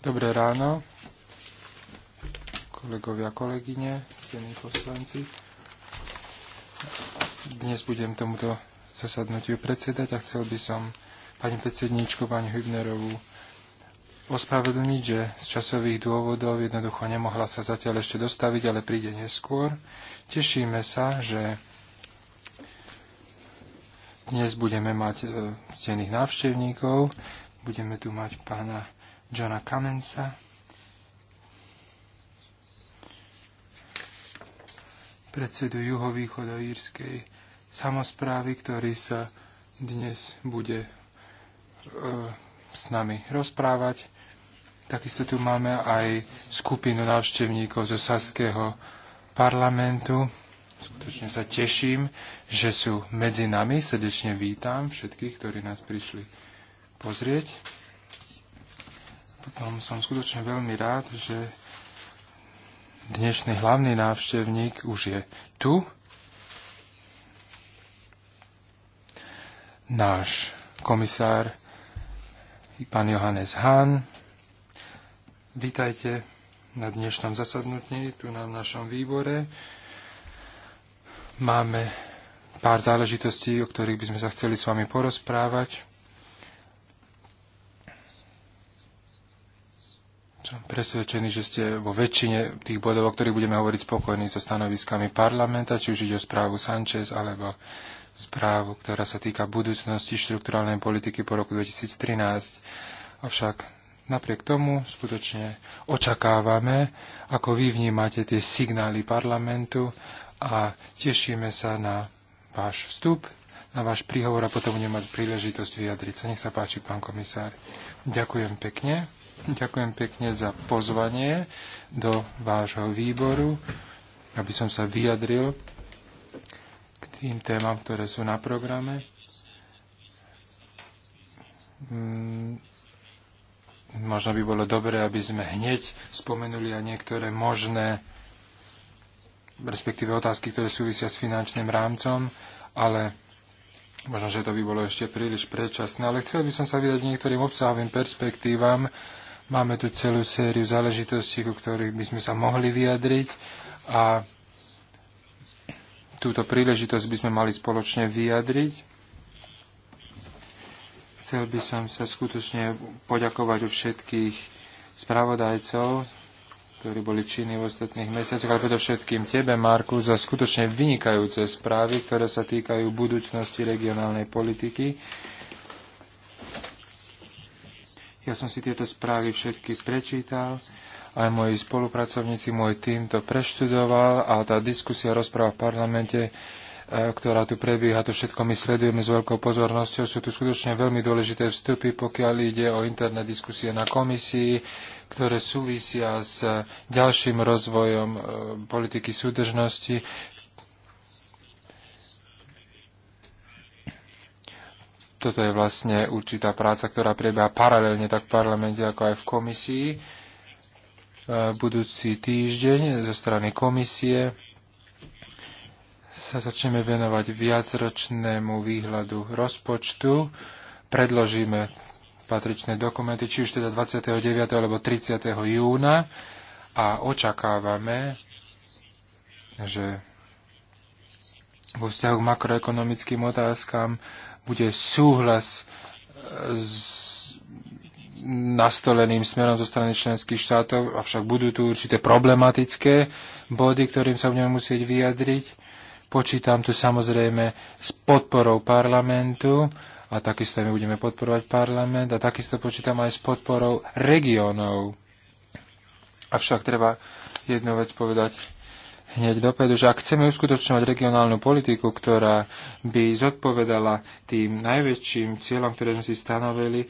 Dobré ráno, kolegovia, kolegyne, ctení poslanci. Dnes budem tomuto zasadnutiu predsedať a chcel by som pani predsedníčku, pani Hübnerovú ospravedlniť, že z časových dôvodov jednoducho nemohla sa zatiaľ ešte dostaviť, ale príde neskôr. Tešíme sa, že dnes budeme mať e, cených návštevníkov. Budeme tu mať pána Johna Kamensa, predsedu Írskej samozprávy, ktorý sa dnes bude e, s nami rozprávať. Takisto tu máme aj skupinu návštevníkov zo Saského parlamentu. Skutočne sa teším, že sú medzi nami. Srdečne vítam všetkých, ktorí nás prišli pozrieť. Potom som skutočne veľmi rád, že dnešný hlavný návštevník už je tu. Náš komisár, pán Johannes Hahn. Vítajte na dnešnom zasadnutí tu na našom výbore. Máme pár záležitostí, o ktorých by sme sa chceli s vami porozprávať. Som presvedčený, že ste vo väčšine tých bodov, o ktorých budeme hovoriť spokojní so stanoviskami parlamenta, či už ide o správu Sanchez alebo správu, ktorá sa týka budúcnosti štruktúralnej politiky po roku 2013. Avšak napriek tomu skutočne očakávame, ako vy vnímate tie signály parlamentu a tešíme sa na váš vstup, na váš príhovor a potom budeme mať príležitosť vyjadriť sa. Nech sa páči, pán komisár. Ďakujem pekne. Ďakujem pekne za pozvanie do vášho výboru, aby som sa vyjadril k tým témam, ktoré sú na programe. Mm, možno by bolo dobré, aby sme hneď spomenuli aj niektoré možné, respektíve otázky, ktoré súvisia s finančným rámcom, ale možno, že to by bolo ešte príliš predčasné. Ale chcel by som sa vydať niektorým obsahovým perspektívam, Máme tu celú sériu záležitostí, ku ktorých by sme sa mohli vyjadriť a túto príležitosť by sme mali spoločne vyjadriť. Chcel by som sa skutočne poďakovať u všetkých spravodajcov, ktorí boli činní v ostatných mesiacoch, ale predovšetkým tebe, Marku, za skutočne vynikajúce správy, ktoré sa týkajú budúcnosti regionálnej politiky. Ja som si tieto správy všetky prečítal, aj moji spolupracovníci, môj tým to preštudoval a tá diskusia, rozpráva v parlamente, e, ktorá tu prebieha, to všetko my sledujeme s veľkou pozornosťou. Sú tu skutočne veľmi dôležité vstupy, pokiaľ ide o interné diskusie na komisii, ktoré súvisia s ďalším rozvojom e, politiky súdržnosti. toto je vlastne určitá práca, ktorá prebieha paralelne tak v parlamente, ako aj v komisii. E, budúci týždeň zo strany komisie sa začneme venovať viacročnému výhľadu rozpočtu. Predložíme patričné dokumenty, či už teda 29. alebo 30. júna a očakávame, že vo vzťahu k makroekonomickým otázkam bude súhlas e, s nastoleným smerom zo strany členských štátov, avšak budú tu určité problematické body, ktorým sa budeme musieť vyjadriť. Počítam tu samozrejme s podporou parlamentu a takisto my budeme podporovať parlament a takisto počítam aj s podporou regiónov. Avšak treba jednu vec povedať hneď dopredu, že ak chceme uskutočňovať regionálnu politiku, ktorá by zodpovedala tým najväčším cieľom, ktoré sme si stanovili,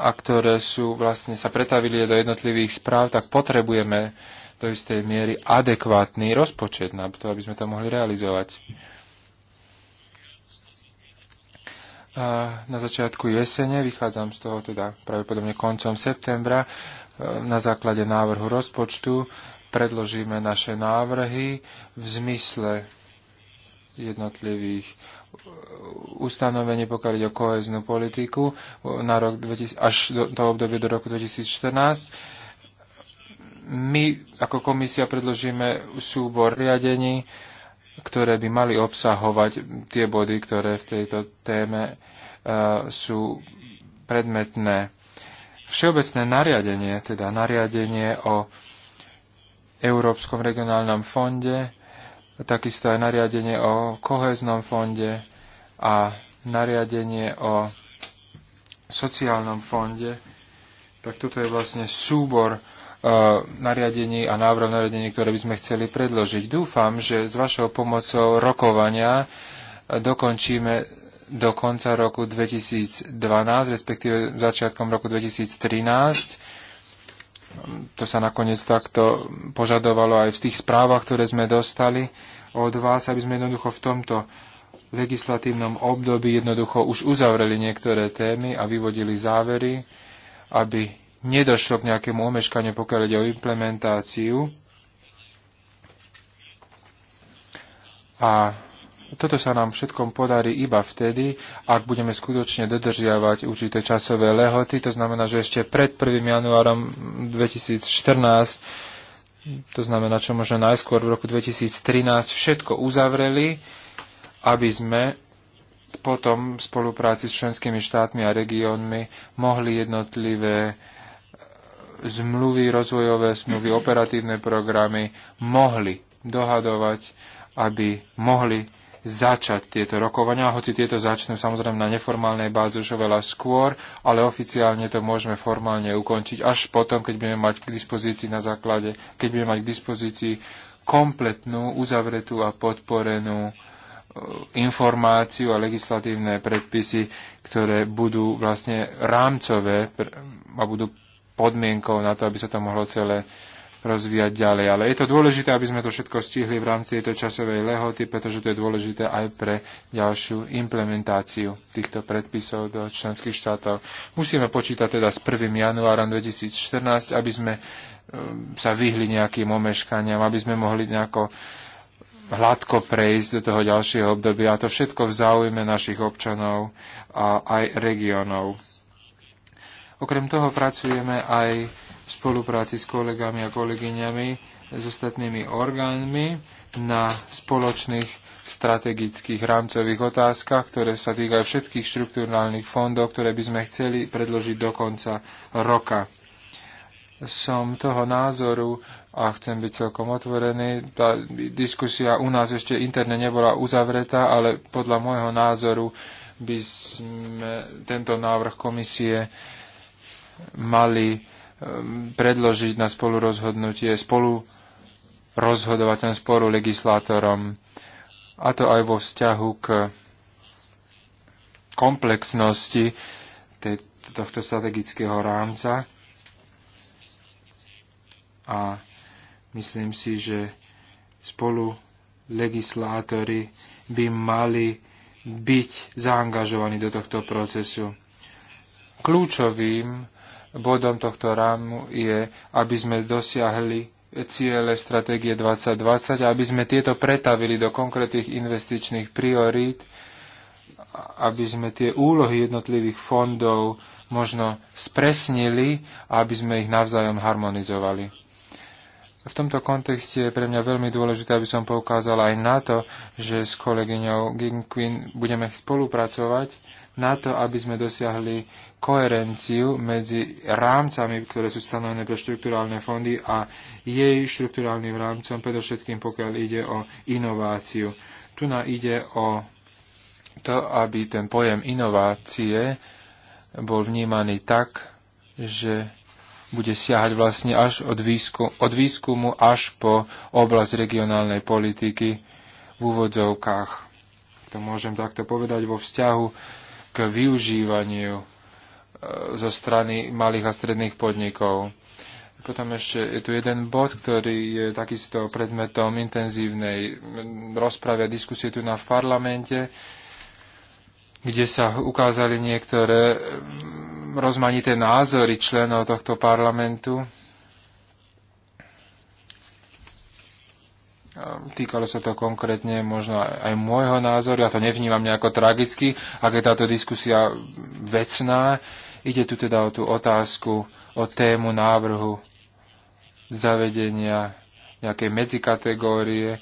a ktoré sú vlastne sa pretavili do jednotlivých správ, tak potrebujeme do istej miery adekvátny rozpočet na to, aby sme to mohli realizovať. A na začiatku jesene, vychádzam z toho teda pravdepodobne koncom septembra, e, na základe návrhu rozpočtu predložíme naše návrhy v zmysle jednotlivých uh, ustanovení, pokiaľ ide o koheznú politiku uh, na rok 2000, až do, do obdobie do roku 2014. My ako komisia predložíme súbor riadení, ktoré by mali obsahovať tie body, ktoré v tejto téme uh, sú predmetné. Všeobecné nariadenie, teda nariadenie o uh, Európskom regionálnom fonde, takisto aj nariadenie o koheznom fonde a nariadenie o sociálnom fonde, tak toto je vlastne súbor e, nariadení a návrh nariadení, ktoré by sme chceli predložiť. Dúfam, že s vašou pomocou rokovania e, dokončíme do konca roku 2012, respektíve začiatkom roku 2013 to sa nakoniec takto požadovalo aj v tých správach, ktoré sme dostali od vás, aby sme jednoducho v tomto legislatívnom období jednoducho už uzavreli niektoré témy a vyvodili závery, aby nedošlo k nejakému omeškaniu, pokiaľ ide o implementáciu. A toto sa nám všetkom podarí iba vtedy, ak budeme skutočne dodržiavať určité časové lehoty. To znamená, že ešte pred 1. januárom 2014 to znamená, čo možno najskôr v roku 2013 všetko uzavreli, aby sme potom v spolupráci s členskými štátmi a regiónmi mohli jednotlivé e, zmluvy, rozvojové smluvy, operatívne programy mohli dohadovať, aby mohli začať tieto rokovania, hoci tieto začnú samozrejme na neformálnej báze už oveľa skôr, ale oficiálne to môžeme formálne ukončiť až potom, keď budeme mať k dispozícii na základe, keď budeme mať k dispozícii kompletnú, uzavretú a podporenú e, informáciu a legislatívne predpisy, ktoré budú vlastne rámcové a budú podmienkou na to, aby sa to mohlo celé rozvíjať ďalej. Ale je to dôležité, aby sme to všetko stihli v rámci tejto časovej lehoty, pretože to je dôležité aj pre ďalšiu implementáciu týchto predpisov do členských štátov. Musíme počítať teda s 1. januárom 2014, aby sme um, sa vyhli nejakým omeškaniam, aby sme mohli nejako hladko prejsť do toho ďalšieho obdobia. A to všetko v záujme našich občanov a aj regionov. Okrem toho pracujeme aj v spolupráci s kolegami a kolegyňami, s ostatnými orgánmi na spoločných strategických rámcových otázkach, ktoré sa týkajú všetkých štruktúrálnych fondov, ktoré by sme chceli predložiť do konca roka. Som toho názoru a chcem byť celkom otvorený. Tá diskusia u nás ešte interne nebola uzavretá, ale podľa môjho názoru by sme tento návrh komisie mali Um, predložiť na spolurozhodnutie spolu rozhodovať ten sporu legislátorom. A to aj vo vzťahu k komplexnosti tohto strategického rámca. A myslím si, že spolu legislátori by mali byť zaangažovaní do tohto procesu. Kľúčovým bodom tohto rámu je, aby sme dosiahli ciele stratégie 2020 a aby sme tieto pretavili do konkrétnych investičných priorít, aby sme tie úlohy jednotlivých fondov možno spresnili a aby sme ich navzájom harmonizovali. V tomto kontexte je pre mňa veľmi dôležité, aby som poukázal aj na to, že s kolegyňou Ginquin budeme spolupracovať na to, aby sme dosiahli koherenciu medzi rámcami, ktoré sú stanovené pre štrukturálne fondy a jej štrukturálnym rámcom, predovšetkým pokiaľ ide o inováciu. Tu na ide o to, aby ten pojem inovácie bol vnímaný tak, že bude siahať vlastne až od, výskum, od výskumu až po oblasť regionálnej politiky v úvodzovkách. To môžem takto povedať vo vzťahu k využívaniu e, zo strany malých a stredných podnikov. Potom ešte je tu jeden bod, ktorý je takisto predmetom intenzívnej rozpravy a diskusie tu na v parlamente, kde sa ukázali niektoré mm, rozmanité názory členov tohto parlamentu. Ehm, týkalo sa to konkrétne možno aj môjho názoru, ja to nevnímam nejako tragicky, ak je táto diskusia vecná. Ide tu teda o tú otázku, o tému návrhu zavedenia nejakej medzikategórie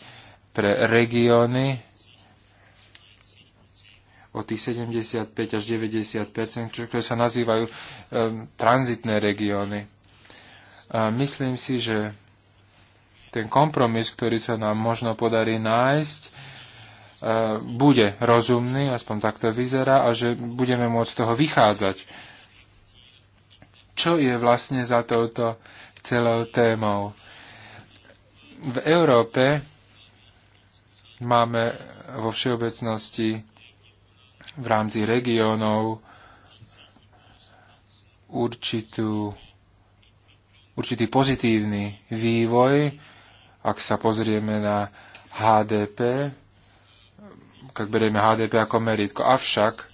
pre regióny o tých 75 až 90 ktoré sa nazývajú um, tranzitné regióny. A myslím si, že ten kompromis, ktorý sa nám možno podarí nájsť, e, bude rozumný, aspoň takto vyzerá, a že budeme môcť z toho vychádzať. Čo je vlastne za touto celou témou? V Európe máme vo všeobecnosti v rámci regiónov určitý pozitívny vývoj, ak sa pozrieme na HDP, keď berieme HDP ako meritko. Avšak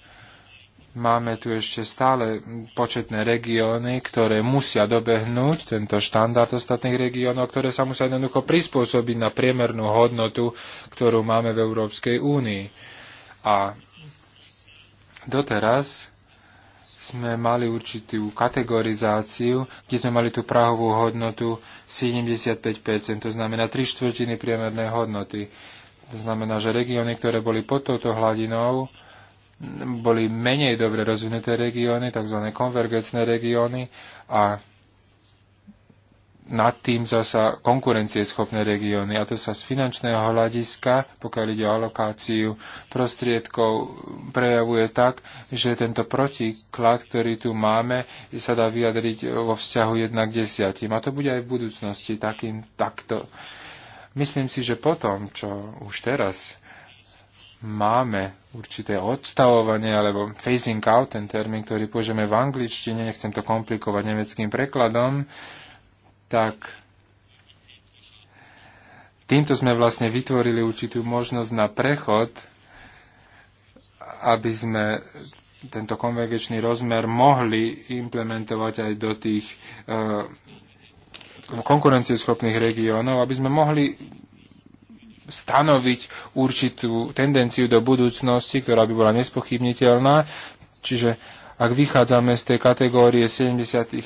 máme tu ešte stále početné regióny, ktoré musia dobehnúť tento štandard ostatných regiónov, ktoré sa musia jednoducho prispôsobiť na priemernú hodnotu, ktorú máme v Európskej únii. A doteraz sme mali určitú kategorizáciu, kde sme mali tú prahovú hodnotu 75%, to znamená 3 štvrtiny priemernej hodnoty. To znamená, že regióny, ktoré boli pod touto hladinou, boli menej dobre rozvinuté regióny, tzv. konvergencné regióny a nad tým zasa konkurencieschopné regióny. A to sa z finančného hľadiska, pokiaľ ide o alokáciu prostriedkov, prejavuje tak, že tento protiklad, ktorý tu máme, sa dá vyjadriť vo vzťahu 1 k 10. A to bude aj v budúcnosti takým, takto. Myslím si, že potom, čo už teraz máme určité odstavovanie alebo phasing out, ten termín, ktorý použijeme v angličtine, nechcem to komplikovať nemeckým prekladom, tak týmto sme vlastne vytvorili určitú možnosť na prechod, aby sme tento konvergečný rozmer mohli implementovať aj do tých uh, konkurencieschopných regiónov, aby sme mohli stanoviť určitú tendenciu do budúcnosti, ktorá by bola nespochybniteľná. Čiže ak vychádzame z tej kategórie 75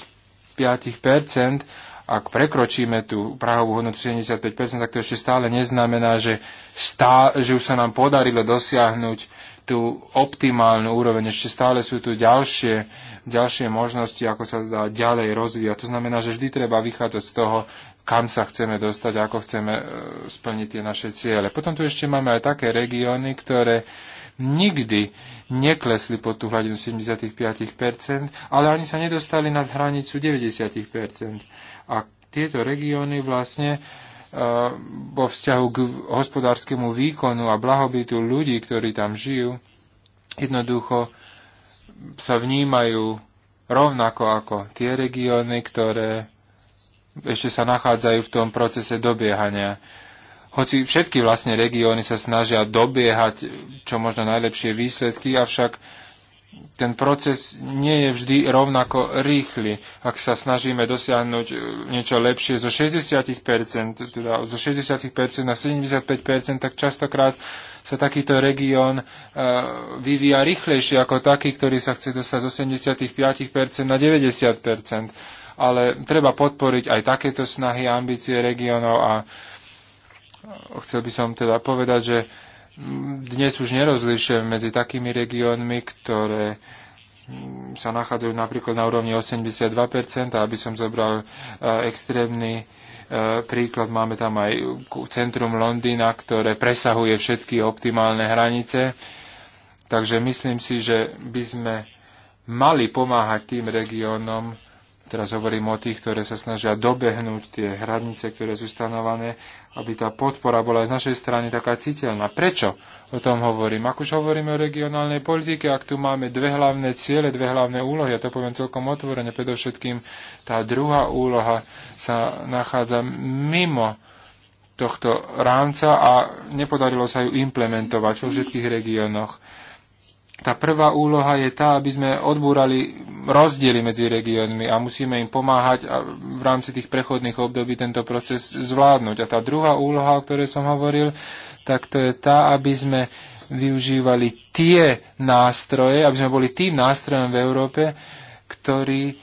ak prekročíme tú prahovú hodnotu 75%, tak to ešte stále neznamená, že, stá, že už sa nám podarilo dosiahnuť tú optimálnu úroveň. Ešte stále sú tu ďalšie, ďalšie možnosti, ako sa dá ďalej rozvíjať. To znamená, že vždy treba vychádzať z toho, kam sa chceme dostať, ako chceme e, splniť tie naše ciele. Potom tu ešte máme aj také regióny, ktoré nikdy neklesli pod tú hladinu 75%, ale ani sa nedostali nad hranicu 90%. A tieto regióny vlastne e, vo vzťahu k hospodárskému výkonu a blahobytu ľudí, ktorí tam žijú, jednoducho sa vnímajú rovnako ako tie regióny, ktoré ešte sa nachádzajú v tom procese dobiehania. Hoci všetky vlastne regióny sa snažia dobiehať čo možno najlepšie výsledky, avšak ten proces nie je vždy rovnako rýchly. Ak sa snažíme dosiahnuť e, niečo lepšie zo 60%, teda zo 60% na 75%, tak častokrát sa takýto región e, vyvíja rýchlejšie ako taký, ktorý sa chce dostať zo 75% na 90%. Ale treba podporiť aj takéto snahy a ambície regiónov a e, chcel by som teda povedať, že dnes už nerozlišujem medzi takými regiónmi, ktoré mm, sa nachádzajú napríklad na úrovni 82%, aby som zobral e, extrémny e, príklad, máme tam aj centrum Londýna, ktoré presahuje všetky optimálne hranice. Takže myslím si, že by sme mali pomáhať tým regiónom, Teraz hovorím o tých, ktoré sa snažia dobehnúť tie hranice, ktoré sú stanované, aby tá podpora bola aj z našej strany taká citeľná. Prečo o tom hovorím? Ak už hovoríme o regionálnej politike, ak tu máme dve hlavné ciele, dve hlavné úlohy, ja to poviem celkom otvorene, predovšetkým tá druhá úloha sa nachádza mimo tohto rámca a nepodarilo sa ju implementovať vo všetkých regiónoch tá prvá úloha je tá, aby sme odbúrali rozdiely medzi regiónmi a musíme im pomáhať a v rámci tých prechodných období tento proces zvládnuť. A tá druhá úloha, o ktorej som hovoril, tak to je tá, aby sme využívali tie nástroje, aby sme boli tým nástrojom v Európe, ktorý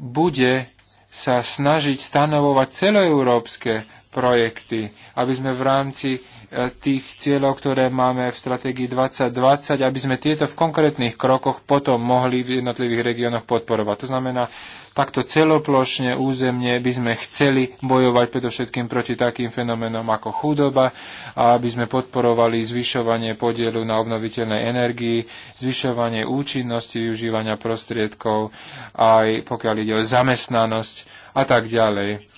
bude sa snažiť stanovovať celoeurópske projekty, aby sme v rámci tých cieľov, ktoré máme v stratégii 2020, aby sme tieto v konkrétnych krokoch potom mohli v jednotlivých regiónoch podporovať. To znamená, takto celoplošne územne by sme chceli bojovať predovšetkým proti takým fenoménom ako chudoba a aby sme podporovali zvyšovanie podielu na obnoviteľnej energii, zvyšovanie účinnosti využívania prostriedkov, aj pokiaľ ide o zamestnanosť a tak ďalej.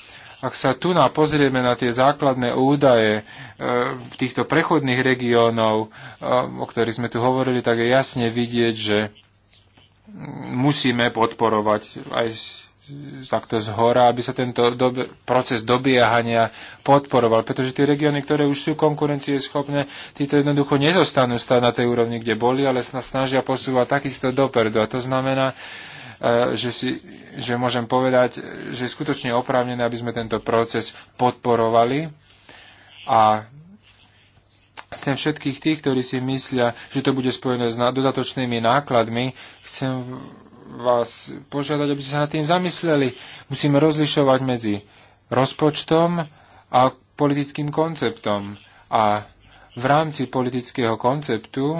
Ak sa tu na pozrieme na tie základné údaje v e, týchto prechodných regiónov, e, o ktorých sme tu hovorili, tak je jasne vidieť, že musíme podporovať aj takto z hora, aby sa tento dobe, proces dobiehania podporoval, pretože tie regióny, ktoré už sú konkurencieschopné, títo jednoducho nezostanú stať na tej úrovni, kde boli, ale snažia posúvať takisto dopredu. A to znamená, E, že, si, že môžem povedať, že je skutočne oprávnené, aby sme tento proces podporovali a chcem všetkých tých, ktorí si myslia, že to bude spojené s dodatočnými nákladmi, chcem vás požiadať, aby ste sa nad tým zamysleli. Musíme rozlišovať medzi rozpočtom a politickým konceptom. A v rámci politického konceptu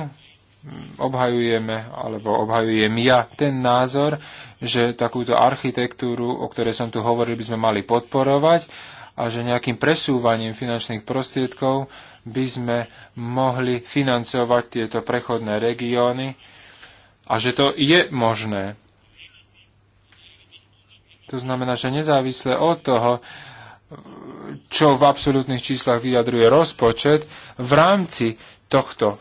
obhajujeme, alebo obhajujem ja ten názor, že takúto architektúru, o ktorej som tu hovoril, by sme mali podporovať a že nejakým presúvaním finančných prostriedkov by sme mohli financovať tieto prechodné regióny a že to je možné. To znamená, že nezávisle od toho, čo v absolútnych číslach vyjadruje rozpočet, v rámci tohto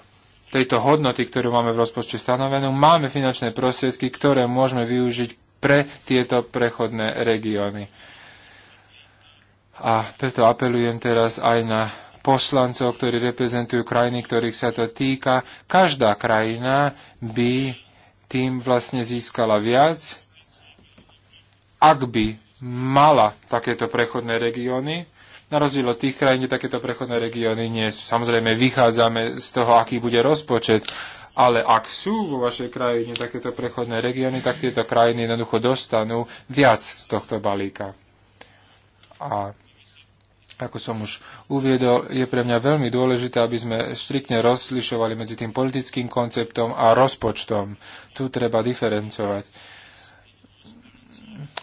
tejto hodnoty, ktorú máme v rozpočte stanovenú, máme finančné prostriedky, ktoré môžeme využiť pre tieto prechodné regióny. A preto apelujem teraz aj na poslancov, ktorí reprezentujú krajiny, ktorých sa to týka. Každá krajina by tým vlastne získala viac, ak by mala takéto prechodné regióny na rozdiel od tých krajín, kde takéto prechodné regióny nie sú. Samozrejme, vychádzame z toho, aký bude rozpočet, ale ak sú vo vašej krajine takéto prechodné regióny, tak tieto krajiny jednoducho dostanú viac z tohto balíka. A ako som už uviedol, je pre mňa veľmi dôležité, aby sme striktne rozlišovali medzi tým politickým konceptom a rozpočtom. Tu treba diferencovať.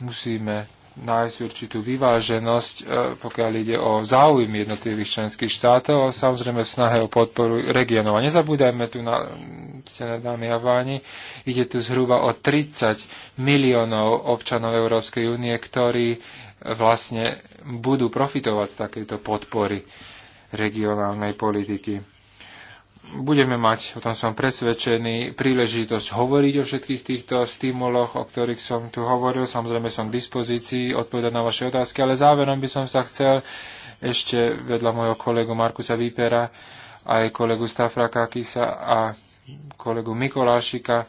Musíme nájsť určitú vyváženosť, e, pokiaľ ide o záujmy jednotlivých členských štátov, samozrejme v snahe o podporu regionov. A nezabúdajme tu, na, cené dámy a váni, ide tu zhruba o 30 miliónov občanov Európskej únie, ktorí e, vlastne budú profitovať z takejto podpory regionálnej politiky budeme mať, o tom som presvedčený, príležitosť hovoriť o všetkých týchto stimuloch, o ktorých som tu hovoril. Samozrejme som k dispozícii odpovedať na vaše otázky, ale záverom by som sa chcel ešte vedľa môjho kolegu Markusa Výpera, aj kolegu Stafrakakisa a kolegu Mikolášika,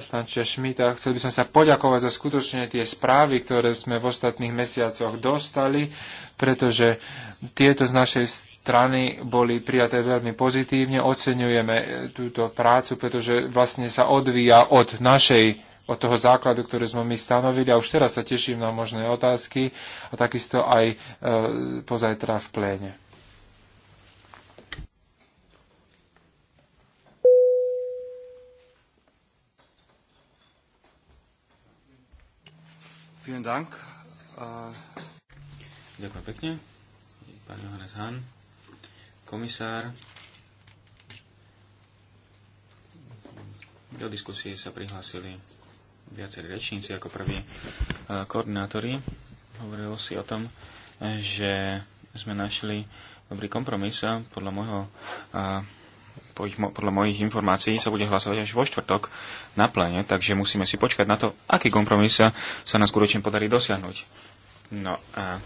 Stančia Šmita. Chcel by som sa poďakovať za skutočne tie správy, ktoré sme v ostatných mesiacoch dostali, pretože tieto z našej strany boli prijaté veľmi pozitívne. Oceňujeme eh, túto prácu, pretože vlastne sa odvíja od našej od toho základu, ktorý sme my stanovili a už teraz sa teším na možné otázky a takisto aj e, pozajtra v pléne. Vielen Dank. Äh, Ďakujem pekne. Pán Johannes Hahn komisár. Do diskusie sa prihlásili viacerí rečníci ako prví e, koordinátori. Hovorilo si o tom, že sme našli dobrý kompromis. Podľa, môjho, podľa mojich informácií sa bude hlasovať až vo štvrtok na plene, takže musíme si počkať na to, aký kompromis sa, sa nás skutočne podarí dosiahnuť. No a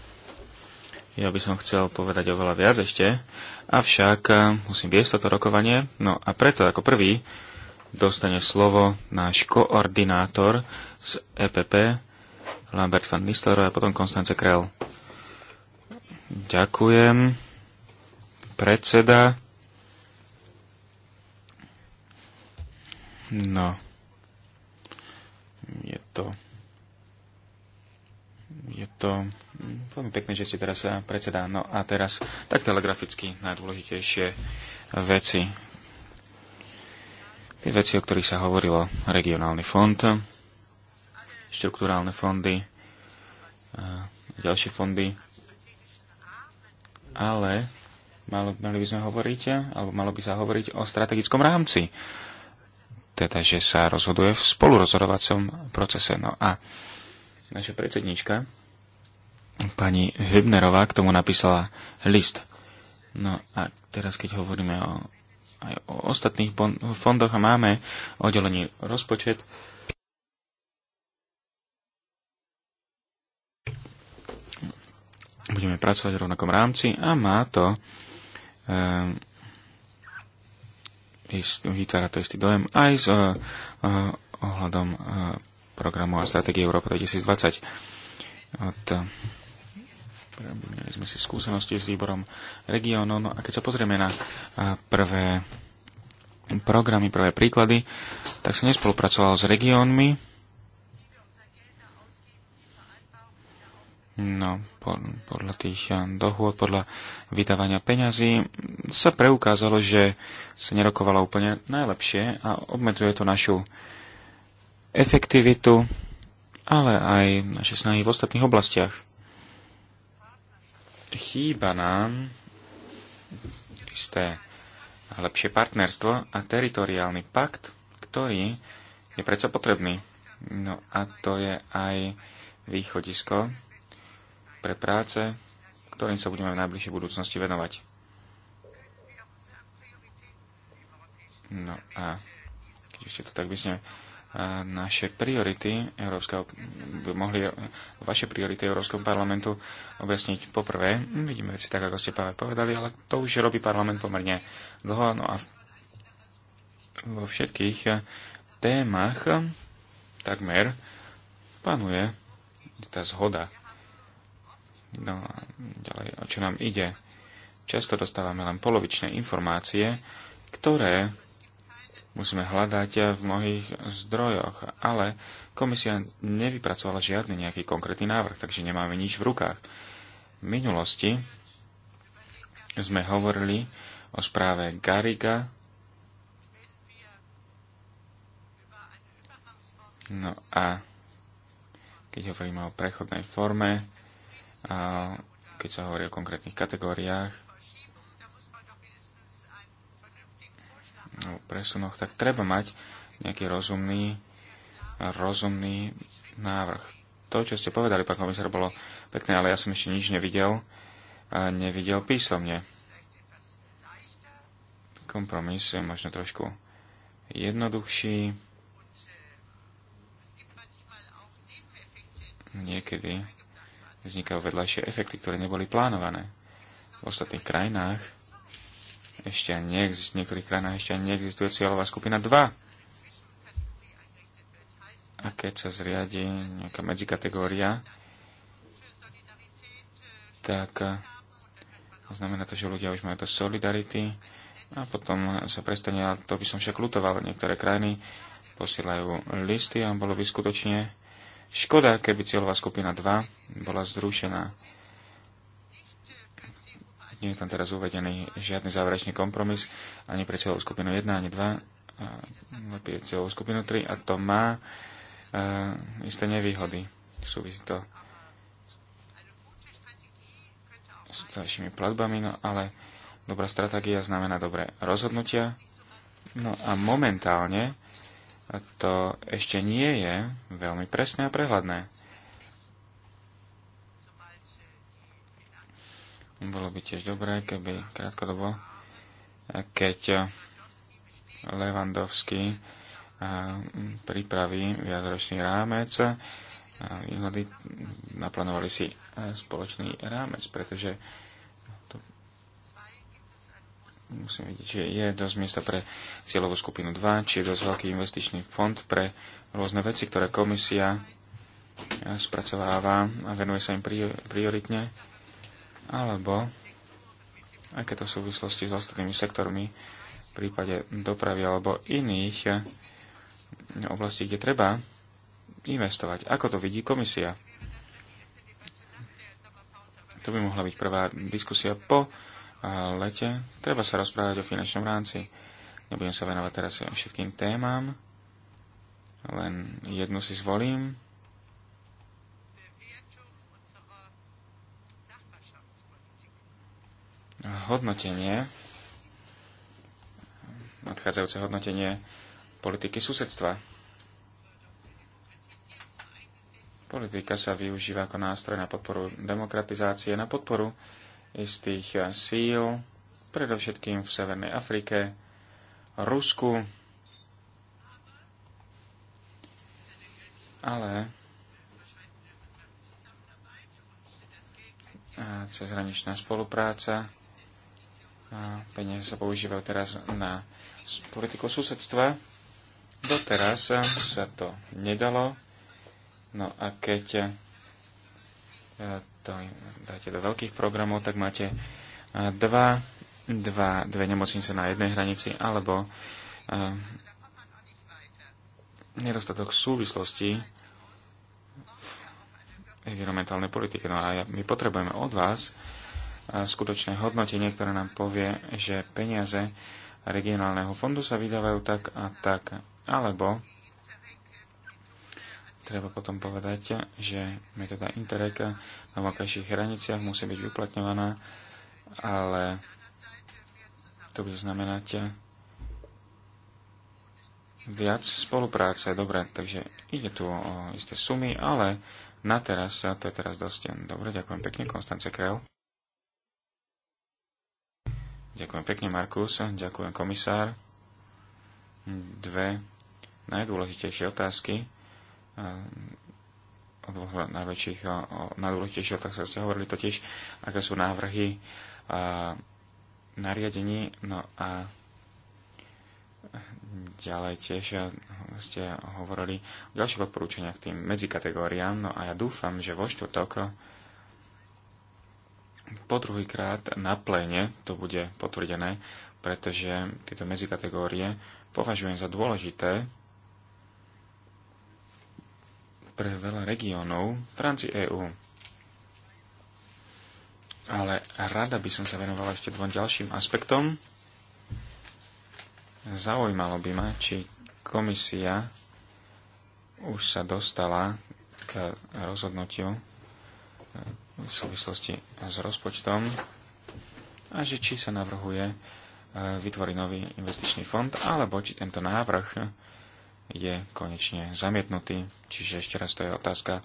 ja by som chcel povedať oveľa viac ešte, avšak eh, musím viesť toto rokovanie. No a preto ako prvý dostane slovo náš koordinátor z EPP, Lambert van Nistelrooy a potom Konstance Krell. Ďakujem. Predseda. No. Je to... Je to veľmi pekne, že ste teraz eh, predseda. No a teraz tak telegraficky najdôležitejšie veci. Tie veci, o ktorých sa hovorilo, regionálny fond, štruktúrálne fondy, a eh, ďalšie fondy, ale malo, mali by sme hovoriť, alebo malo by sa hovoriť o strategickom rámci, teda že sa rozhoduje v spolurozhodovacom procese. No a naša predsednička pani Hübnerová k tomu napísala list. No a teraz, keď hovoríme o, aj o ostatných bon- fondoch a máme oddelený rozpočet, budeme pracovať v rovnakom rámci a má to e, vytvára to istý dojem aj s e, ohľadom e, programu a stratégie Európa 2020. Od, Vymenili sme si skúsenosti s výborom regiónov. No a keď sa pozrieme na prvé programy, prvé príklady, tak sa nespolupracoval s regiónmi. No, podľa tých dohôd, podľa vydávania peňazí sa preukázalo, že sa nerokovalo úplne najlepšie a obmedzuje to našu efektivitu, ale aj naše snahy v ostatných oblastiach chýba nám isté lepšie partnerstvo a teritoriálny pakt, ktorý je predsa potrebný. No a to je aj východisko pre práce, ktorým sa budeme v najbližšej budúcnosti venovať. No a keď ešte to tak by sme naše priority Európskeho, mohli vaše priority Európskeho parlamentu objasniť poprvé. Vidíme veci tak, ako ste práve povedali, ale to už robí parlament pomerne dlho. No a vo všetkých témach takmer panuje tá zhoda. No a ďalej, o čo nám ide? Často dostávame len polovičné informácie, ktoré musíme hľadať v mnohých zdrojoch, ale komisia nevypracovala žiadny nejaký konkrétny návrh, takže nemáme nič v rukách. V minulosti sme hovorili o správe Gariga, no a keď hovoríme o prechodnej forme, a keď sa hovorí o konkrétnych kategóriách, o presunoch, tak treba mať nejaký rozumný, rozumný návrh. To, čo ste povedali, pán komisár, bolo pekné, ale ja som ešte nič nevidel, nevidel písomne. Kompromis je možno trošku jednoduchší. Niekedy vznikajú vedľajšie efekty, ktoré neboli plánované. V ostatných krajinách ešte neexistuje, v niektorých krajinách ešte neexistuje cieľová skupina 2. A keď sa zriadi nejaká medzikategória, tak eh, znamená to, že ľudia už majú to solidarity a potom sa prestane, a to by som však lutoval, niektoré krajiny posielajú listy a bolo by skutočne škoda, keby cieľová skupina 2 bola zrušená nie je tam teraz uvedený žiadny záverečný kompromis ani pre celú skupinu 1, ani 2, ale lepie celú skupinu 3 a to má uh, isté nevýhody. Súvisí to s ďalšími platbami, no ale dobrá stratégia znamená dobré rozhodnutia. No a momentálne to ešte nie je veľmi presné a prehľadné. Bolo by tiež dobré, keby krátkodobo, keď Levandovský pripraví viacročný rámec, výhody naplánovali si spoločný rámec, pretože to musím vidieť, že je dosť miesta pre cieľovú skupinu 2, či je dosť veľký investičný fond pre rôzne veci, ktoré komisia spracováva a venuje sa im prioritne alebo aké to v súvislosti s ostatnými sektormi, v prípade dopravy alebo iných eh, oblastí, kde treba investovať. Ako to vidí komisia? To by mohla byť prvá diskusia po eh, lete. Treba sa rozprávať o finančnom rámci. Nebudem sa venovať teraz všetkým témam, len jednu si zvolím. hodnotenie, nadchádzajúce hodnotenie politiky susedstva. Politika sa využíva ako nástroj na podporu demokratizácie, na podporu istých síl, predovšetkým v Severnej Afrike, Rusku, ale cezhraničná spolupráca peniaze sa používajú teraz na politiku susedstva. Doteraz sa to nedalo. No a keď e, to dáte do veľkých programov, tak máte e, dva, dva, dve nemocnice na jednej hranici, alebo e, nedostatok súvislosti v environmentálnej politike. No a my potrebujeme od vás, skutočné hodnotenie, ktoré nám povie, že peniaze regionálneho fondu sa vydávajú tak a tak. Alebo treba potom povedať, že metóda Interreg na vonkajších hraniciach musí byť vyplatňovaná, ale to bude znamenať viac spolupráce. Dobre, takže ide tu o isté sumy, ale na teraz, to je teraz dosť. Dobre, ďakujem pekne, Konstance Krel. Ďakujem pekne, Markus. Ďakujem, komisár. Dve najdôležitejšie otázky o dvoch najväčších, o, najdôležitejších otázky ste hovorili totiž, aké sú návrhy a, nariadení, no a ďalej tiež ste hovorili o ďalších odporúčaniach tým medzikategóriám, no a ja dúfam, že vo štvrtok po druhýkrát na pléne to bude potvrdené, pretože tieto medzikategórie považujem za dôležité pre veľa regiónov v rámci EÚ. Ale rada by som sa venovala ešte dvom ďalším aspektom. Zaujímalo by ma, či komisia už sa dostala k rozhodnutiu, v súvislosti s rozpočtom a že či sa navrhuje e, vytvoriť nový investičný fond, alebo či tento návrh je konečne zamietnutý. Čiže ešte raz to je otázka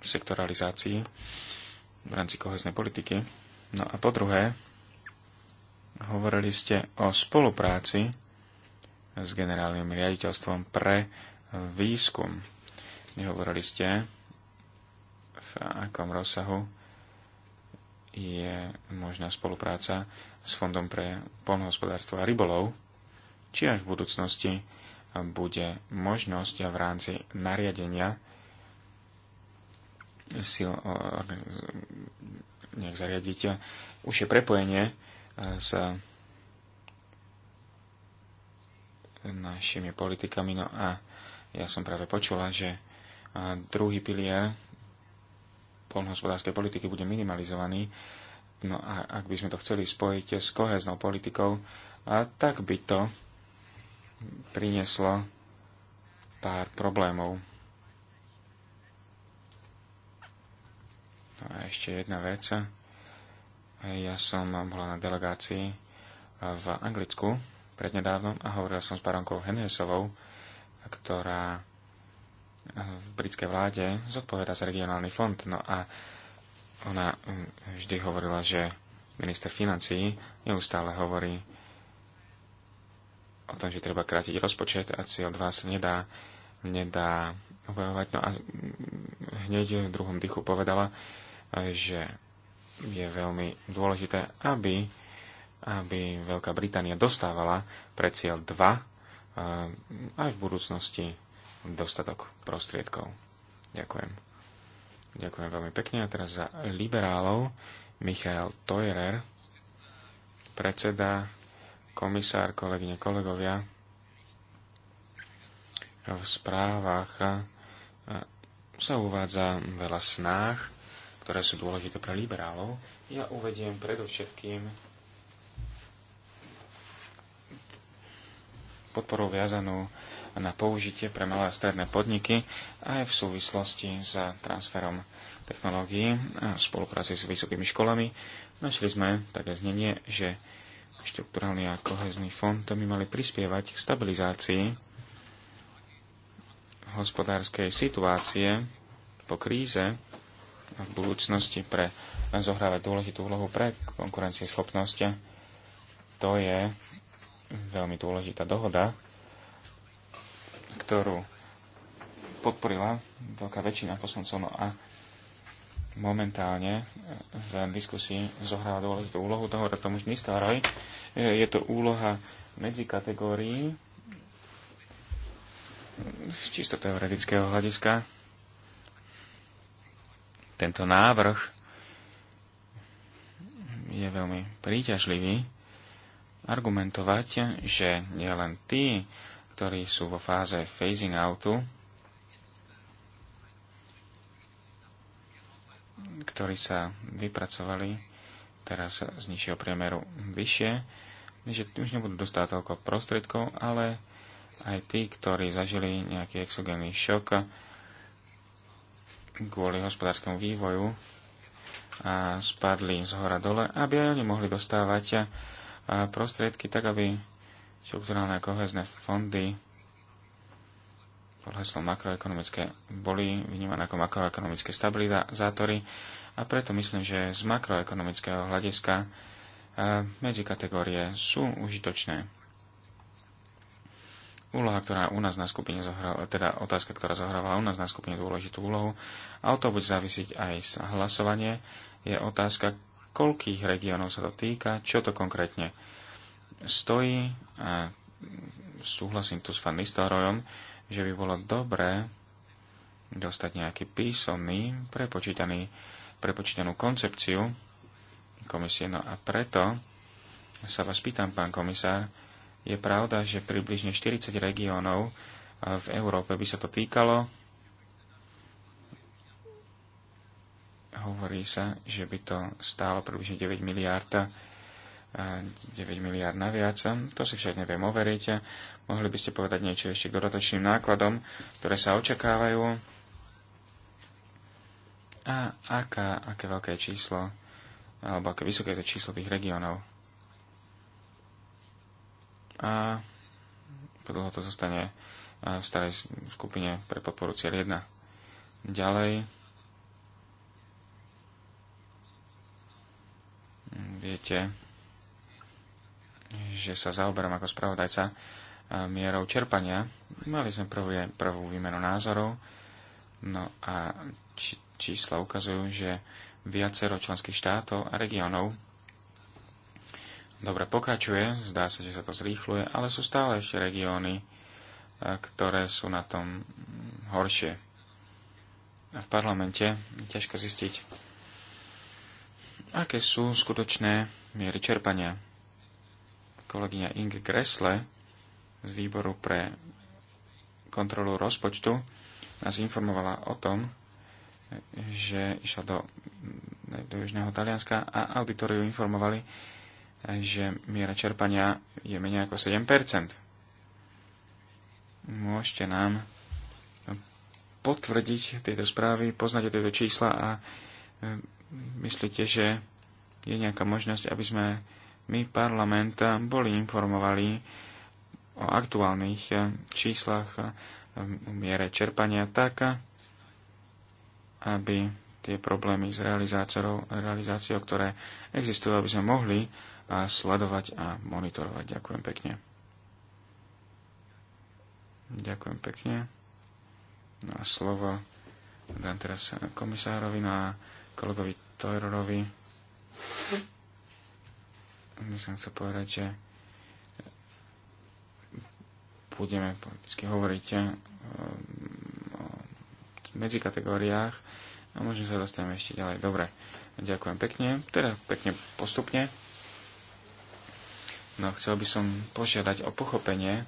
sektoralizácii v rámci kohezné politiky. No a po druhé, hovorili ste o spolupráci s generálnym riaditeľstvom pre výskum. Nehovorili ste v akom rozsahu je možná spolupráca s Fondom pre polnohospodárstvo a rybolov, či až v budúcnosti bude možnosť v rámci nariadenia sil, nech zariadiť už je prepojenie s našimi politikami. No a ja som práve počula, že druhý pilier polnohospodárskej politiky bude minimalizovaný. No a ak by sme to chceli spojiť s koheznou politikou, a tak by to prinieslo pár problémov. No a ešte jedna vec. Ja som bola na delegácii v Anglicku prednedávnom a hovorila som s baronkou Henriesovou, ktorá v britskej vláde zodpoveda za regionálny fond. No a ona mm, vždy hovorila, že minister financí neustále hovorí o tom, že treba krátiť rozpočet a cieľ 2 sa nedá, nedá obojovať. No a hneď v druhom dychu povedala, že je veľmi dôležité, aby, aby Veľká Británia dostávala pre cieľ 2 eh, aj v budúcnosti dostatok prostriedkov. Ďakujem. Ďakujem veľmi pekne. A teraz za liberálov Michal Teurer, predseda, komisár, kolegyne, kolegovia. V správach eh, sa uvádza veľa snách, ktoré sú dôležité pre liberálov. Ja uvediem predovšetkým podporu viazanú na použitie pre malé a stredné podniky aj v súvislosti s transferom technológií a v spolupráci s vysokými školami. Našli sme také znenie, že štruktúrálny a kohezný fond by mali prispievať k stabilizácii hospodárskej situácie po kríze v budúcnosti pre zohrávať dôležitú úlohu pre konkurencieschopnosť. To je veľmi dôležitá dohoda, ktorú podporila veľká väčšina poslancov. No a momentálne v diskusii zohráva dôležitú úlohu toho, že tom už Je to úloha medzi kategórií z čisto teoretického hľadiska. Tento návrh je veľmi príťažlivý argumentovať, že nie len tí, ktorí sú vo fáze phasing outu, ktorí sa vypracovali teraz z nižšieho priemeru vyššie, že už nebudú dostať toľko prostriedkov, ale aj tí, ktorí zažili nejaký exogénny šok kvôli hospodárskému vývoju a spadli z hora dole, aby aj oni mohli dostávať prostriedky tak, aby štruktúrálne a kohezné fondy pod heslom makroekonomické boli vnímané ako makroekonomické stabilizátory a preto myslím, že z makroekonomického hľadiska e, medzi kategórie sú užitočné. Úloha, ktorá u nás na skupine zohrala, teda otázka, ktorá zohrávala u nás na skupine dôležitú úlohu, a o to bude závisiť aj z hlasovanie, je otázka, koľkých regiónov sa to týka, čo to konkrétne stojí a súhlasím tu s Fan Nistelrojom, že by bolo dobré dostať nejaký písomný, prepočítaný, prepočítanú koncepciu komisie. No a preto sa vás pýtam, pán komisár, je pravda, že približne 40 regiónov v Európe by sa to týkalo. Hovorí sa, že by to stálo približne 9 miliárd 9 eh, miliard naviac. To si však neviem overiť. Mohli by ste povedať niečo ešte k dodatočným nákladom, ktoré sa očakávajú? A aká, aké veľké číslo, alebo aké vysoké je to číslo tých regiónov? A ako dlho to zostane eh, v starej skupine pre podporu cieľ 1. Ďalej, viete, že sa zaoberám ako spravodajca e, mierou čerpania. Mali sme prvú prvú výmenu názorov, no a či, čísla ukazujú, že viacero členských štátov a regiónov dobre pokračuje, zdá sa, že sa to zrýchluje, ale sú stále ešte regióny, e, ktoré sú na tom mm, horšie. A v parlamente ťažko zistiť, aké sú skutočné miery čerpania kolegyňa Inge Kresle z výboru pre kontrolu rozpočtu nás informovala o tom, že išla do, do Južného Talianska a auditoriu informovali, že miera čerpania je menej ako 7 Môžete nám potvrdiť tieto správy, poznáte tieto čísla a e, myslíte, že je nejaká možnosť, aby sme my parlament boli informovali o aktuálnych eh, číslach eh, v miere čerpania tak, eh, aby tie problémy s realizáciou, realizáciou, ktoré existujú, aby sme mohli sledovať a monitorovať. Ďakujem pekne. Ďakujem pekne. No a slovo dám teraz komisárovi, no a kolegovi Tojrorovi my som chcel povedať, že budeme politicky hovoriť eh, o medzikategóriách a možno sa dostaneme ešte ďalej. Dobre, ďakujem pekne, teda pekne postupne. No chcel by som požiadať o pochopenie,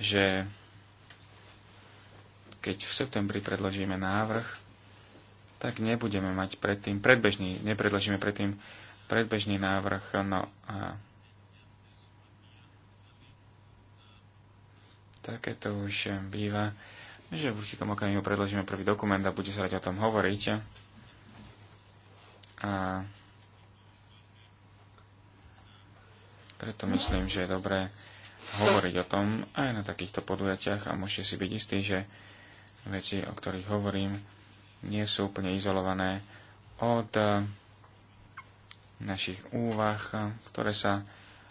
že keď v septembri predložíme návrh, tak nebudeme mať predtým, predbežný, nepredložíme predtým predbežný návrh. No a také to už býva, že v určitom okamihu predložíme prvý dokument a bude sa rať o tom hovoriť. A preto myslím, že je dobré hovoriť o tom aj na takýchto podujatiach a môžete si byť istí, že veci, o ktorých hovorím, nie sú úplne izolované od našich úvah, eh, ktoré sa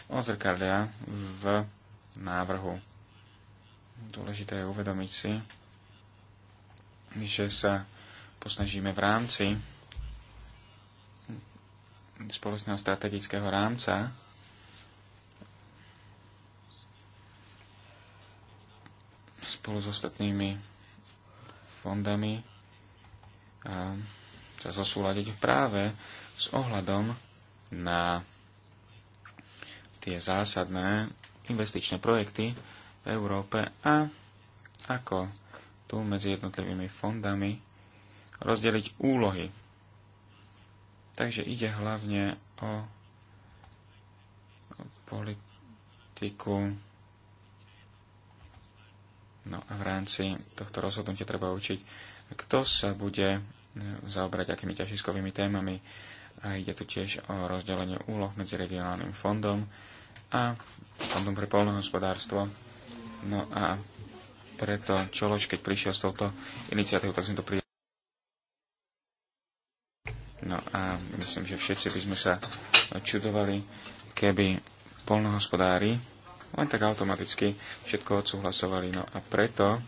ozrkadlia v návrhu. Dôležité je uvedomiť si, že sa posnažíme v rámci spoločného strategického rámca spolu s ostatnými fondami a eh, sa zosúľadiť práve s ohľadom na tie zásadné investičné projekty v Európe a ako tu medzi jednotlivými fondami rozdeliť úlohy. Takže ide hlavne o politiku. No a v rámci tohto rozhodnutia treba učiť, kto sa bude zaobrať akými ťažiskovými témami a ide tu tiež o rozdelenie úloh medzi regionálnym fondom a fondom pre polnohospodárstvo. No a preto Čološ, keď prišiel s touto iniciatívou, tak som to prijal. No a myslím, že všetci by sme sa čudovali, keby polnohospodári len tak automaticky všetko odsúhlasovali. No a preto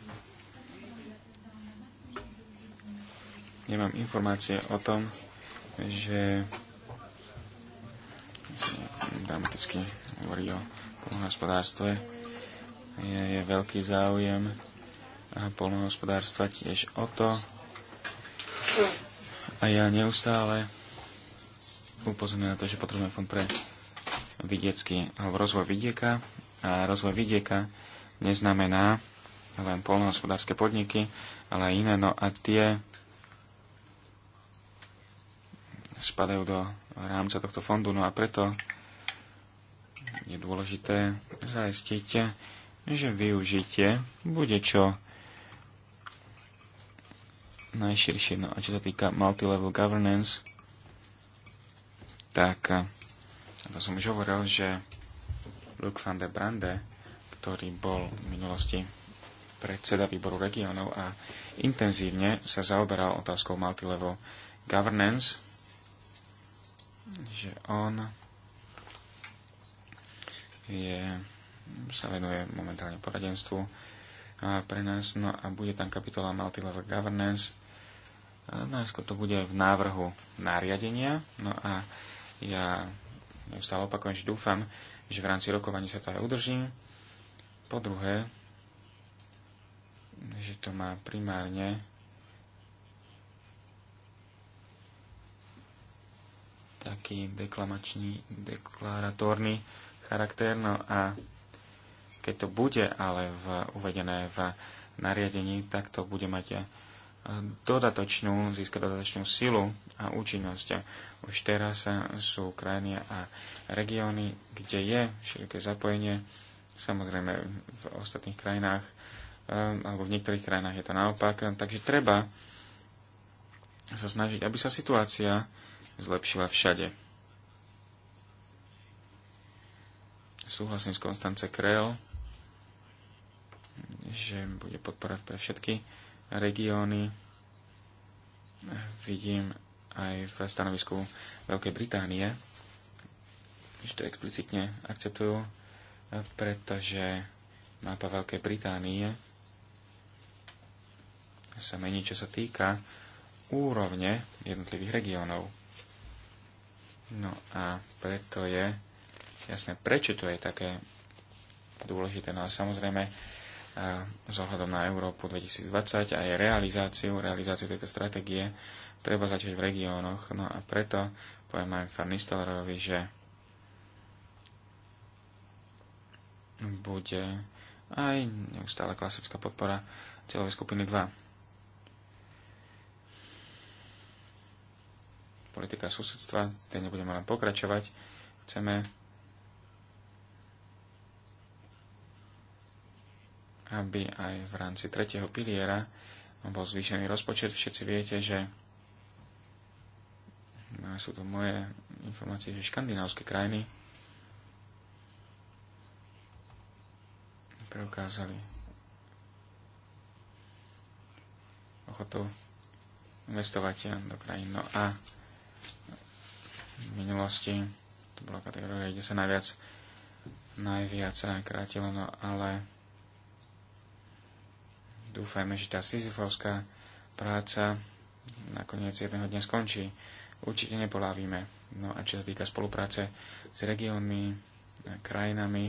nemám informácie o tom, že dramaticky hovorí o polnohospodárstve. Je, je veľký záujem polnohospodárstva tiež o to. A ja neustále upozorňujem na to, že potrebujeme fond pre vidiecky, rozvoj vidieka. A rozvoj vidieka neznamená len polnohospodárske podniky, ale aj iné. No a tie spadajú do rámca tohto fondu. No a preto je dôležité zaistiť, že využitie bude čo najširšie. No a čo sa týka multilevel governance, tak to som už hovoril, že Luc van der Brande, ktorý bol v minulosti predseda výboru regiónov a intenzívne sa zaoberal otázkou multilevel governance, že on je, sa venuje momentálne poradenstvu pre nás, no a bude tam kapitola Multilevel Governance. A najskôr to bude v návrhu nariadenia, no a ja neustále opakujem, že dúfam, že v rámci rokovaní sa to aj udržím. Po druhé, že to má primárne taký deklamačný, deklaratórny charakter. No a keď to bude ale v, uvedené v nariadení, tak to bude mať e, dodatočnú, získať dodatočnú silu a účinnosť. Už teraz e, sú krajiny a regióny, kde je široké zapojenie. Samozrejme v ostatných krajinách e, alebo v niektorých krajinách je to naopak. Takže treba sa snažiť, aby sa situácia zlepšila všade. Súhlasím s Konstance Krell, že bude podporať pre všetky regióny. Vidím aj v stanovisku Veľkej Británie, že to explicitne akceptujú, pretože mapa Veľkej Británie sa mení, čo sa týka úrovne jednotlivých regiónov. No a preto je jasné, prečo to je také dôležité. No a samozrejme, s ohľadom na Európu 2020 a aj realizáciu, realizáciu tejto stratégie, treba začať v regiónoch. No a preto poviem aj Farnistelerovi, že bude aj neustále klasická podpora celovej skupiny 2. politika susedstva, tej nebudeme len pokračovať. Chceme, aby aj v rámci tretieho piliera bol zvýšený rozpočet. Všetci viete, že no, sú to moje informácie, že škandinávské krajiny preukázali ochotu investovať do krajín. No a v minulosti to bola kategória, kde sa najviac najviac krátilo, no ale dúfajme, že tá Sizifovská práca nakoniec jedného dňa skončí. Určite nepolávime. No a čo sa týka spolupráce s regiónmi, krajinami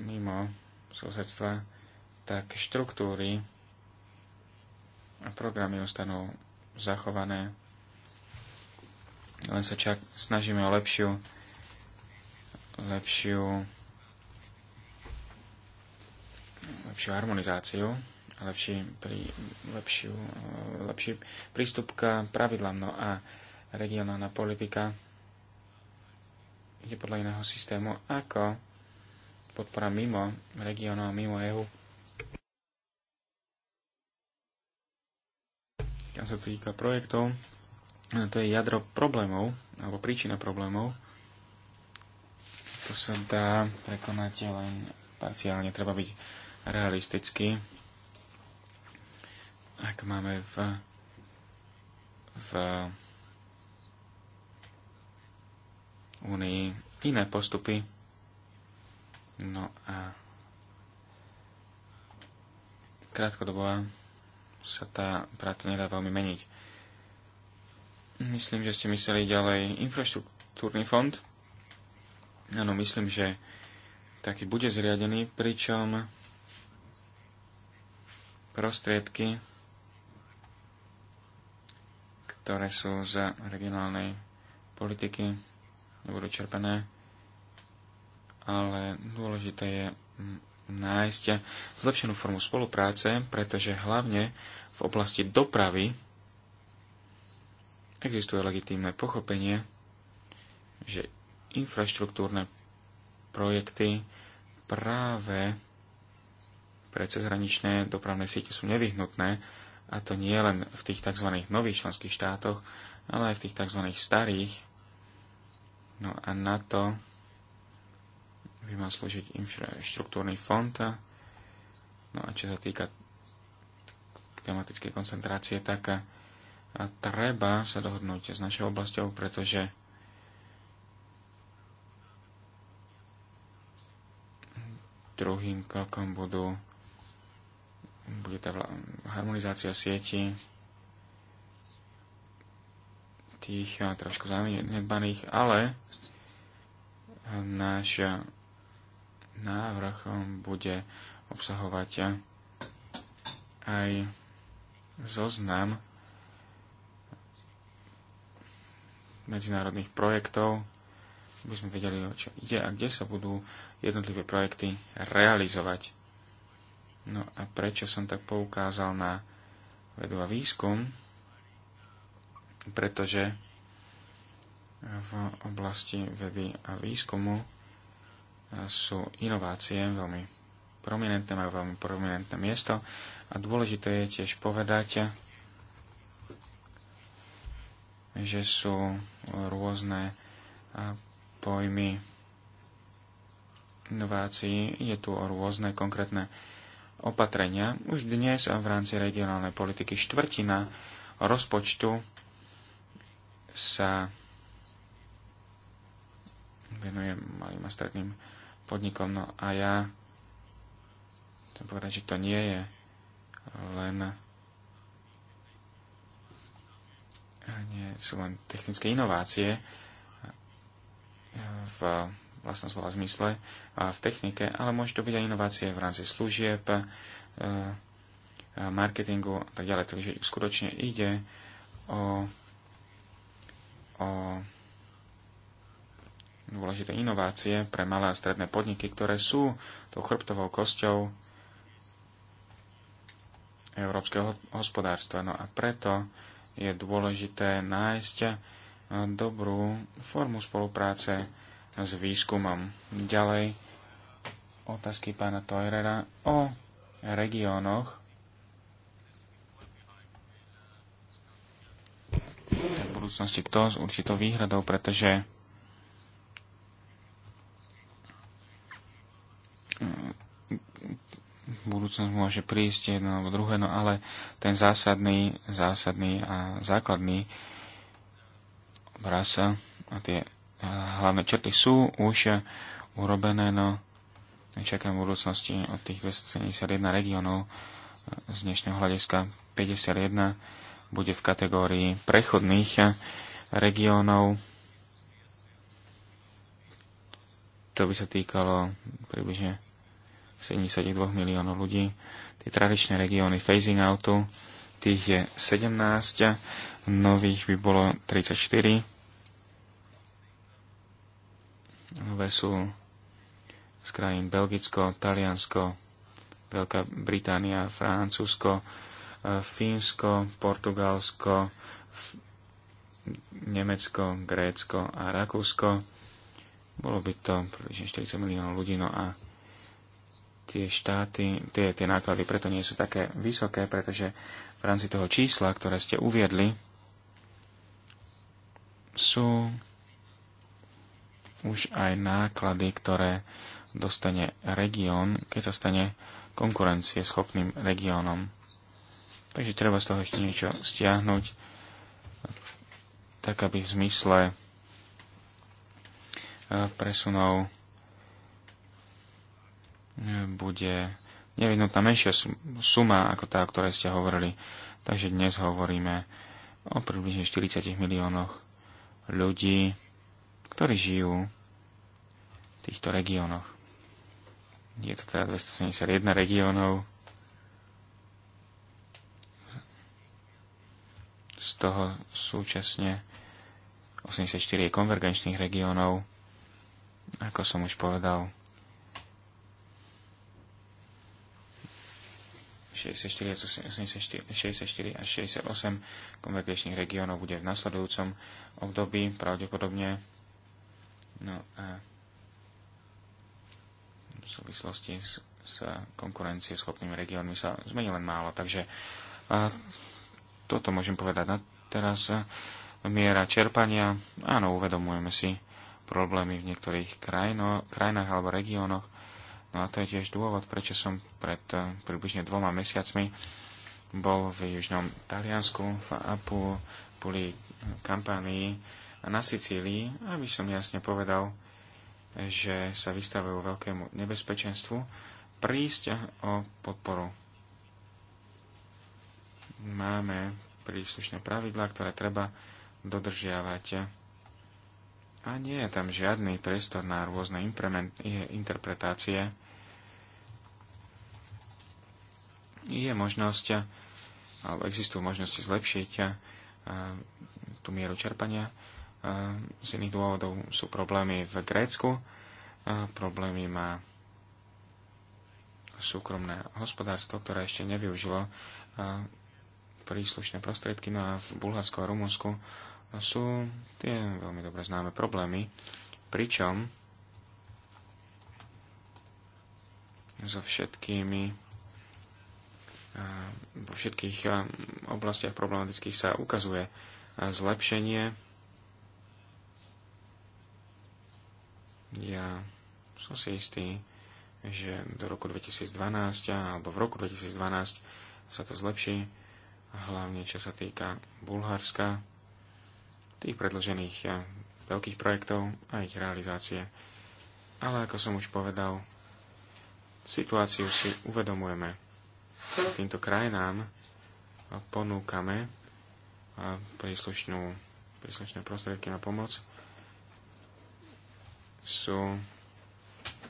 mimo susedstva, tak štruktúry a programy ostanú zachované len sa čak, snažíme o lepšiu, lepšiu, lepšiu harmonizáciu a lepší, pri, lepšiu, lepší prístup k pravidlám. No a regionálna politika je podľa iného systému ako podpora mimo regionov mimo EU. Tam sa to týka projektov, No, to je jadro problémov, alebo príčina problémov. To sa dá prekonať len parciálne, treba byť realistický. Ak máme v, v Unii iné postupy, no a krátkodobo sa tá práca nedá veľmi meniť Myslím, že ste mysleli ďalej infraštruktúrny fond. Áno, myslím, že taký bude zriadený, pričom prostriedky, ktoré sú za regionálnej politiky, nebudú čerpané, ale dôležité je mm, nájsť zlepšenú formu spolupráce, pretože hlavne v oblasti dopravy Existuje legitímne pochopenie, že infraštruktúrne projekty práve pre cezhraničné dopravné siete sú nevyhnutné, a to nie len v tých tzv. nových členských štátoch, ale aj v tých tzv. starých. No a na to by mal slúžiť infraštruktúrny fond. No a čo sa týka tematickej koncentrácie, tak a treba sa dohodnúť s našou oblasťou, pretože druhým krokom budú bude tá harmonizácia sieti tých trošku zanedbaných, ale náš návrh bude obsahovať aj zoznam medzinárodných projektov, aby sme vedeli, o čo ide a kde sa budú jednotlivé projekty realizovať. No a prečo som tak poukázal na vedu a výskum? Pretože v oblasti vedy a výskumu sú inovácie veľmi prominentné, majú veľmi prominentné miesto a dôležité je tiež povedať, že sú rôzne pojmy inovácií. Je tu o rôzne konkrétne opatrenia. Už dnes v rámci regionálnej politiky štvrtina rozpočtu sa venujem malým a stredným podnikom. No a ja chcem povedať, že to nie je len nie sú len technické inovácie e, v vlastnom slova zmysle a v technike, ale môže to byť aj inovácie v rámci služieb, e, marketingu a tak ďalej. Takže skutočne ide o, o dôležité inovácie pre malé a stredné podniky, ktoré sú tou chrbtovou kosťou európskeho hospodárstva. No a preto je dôležité nájsť eh, dobrú formu spolupráce s výskumom. Ďalej otázky pána Toirera o regiónoch. V budúcnosti kto s určitou výhradou, pretože eh, budúcnosť môže prísť jedno alebo druhé, no ale ten zásadný, zásadný a základný obraz a tie hlavné črty sú už urobené, no čakám v budúcnosti od tých 271 regiónov z dnešného hľadiska 51 bude v kategórii prechodných regiónov. To by sa týkalo približne 72 miliónov ľudí. Tie tradičné regióny phasing outu, tých je 17, nových by bolo 34. Nové sú z krajín Belgicko, Taliansko, Veľká Británia, Francúzsko, e, Fínsko, Portugalsko, Nemecko, Grécko a Rakúsko. Bolo by to približne 40 miliónov ľudí, no a tie štáty, tie, tie náklady preto nie sú také vysoké, pretože v rámci toho čísla, ktoré ste uviedli, sú už aj náklady, ktoré dostane región, keď sa stane konkurencie schopným regiónom. Takže treba z toho ešte niečo stiahnuť, tak aby v zmysle eh, presunov bude nevyhnutná menšia suma ako tá, o ktorej ste hovorili. Takže dnes hovoríme o približne 40 miliónoch ľudí, ktorí žijú v týchto regiónoch. Je to teda 271 regiónov. Z toho súčasne 84 konvergenčných regiónov. Ako som už povedal, 64, až 68 konvergenčných regiónov bude v nasledujúcom období pravdepodobne. No a v súvislosti s, s schopnými regiónmi sa zmení len málo. Takže a, toto môžem povedať na teraz. Miera čerpania, áno, uvedomujeme si problémy v niektorých krajino, krajinách alebo regiónoch, No a to je tiež dôvod, prečo som pred eh, približne dvoma mesiacmi bol v južnom Taliansku v Apuli kampánii na Sicílii, aby som jasne povedal, že sa vystavujú veľkému nebezpečenstvu prísť o podporu. Máme príslušné pravidlá, ktoré treba dodržiavať. A nie je tam žiadny priestor na rôzne interpretácie. je možnosť, alebo existujú možnosti zlepšiť tú mieru čerpania. Z iných dôvodov sú problémy v Grécku, problémy má súkromné hospodárstvo, ktoré ešte nevyužilo príslušné prostriedky, no a v Bulharsku a Rumunsku sú tie veľmi dobre známe problémy, pričom so všetkými vo všetkých oblastiach problematických sa ukazuje zlepšenie. Ja som si istý, že do roku 2012 alebo v roku 2012 sa to zlepší, hlavne čo sa týka Bulharska, tých predložených veľkých projektov a ich realizácie. Ale ako som už povedal, situáciu si uvedomujeme týmto krajinám ponúkame príslušnú, príslušné prostriedky na pomoc. Sú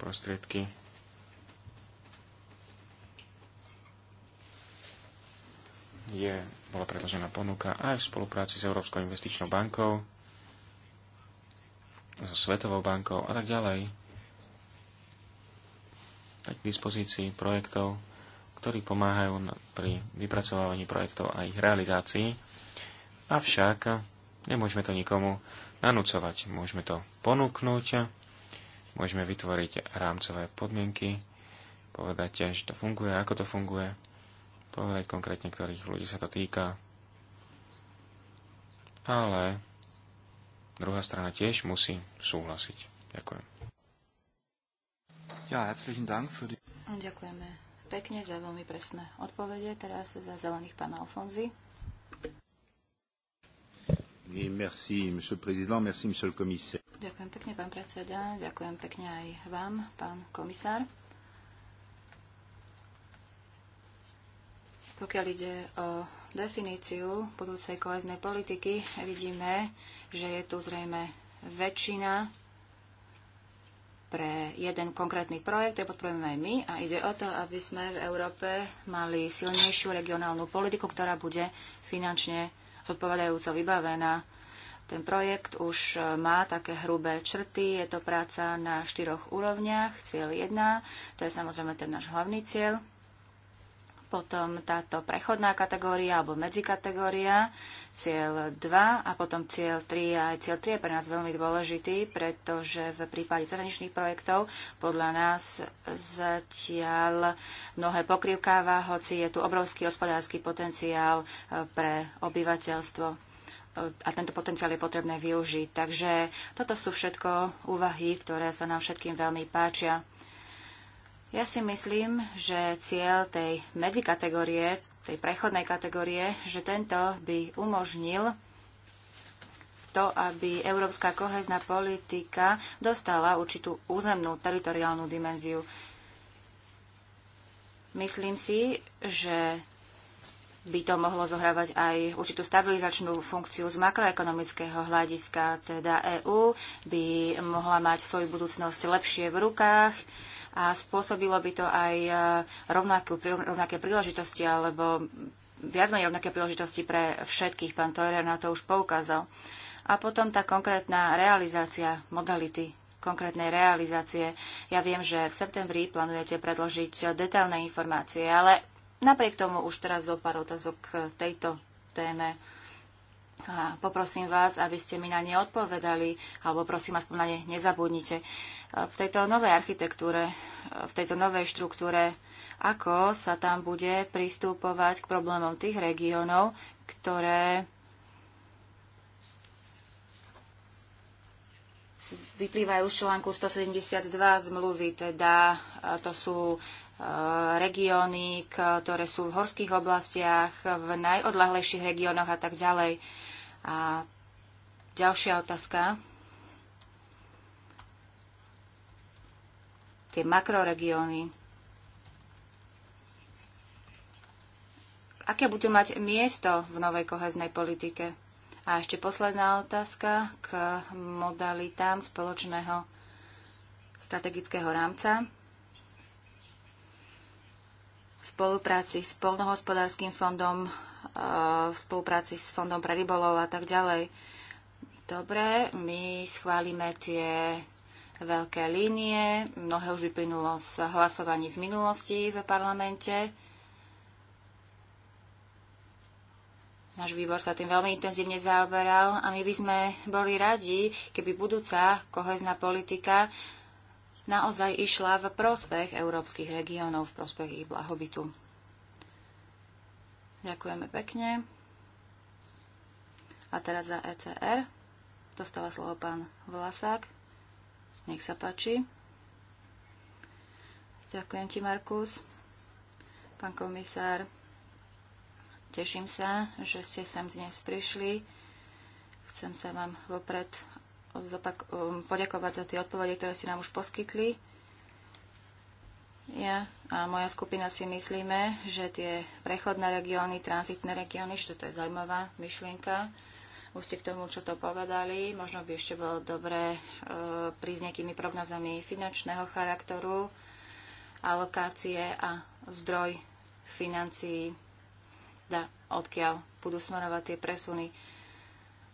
prostriedky je, bola predložená ponuka aj v spolupráci s Európskou investičnou bankou, so Svetovou bankou a tak ďalej. Tak k dispozícii projektov ktorí pomáhajú pri vypracovávaní projektov a ich realizácii. Avšak nemôžeme to nikomu nanúcovať. Môžeme to ponúknuť, môžeme vytvoriť rámcové podmienky, povedať, že to funguje, ako to funguje, povedať konkrétne, ktorých ľudí sa to týka. Ale druhá strana tiež musí súhlasiť. Ďakujem. Ja, herzlichen Dank für die... Ďakujeme pekne za veľmi presné odpovede. Teraz za zelených pána Alfonzi. Merci, monsieur président, merci, monsieur le commissaire. Ďakujem pekne, pán predseda, ďakujem pekne aj vám, pán komisár. Pokiaľ ide o definíciu budúcej koheznej politiky, vidíme, že je tu zrejme väčšina pre jeden konkrétny projekt, ktorý podporujeme aj my a ide o to, aby sme v Európe mali silnejšiu regionálnu politiku, ktorá bude finančne zodpovedajúco vybavená. Ten projekt už e, má také hrubé črty, je to práca na štyroch úrovniach, cieľ 1, to je samozrejme ten náš hlavný cieľ, potom táto prechodná kategória alebo medzikategória, cieľ 2 a potom cieľ 3. Aj cieľ 3 je pre nás veľmi dôležitý, pretože v prípade zahraničných projektov podľa nás zatiaľ mnohé pokrývkáva, hoci je tu obrovský hospodársky potenciál eh, pre obyvateľstvo eh, a tento potenciál je potrebné využiť. Takže toto sú všetko úvahy, ktoré sa nám všetkým veľmi páčia. Ja si myslím, že cieľ tej medzikategórie, tej prechodnej kategórie, že tento by umožnil to, aby európska kohezná politika dostala určitú územnú teritoriálnu dimenziu. Myslím si, že by to mohlo zohrávať aj určitú stabilizačnú funkciu z makroekonomického hľadiska, teda EÚ by mohla mať svoju budúcnosť lepšie v rukách a spôsobilo by to aj e, rovnakú, rovnaké príležitosti alebo viac menej rovnaké príležitosti pre všetkých. Pán Torer na to už poukázal. A potom tá konkrétna realizácia modality konkrétnej realizácie. Ja viem, že v septembri plánujete predložiť detailné informácie, ale napriek tomu už teraz zo pár otázok k tejto téme. A poprosím vás, aby ste mi na ne odpovedali, alebo prosím aspoň na ne nezabudnite. V tejto novej architektúre, v tejto novej štruktúre, ako sa tam bude pristupovať k problémom tých regiónov, ktoré vyplývajú z článku 172 zmluvy, teda to sú regióny, ktoré sú v horských oblastiach, v najodlahlejších regiónoch a tak ďalej. A ďalšia otázka. Tie makroregióny. Aké budú mať miesto v novej koheznej politike? A ešte posledná otázka k modalitám spoločného strategického rámca v spolupráci s Polnohospodárským fondom, e, v spolupráci s Fondom pre rybolov a tak ďalej. Dobre, my schválime tie veľké línie. Mnohé už vyplynulo z hlasovaní v minulosti v parlamente. Náš výbor sa tým veľmi intenzívne zaoberal a my by sme boli radi, keby budúca kohezná politika naozaj išla v prospech európskych regiónov, v prospech ich blahobytu. Ďakujeme pekne. A teraz za ECR dostáva slovo pán Vlasák. Nech sa páči. Ďakujem ti, Markus. Pán komisár, teším sa, že ste sem dnes prišli. Chcem sa vám vopred zopak- um, poďakovať za tie odpovede, ktoré si nám už poskytli. Ja a moja skupina si myslíme, že tie prechodné regióny, tranzitné regióny, že to je zaujímavá myšlienka, už ste k tomu, čo to povedali. Možno by ešte bolo dobré e, prísť nejakými prognozami finančného charakteru, alokácie a zdroj financií, da, odkiaľ budú smerovať tie presuny.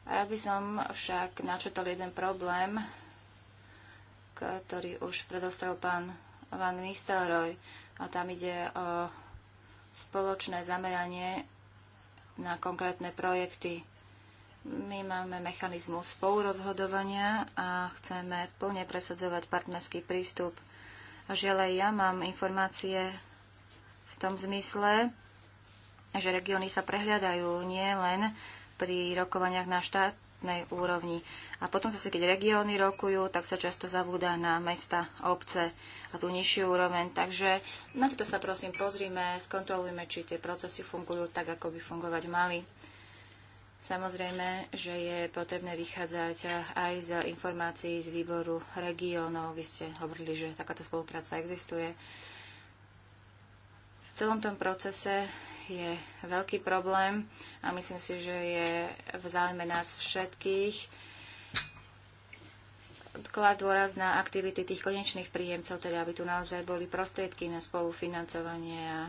Rád by som však načetol jeden problém, ktorý už predostrel pán Van Nistelrooy. A tam ide o spoločné zameranie na konkrétne projekty. My máme mechanizmus spolurozhodovania a chceme plne presadzovať partnerský prístup. Žiaľ aj ja mám informácie v tom zmysle, že regióny sa prehľadajú nie len pri rokovaniach na štátnej úrovni. A potom zase, keď regióny rokujú, tak sa často zabúda na mesta, obce a tú nižšiu úroveň. Takže na toto sa prosím pozrime, skontrolujme, či tie procesy fungujú tak, ako by fungovať mali. Samozrejme, že je potrebné vychádzať aj z informácií z výboru regiónov. Vy ste hovorili, že takáto spolupráca existuje. V celom tom procese je veľký problém a myslím si, že je v záujme nás všetkých klad dôraz na aktivity tých konečných príjemcov, teda aby tu naozaj boli prostriedky na spolufinancovanie. A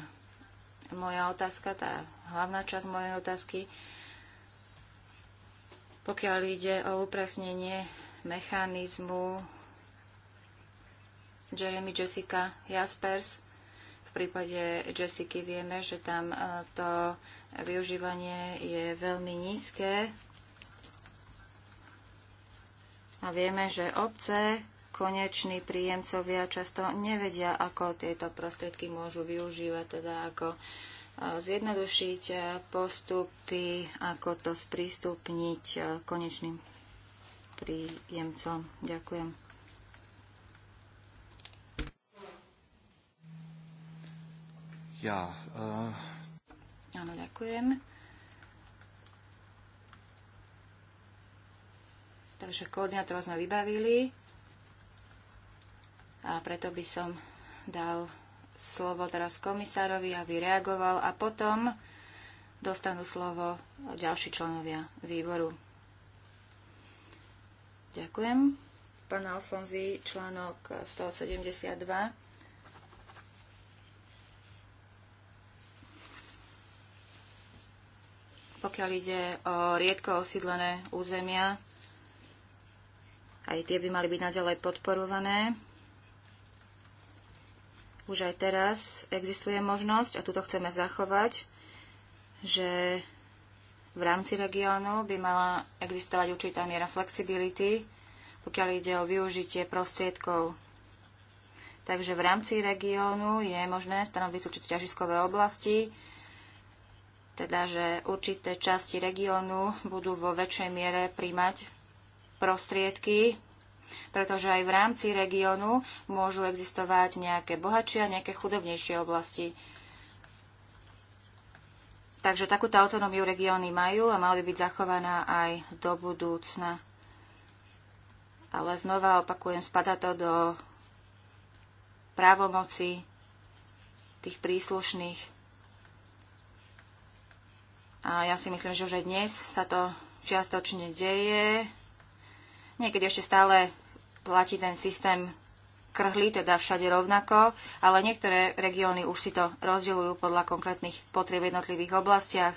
moja otázka, tá hlavná časť mojej otázky, pokiaľ ide o upresnenie mechanizmu Jeremy Jessica Jaspers, v prípade Jessica vieme, že tam e, to využívanie je veľmi nízke a vieme, že obce, koneční príjemcovia často nevedia, ako tieto prostriedky môžu využívať, teda ako e, zjednodušiť e, postupy, ako to sprístupniť konečným príjemcom. Ďakujem. Ja, uh... Áno, ďakujem. Takže koordinátora sme vybavili a preto by som dal slovo teraz komisárovi, aby reagoval a potom dostanú slovo ďalší členovia výboru. Ďakujem. Pán Alfonzi, článok 172 pokiaľ ide o riedko osídlené územia. Aj tie by mali byť naďalej podporované. Už aj teraz existuje možnosť, a túto chceme zachovať, že v rámci regiónu by mala existovať určitá miera flexibility, pokiaľ ide o využitie prostriedkov. Takže v rámci regiónu je možné stanoviť určité ťažiskové oblasti, teda, že určité časti regiónu budú vo väčšej miere príjmať prostriedky, pretože aj v rámci regiónu môžu existovať nejaké bohatšie a nejaké chudobnejšie oblasti. Takže takúto autonómiu regióny majú a mala by byť zachovaná aj do budúcna. Ale znova opakujem, spada to do právomoci tých príslušných a ja si myslím, že už aj dnes sa to čiastočne deje. Niekedy ešte stále platí ten systém krhli, teda všade rovnako, ale niektoré regióny už si to rozdeľujú podľa konkrétnych potrieb v jednotlivých oblastiach.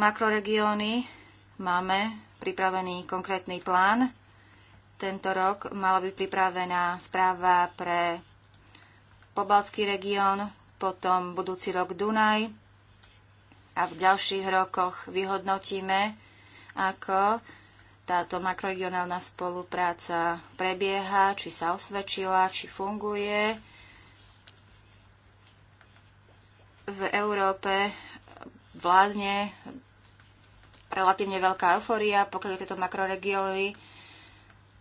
Makroregióny máme pripravený konkrétny plán. Tento rok mala byť pripravená správa pre Pobalský región, potom budúci rok Dunaj, a v ďalších rokoch vyhodnotíme, ako táto makroregionálna spolupráca prebieha, či sa osvedčila, či funguje. V Európe vládne relatívne veľká euforia, pokiaľ tieto makroregióny.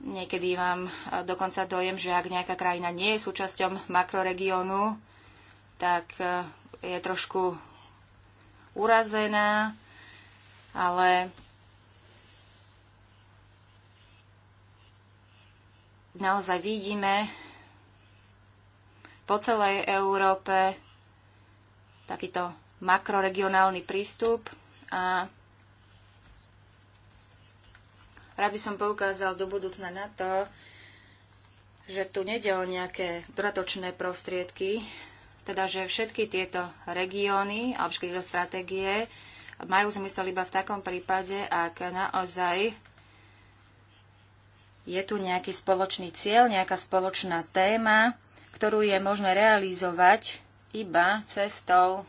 Niekedy mám dokonca dojem, že ak nejaká krajina nie je súčasťom makroregiónu, tak eh, je trošku urazená, ale naozaj vidíme po celej Európe takýto makroregionálny prístup a rád by som poukázal do budúcna na to, že tu nede o nejaké dodatočné prostriedky teda, že všetky tieto regióny alebo všetky tieto stratégie majú zmysel iba v takom prípade, ak naozaj je tu nejaký spoločný cieľ, nejaká spoločná téma, ktorú je možné realizovať iba cestou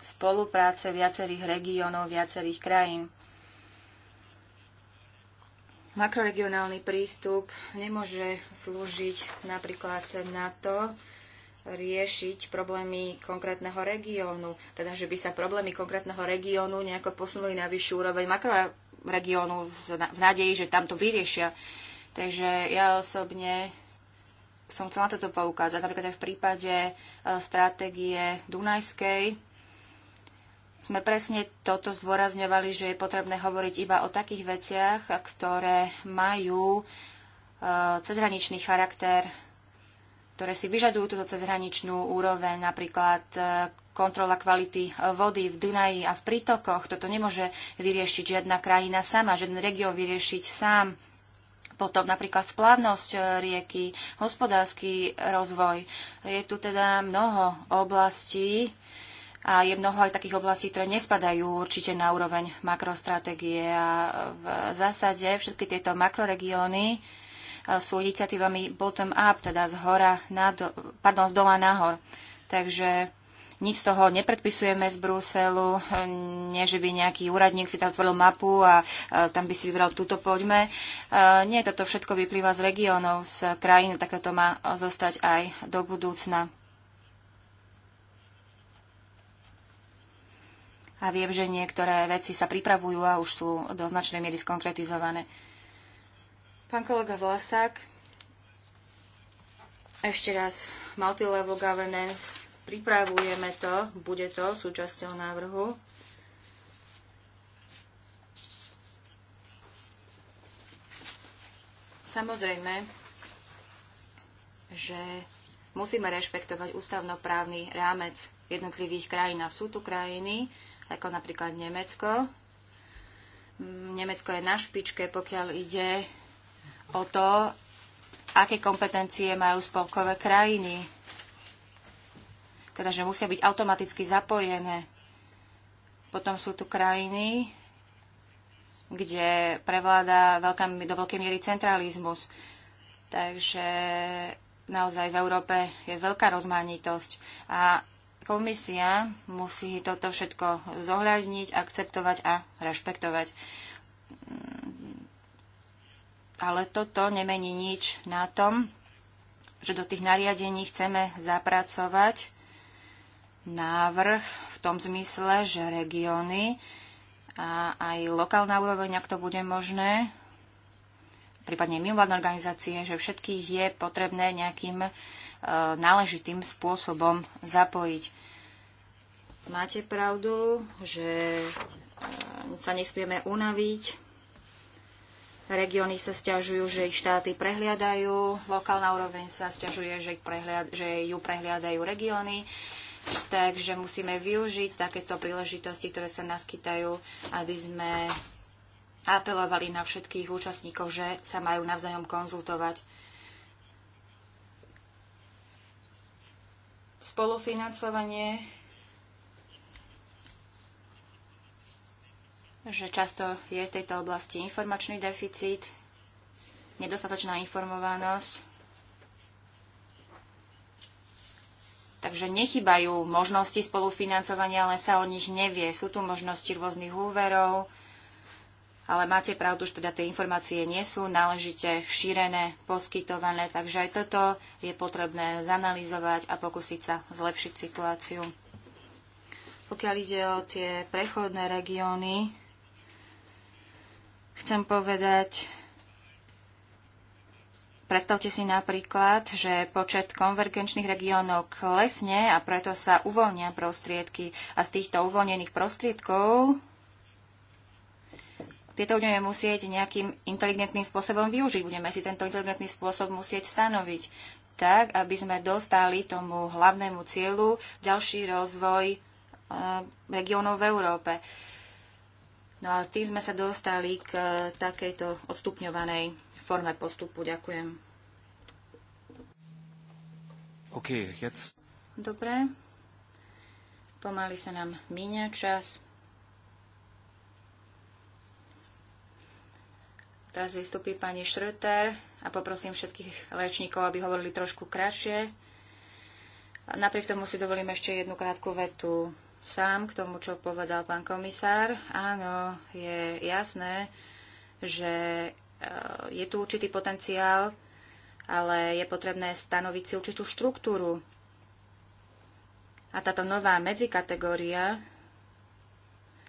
spolupráce viacerých regiónov, viacerých krajín. Makroregionálny prístup nemôže slúžiť napríklad na to, riešiť problémy konkrétneho regiónu, teda že by sa problémy konkrétneho regiónu nejako posunuli na vyššiu úroveň makroregiónu v nádeji, že tam to vyriešia. Takže ja osobne som chcela toto poukázať. Napríklad aj v prípade e, stratégie Dunajskej sme presne toto zdôrazňovali, že je potrebné hovoriť iba o takých veciach, ktoré majú e, cezhraničný charakter ktoré si vyžadujú túto cezhraničnú úroveň, napríklad e, kontrola kvality e, vody v Dunaji a v prítokoch. Toto nemôže vyriešiť žiadna krajina sama, žiaden región vyriešiť sám. Potom napríklad splavnosť e, rieky, hospodársky rozvoj. Je tu teda mnoho oblastí a je mnoho aj takých oblastí, ktoré nespadajú určite na úroveň makrostratégie. A v zásade všetky tieto makroregióny sú iniciatívami bottom-up, teda z, hora na do, pardon, z dola nahor. Takže nič z toho nepredpisujeme z Bruselu, nie že by nejaký úradník si tam otvoril mapu a tam by si vybral túto poďme. Nie, toto všetko vyplýva z regiónov, z krajín, tak to má zostať aj do budúcna. A viem, že niektoré veci sa pripravujú a už sú do značnej miery skonkretizované. Pán kolega Vlasák, ešte raz, multilevel governance, pripravujeme to, bude to súčasťou návrhu. Samozrejme, že musíme rešpektovať ústavnoprávny rámec jednotlivých krajín. A sú tu krajiny, ako napríklad Nemecko. Nemecko je na špičke, pokiaľ ide o to, aké kompetencie majú spolkové krajiny. Teda, že musia byť automaticky zapojené. Potom sú tu krajiny, kde prevláda veľká, do veľkej miery centralizmus. Takže naozaj v Európe je veľká rozmanitosť. A komisia musí toto všetko zohľadniť, akceptovať a rešpektovať. Ale toto nemení nič na tom, že do tých nariadení chceme zapracovať návrh v tom zmysle, že regióny a aj lokálna úroveň, ak to bude možné, prípadne mimovládne organizácie, že všetkých je potrebné nejakým e, náležitým spôsobom zapojiť. Máte pravdu, že e, sa nesmieme unaviť Regióny sa stiažujú, že ich štáty prehliadajú, lokálna úroveň sa stiažuje, že, ich prehliad, že ju prehliadajú regióny. Takže musíme využiť takéto príležitosti, ktoré sa naskytajú, aby sme apelovali na všetkých účastníkov, že sa majú navzájom konzultovať. Spolufinancovanie že často je v tejto oblasti informačný deficit, nedostatočná informovanosť. Takže nechybajú možnosti spolufinancovania, ale sa o nich nevie. Sú tu možnosti rôznych úverov, ale máte pravdu, že teda tie informácie nie sú náležite šírené, poskytované, takže aj toto je potrebné zanalizovať a pokúsiť sa zlepšiť situáciu. Pokiaľ ide o tie prechodné regióny, Chcem povedať, Predstavte si napríklad, že počet konvergenčných regiónov klesne a preto sa uvoľnia prostriedky a z týchto uvoľnených prostriedkov tieto budeme musieť nejakým inteligentným spôsobom využiť. Budeme si tento inteligentný spôsob musieť stanoviť tak, aby sme dostali tomu hlavnému cieľu ďalší rozvoj eh, regiónov v Európe. No a tým sme sa dostali k eh, takejto odstupňovanej forme postupu. Ďakujem. OK, jetzt. Dobre. Pomaly sa nám míňa čas. Teraz vystupí pani Schröter a poprosím všetkých lečníkov, aby hovorili trošku kratšie. Napriek tomu si dovolím ešte jednu krátku vetu sám k tomu, čo povedal pán komisár. Áno, je jasné, že eh, je tu určitý potenciál, ale je potrebné stanoviť si určitú štruktúru. A táto nová medzikategória,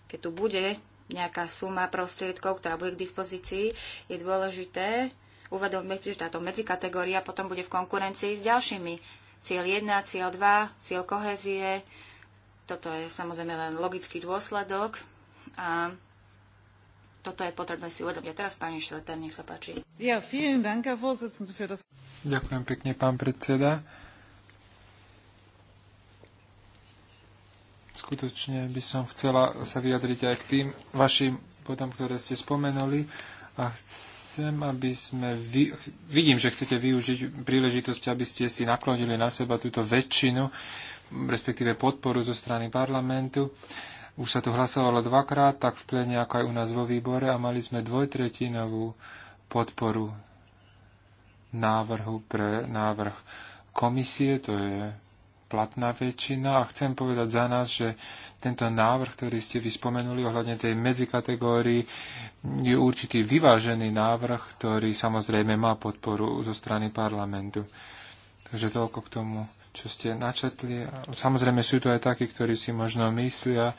keď tu bude nejaká suma prostriedkov, ktorá bude k dispozícii, je dôležité uvedomiť, že táto medzikategória potom bude v konkurencii s ďalšími. Ciel 1, cieľ 2, cieľ kohezie, toto je samozrejme len logický dôsledok a toto je potrebné si uvedomiť. A teraz, pani Šreter, nech sa páči. Ja, vielen Dank, für das... Ďakujem pekne, pán predseda. Skutočne by som chcela sa vyjadriť aj k tým vašim potom, ktoré ste spomenuli a chcem, aby sme... Vy... Vidím, že chcete využiť príležitosť, aby ste si naklonili na seba túto väčšinu respektíve podporu zo strany parlamentu. Už sa tu hlasovalo dvakrát, tak v plene ako aj u nás vo výbore a mali sme dvojtretinovú podporu návrhu pre návrh komisie, to je platná väčšina a chcem povedať za nás, že tento návrh, ktorý ste vyspomenuli ohľadne tej medzikategórii, je určitý vyvážený návrh, ktorý samozrejme má podporu zo strany parlamentu. Takže toľko k tomu čo ste načetli. Samozrejme sú tu aj takí, ktorí si možno myslia,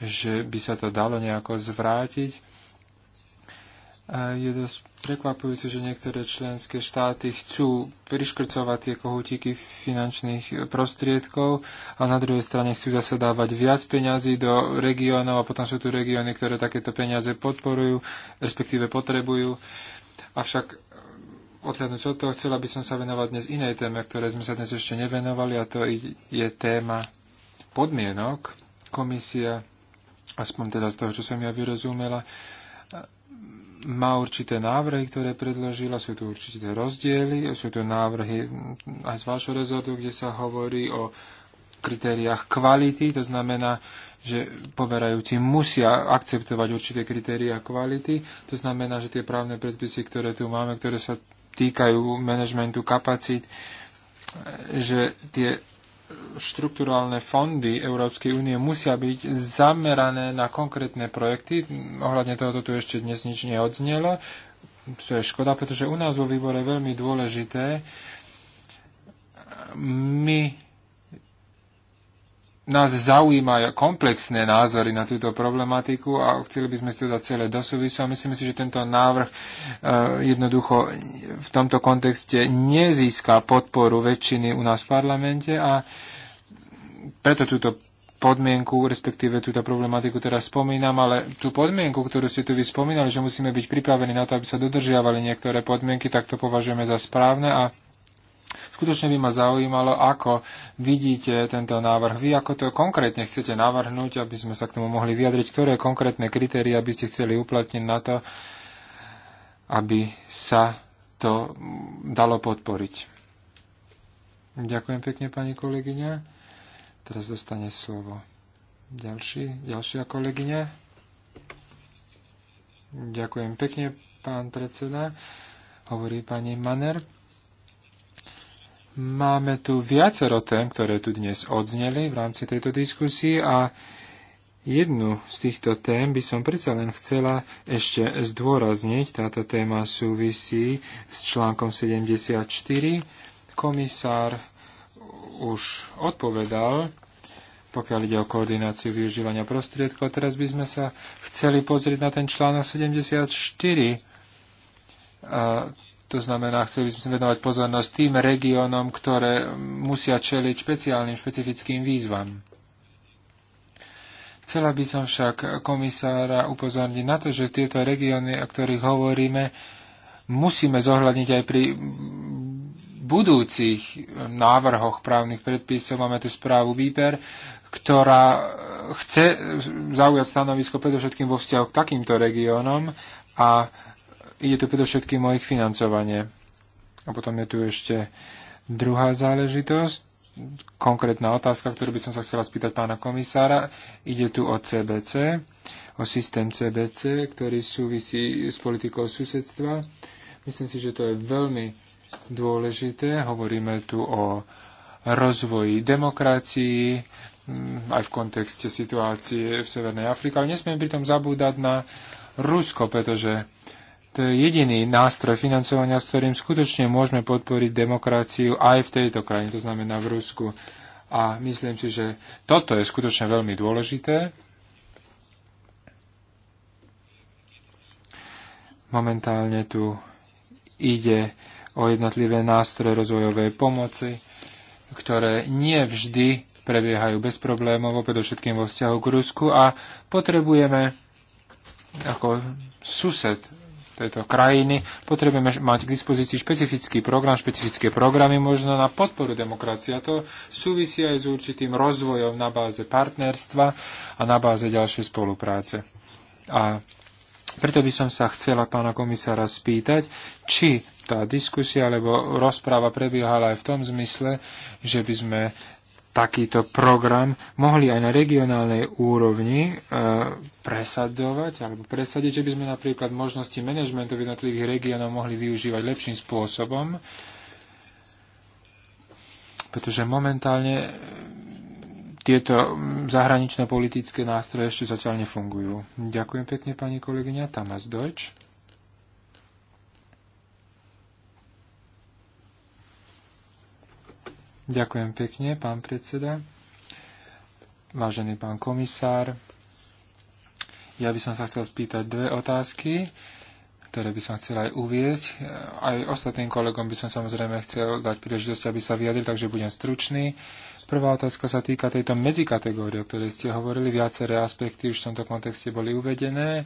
že by sa to dalo nejako zvrátiť. Je dosť prekvapujúce, že niektoré členské štáty chcú priškrcovať tie kohútiky finančných prostriedkov, ale na druhej strane chcú zase dávať viac peňazí do regiónov a potom sú tu regióny, ktoré takéto peniaze podporujú, respektíve potrebujú. Avšak odhľadnúť od toho, chcela by som sa venovať dnes inej téme, ktoré sme sa dnes ešte nevenovali, a to je téma podmienok. Komisia, aspoň teda z toho, čo som ja vyrozumela, má určité návrhy, ktoré predložila, sú tu určité rozdiely, sú tu návrhy aj z vášho rezortu, kde sa hovorí o kritériách kvality, to znamená, že poverajúci musia akceptovať určité kritéria kvality. To znamená, že tie právne predpisy, ktoré tu máme, ktoré sa týkajú manažmentu kapacít, že tie štrukturálne fondy Európskej únie musia byť zamerané na konkrétne projekty. Ohľadne tohoto tu ešte dnes nič neodznelo, čo je škoda, pretože u nás vo výbore je veľmi dôležité. My nás zaujímajú komplexné názory na túto problematiku a chceli by sme si to dať celé do súvisu a myslím si, že tento návrh e, jednoducho v tomto kontexte nezíska podporu väčšiny u nás v parlamente a preto túto podmienku, respektíve túto problematiku teraz spomínam, ale tú podmienku, ktorú ste tu vyspomínali, že musíme byť pripravení na to, aby sa dodržiavali niektoré podmienky, tak to považujeme za správne a Skutočne by ma zaujímalo, ako vidíte tento návrh. Vy ako to konkrétne chcete navrhnúť, aby sme sa k tomu mohli vyjadriť, ktoré konkrétne kritéria by ste chceli uplatniť na to, aby sa to dalo podporiť. Ďakujem pekne, pani kolegyňa. Teraz dostane slovo ďalší, ďalšia kolegyňa. Ďakujem pekne, pán predseda. Hovorí pani Maner. Máme tu viacero tém, ktoré tu dnes odzneli v rámci tejto diskusie a jednu z týchto tém by som predsa len chcela ešte zdôrazniť. Táto téma súvisí s článkom 74. Komisár už odpovedal, pokiaľ ide o koordináciu využívania prostriedkov. Teraz by sme sa chceli pozrieť na ten článok 74. A to znamená, chceli by sme venovať pozornosť tým regiónom, ktoré musia čeliť špeciálnym, špecifickým výzvam. Chcela by som však komisára upozorniť na to, že tieto regióny, o ktorých hovoríme, musíme zohľadniť aj pri budúcich návrhoch právnych predpisov. Máme tu správu BIPER, ktorá chce zaujať stanovisko predovšetkým vo vzťahu k takýmto regiónom a Ide tu predovšetkým o ich financovanie. A potom je tu ešte druhá záležitosť, konkrétna otázka, ktorú by som sa chcela spýtať pána komisára. Ide tu o CBC, o systém CBC, ktorý súvisí s politikou susedstva. Myslím si, že to je veľmi dôležité. Hovoríme tu o rozvoji demokracií, mm, aj v kontexte situácie v Severnej Afrike, ale nesmieme pritom zabúdať na Rusko, pretože to je jediný nástroj financovania, s ktorým skutočne môžeme podporiť demokraciu aj v tejto krajine, to znamená v Rusku. A myslím si, že toto je skutočne veľmi dôležité. Momentálne tu ide o jednotlivé nástroje rozvojovej pomoci, ktoré nie vždy prebiehajú bez problémov, predovšetkým vo vzťahu k Rusku a potrebujeme ako sused tejto krajiny. Potrebujeme mať k dispozícii špecifický program, špecifické programy možno na podporu demokracie. A to súvisí aj s určitým rozvojom na báze partnerstva a na báze ďalšej spolupráce. A preto by som sa chcela pána komisára spýtať, či tá diskusia alebo rozpráva prebiehala aj v tom zmysle, že by sme takýto program mohli aj na regionálnej úrovni e, presadzovať alebo presadiť, že by sme napríklad možnosti manažmentov jednotlivých regiónov mohli využívať lepším spôsobom, pretože momentálne e, tieto zahranično-politické nástroje ešte zatiaľ nefungujú. Ďakujem pekne, pani kolegyňa Tamás Deutsch. Ďakujem pekne, pán predseda. Vážený pán komisár, ja by som sa chcel spýtať dve otázky, ktoré by som chcel aj uviezť. Aj ostatným kolegom by som samozrejme chcel dať príležitosť, aby sa vyjadrili, takže budem stručný. Prvá otázka sa týka tejto medzikategórie, o ktorej ste hovorili. Viaceré aspekty už v tomto kontexte boli uvedené.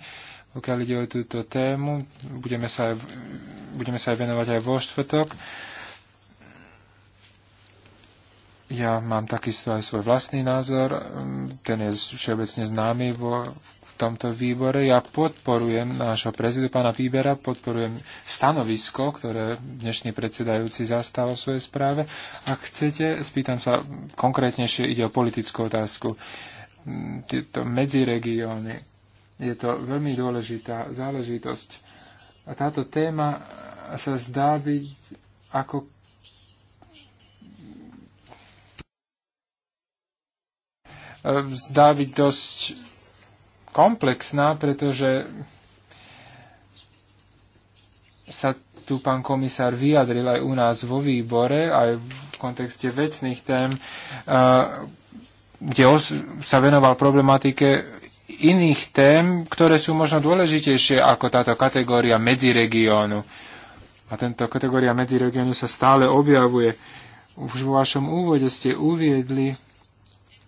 Pokiaľ ide o túto tému, budeme sa aj, budeme sa aj venovať aj vo štvrtok. Ja mám takisto aj svoj vlastný názor, mm, ten je všeobecne známy vo, v tomto výbore. Ja podporujem nášho prezidu pána Píbera, podporujem stanovisko, ktoré dnešný predsedajúci zastáva v svojej správe. Ak chcete, spýtam sa konkrétnejšie, ide o politickú otázku. Mm, tieto medziregióny, je to veľmi dôležitá záležitosť. A táto téma sa zdá byť ako zdá byť dosť komplexná, pretože sa tu pán komisár vyjadril aj u nás vo výbore, aj v kontexte vecných tém, kde sa venoval problematike iných tém, ktoré sú možno dôležitejšie ako táto kategória medziregiónu. A tento kategória medziregiónu sa stále objavuje. Už vo vašom úvode ste uviedli,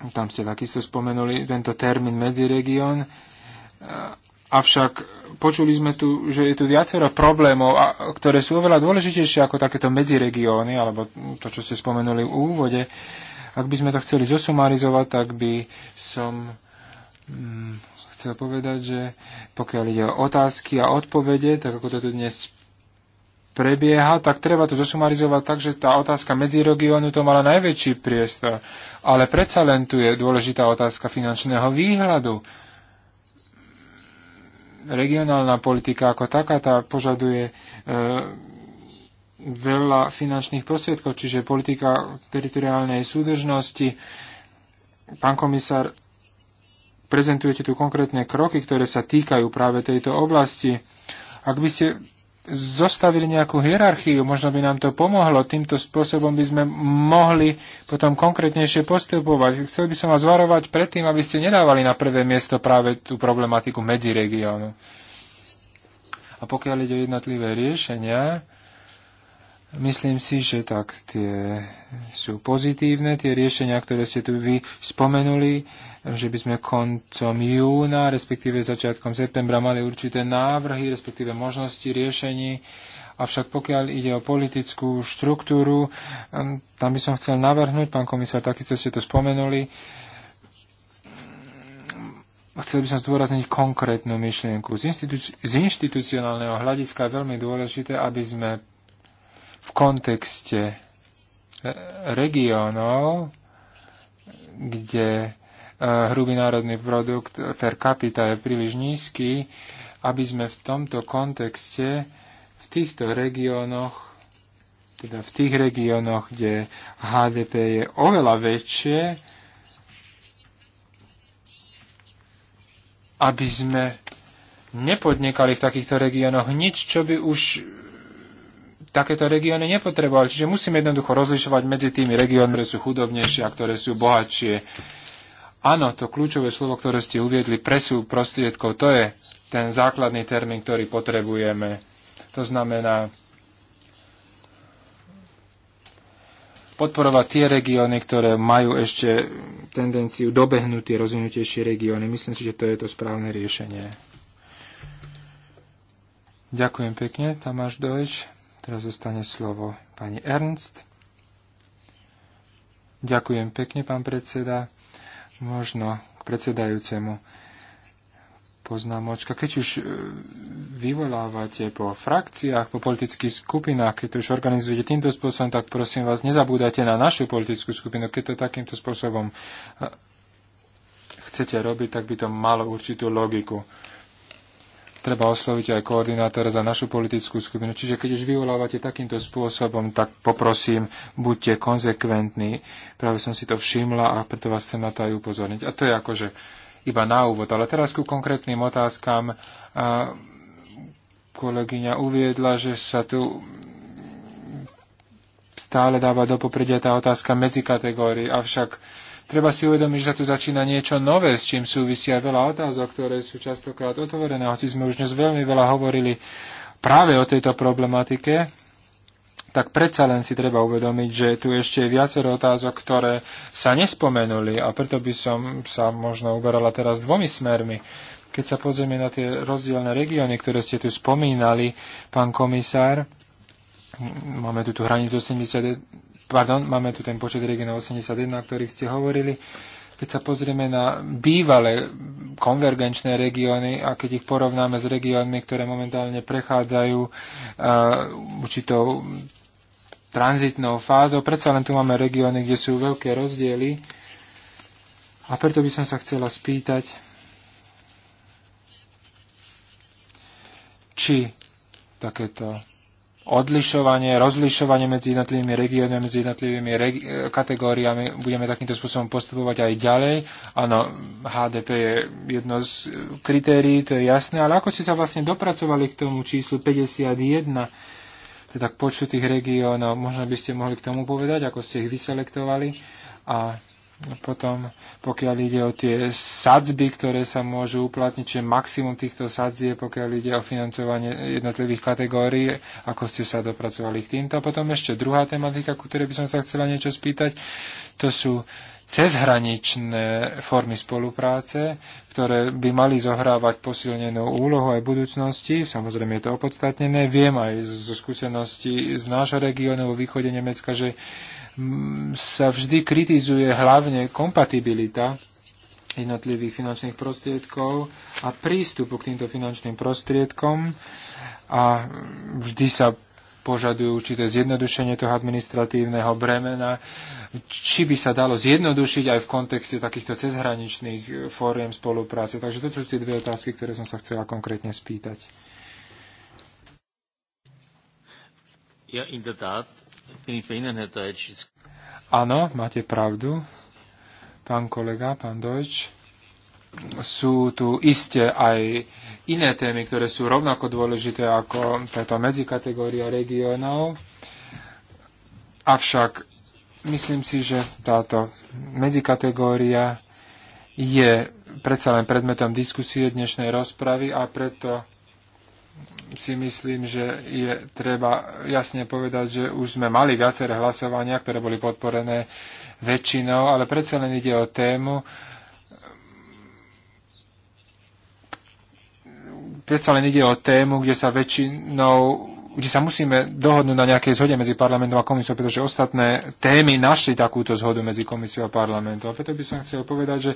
tam ste takisto spomenuli tento termín medziregión, e, avšak počuli sme tu, že je tu viacero problémov, ktoré sú oveľa dôležitejšie ako takéto medziregióny, alebo to, čo ste spomenuli v úvode. Ak by sme to chceli zosumarizovať, tak by som mm, chcel povedať, že pokiaľ ide o otázky a odpovede, tak ako to tu dnes prebieha, tak treba to zosumarizovať tak, že tá otázka medziregiónu to mala najväčší priestor. Ale predsa len tu je dôležitá otázka finančného výhľadu. Regionálna politika ako taká tá požaduje e, veľa finančných prostriedkov, čiže politika teritoriálnej súdržnosti. Pán komisár, prezentujete tu konkrétne kroky, ktoré sa týkajú práve tejto oblasti. Ak by ste zostavili nejakú hierarchiu, možno by nám to pomohlo, týmto spôsobom by sme mohli potom konkrétnejšie postupovať. Chcel by som vás varovať predtým, aby ste nedávali na prvé miesto práve tú problematiku medzi regiónu. A pokiaľ ide o jednotlivé riešenia, Myslím si, že tak tie sú pozitívne, tie riešenia, ktoré ste tu vy spomenuli, že by sme koncom júna, respektíve začiatkom septembra mali určité návrhy, respektíve možnosti riešení. Avšak pokiaľ ide o politickú štruktúru, tam by som chcel navrhnúť, pán komisár, takisto ste to spomenuli, chcel by som zdôrazniť konkrétnu myšlienku. Z, z inštitucionálneho hľadiska je veľmi dôležité, aby sme v kontexte regiónov, kde e, hrubý národný produkt per capita je príliš nízky, aby sme v tomto kontexte v týchto regiónoch, teda v tých regiónoch, kde HDP je oveľa väčšie, aby sme nepodnikali v takýchto regiónoch nič, čo by už takéto regióny nepotrebovali. Čiže musíme jednoducho rozlišovať medzi tými regiónmi, ktoré sú chudobnejšie a ktoré sú bohatšie. Áno, to kľúčové slovo, ktoré ste uviedli, presú prostriedkov, to je ten základný termín, ktorý potrebujeme. To znamená podporovať tie regióny, ktoré majú ešte tendenciu dobehnúť tie rozvinutejšie regióny. Myslím si, že to je to správne riešenie. Ďakujem pekne, Tamáš Dojč. Teraz zostane slovo pani Ernst. Ďakujem pekne, pán predseda. Možno k predsedajúcemu poznámočka. Keď už e, vyvolávate po frakciách, po politických skupinách, keď to už organizujete týmto spôsobom, tak prosím vás, nezabúdajte na našu politickú skupinu. Keď to takýmto spôsobom e, chcete robiť, tak by to malo určitú logiku treba osloviť aj koordinátora za našu politickú skupinu. Čiže keď už vyvolávate takýmto spôsobom, tak poprosím, buďte konzekventní. Práve som si to všimla a preto vás chcem na to aj upozorniť. A to je akože iba na úvod. Ale teraz ku konkrétnym otázkam. A kolegyňa uviedla, že sa tu stále dáva do popredia tá otázka medzi kategórií, avšak Treba si uvedomiť, že sa tu začína niečo nové, s čím súvisia veľa otázok, ktoré sú častokrát otvorené. Hoci sme už dnes veľmi veľa hovorili práve o tejto problematike, tak predsa len si treba uvedomiť, že tu ešte je viacero otázok, ktoré sa nespomenuli a preto by som sa možno uberala teraz dvomi smermi. Keď sa pozrieme na tie rozdielne regióny, ktoré ste tu spomínali, pán komisár, máme tu tú hranicu 80 pardon, máme tu ten počet regionov 81, o ktorých ste hovorili. Keď sa pozrieme na bývalé konvergenčné regióny a keď ich porovnáme s regiónmi, ktoré momentálne prechádzajú uh, určitou tranzitnou fázou, predsa len tu máme regióny, kde sú veľké rozdiely. A preto by som sa chcela spýtať, či takéto odlišovanie, rozlišovanie medzi jednotlivými regiónmi, medzi jednotlivými regi- e, kategóriami. Budeme takýmto spôsobom postupovať aj ďalej. Áno, HDP je jedno z e, kritérií, to je jasné, ale ako ste sa vlastne dopracovali k tomu číslu 51, teda k počtu tých regiónov, možno by ste mohli k tomu povedať, ako ste ich vyselektovali a potom, pokiaľ ide o tie sadzby, ktoré sa môžu uplatniť, čiže maximum týchto je, pokiaľ ide o financovanie jednotlivých kategórií, ako ste sa dopracovali k týmto. A potom ešte druhá tematika, ku ktorej by som sa chcela niečo spýtať, to sú cezhraničné formy spolupráce, ktoré by mali zohrávať posilnenú úlohu aj v budúcnosti. Samozrejme je to opodstatnené. Viem aj zo skúseností z nášho regiónu vo východe Nemecka, že sa vždy kritizuje hlavne kompatibilita jednotlivých finančných prostriedkov a prístupu k týmto finančným prostriedkom a vždy sa požadujú určité zjednodušenie toho administratívneho bremena, či by sa dalo zjednodušiť aj v kontexte takýchto cezhraničných e, fóriem spolupráce. Takže toto sú tie dve otázky, ktoré som sa chcela konkrétne spýtať. Ja, in der Tat, Áno, máte pravdu, pán kolega, pán Deutsch. Sú tu isté aj iné témy, ktoré sú rovnako dôležité ako táto medzikategória regionov. Avšak myslím si, že táto medzikategória je predsa len predmetom diskusie dnešnej rozpravy a preto si myslím, že je treba jasne povedať, že už sme mali viaceré hlasovania, ktoré boli podporené väčšinou, ale predsa len ide o tému, predsa len ide o tému, kde sa väčšinou kde sa musíme dohodnúť na nejakej zhode medzi parlamentom a komisiou, pretože ostatné témy našli takúto zhodu medzi komisiou a parlamentom. A preto by som chcel povedať, že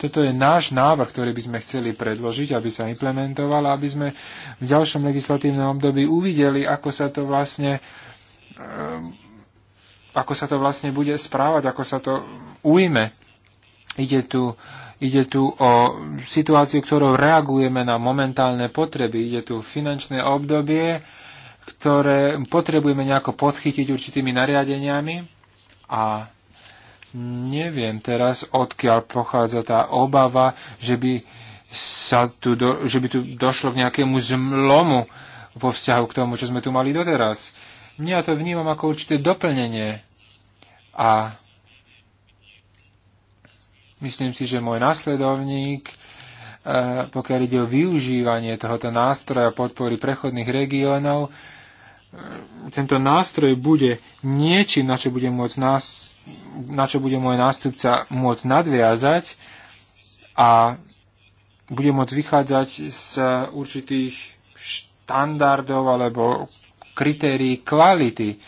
toto je náš návrh, ktorý by sme chceli predložiť, aby sa implementoval, aby sme v ďalšom legislatívnom období uvideli, ako sa to vlastne ehm, ako sa to vlastne bude správať, ako sa to ujme. Ide tu Ide tu o situáciu, ktorou reagujeme na momentálne potreby. Ide tu finančné obdobie, ktoré potrebujeme nejako podchytiť určitými nariadeniami a neviem teraz, odkiaľ pochádza tá obava, že by, sa tu do, že by tu došlo k nejakému zlomu vo vzťahu k tomu, čo sme tu mali doteraz. Ja to vnímam ako určité doplnenie a myslím si, že môj následovník e, pokiaľ ide o využívanie tohoto nástroja podpory prechodných regiónov, tento nástroj bude niečím, na čo bude, môcť nás, na čo bude môj nástupca môcť nadviazať a bude môcť vychádzať z určitých štandardov alebo kritérií kvality.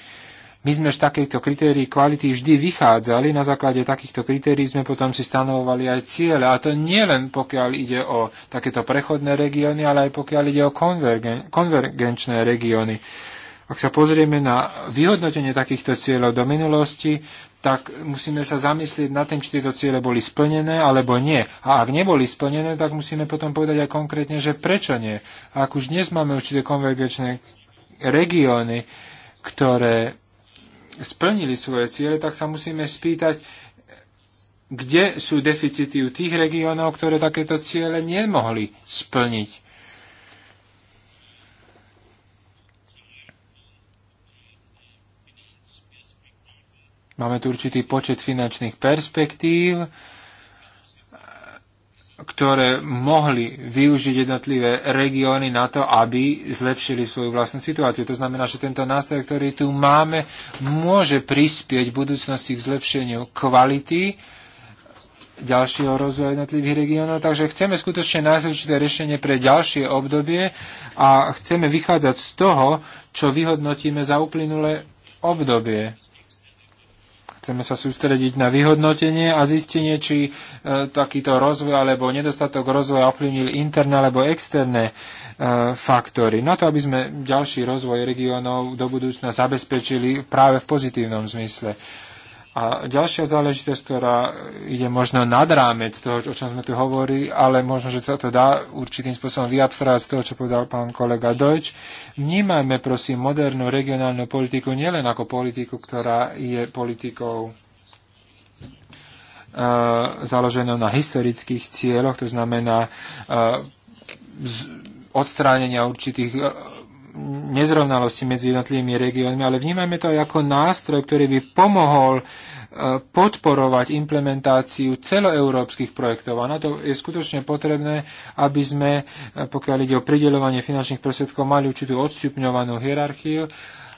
My sme z takýchto kritérií kvality vždy vychádzali, na základe takýchto kritérií sme potom si stanovovali aj ciele. A to nie len pokiaľ ide o takéto prechodné regióny, ale aj pokiaľ ide o konvergen- konvergenčné regióny. Ak sa pozrieme na vyhodnotenie takýchto cieľov do minulosti, tak musíme sa zamyslieť na tým, či tieto ciele boli splnené alebo nie. A ak neboli splnené, tak musíme potom povedať aj konkrétne, že prečo nie. A ak už dnes máme určité konvergenčné regióny, ktoré splnili svoje ciele, tak sa musíme spýtať, kde sú deficity u tých regiónov, ktoré takéto ciele nemohli splniť. Máme tu určitý počet finančných perspektív, ktoré mohli využiť jednotlivé regióny na to, aby zlepšili svoju vlastnú situáciu. To znamená, že tento nástroj, ktorý tu máme, môže prispieť v budúcnosti k zlepšeniu kvality ďalšieho rozvoja jednotlivých regiónov. Takže chceme skutočne nájsť určité riešenie pre ďalšie obdobie a chceme vychádzať z toho, čo vyhodnotíme za uplynulé obdobie chceme sa sústrediť na vyhodnotenie a zistenie, či e, takýto rozvoj alebo nedostatok rozvoja ovplyvnil interné alebo externé e, faktory. Na to, aby sme ďalší rozvoj regiónov do budúcna zabezpečili práve v pozitívnom zmysle. A ďalšia záležitosť, ktorá je možno nad rámec toho, o čom sme tu hovorili, ale možno, že sa to dá určitým spôsobom vyabstrať z toho, čo povedal pán kolega Deutsch. Vnímajme, prosím, modernú regionálnu politiku nielen ako politiku, ktorá je politikou e, založenou na historických cieľoch, to znamená e, z, odstránenia určitých e, nezrovnalosti medzi jednotlivými regiónmi, ale vnímajme to aj ako nástroj, ktorý by pomohol e, podporovať implementáciu celoeurópskych projektov. A na to je skutočne potrebné, aby sme, e, pokiaľ ide o prideľovanie finančných prostriedkov, mali určitú odstupňovanú hierarchiu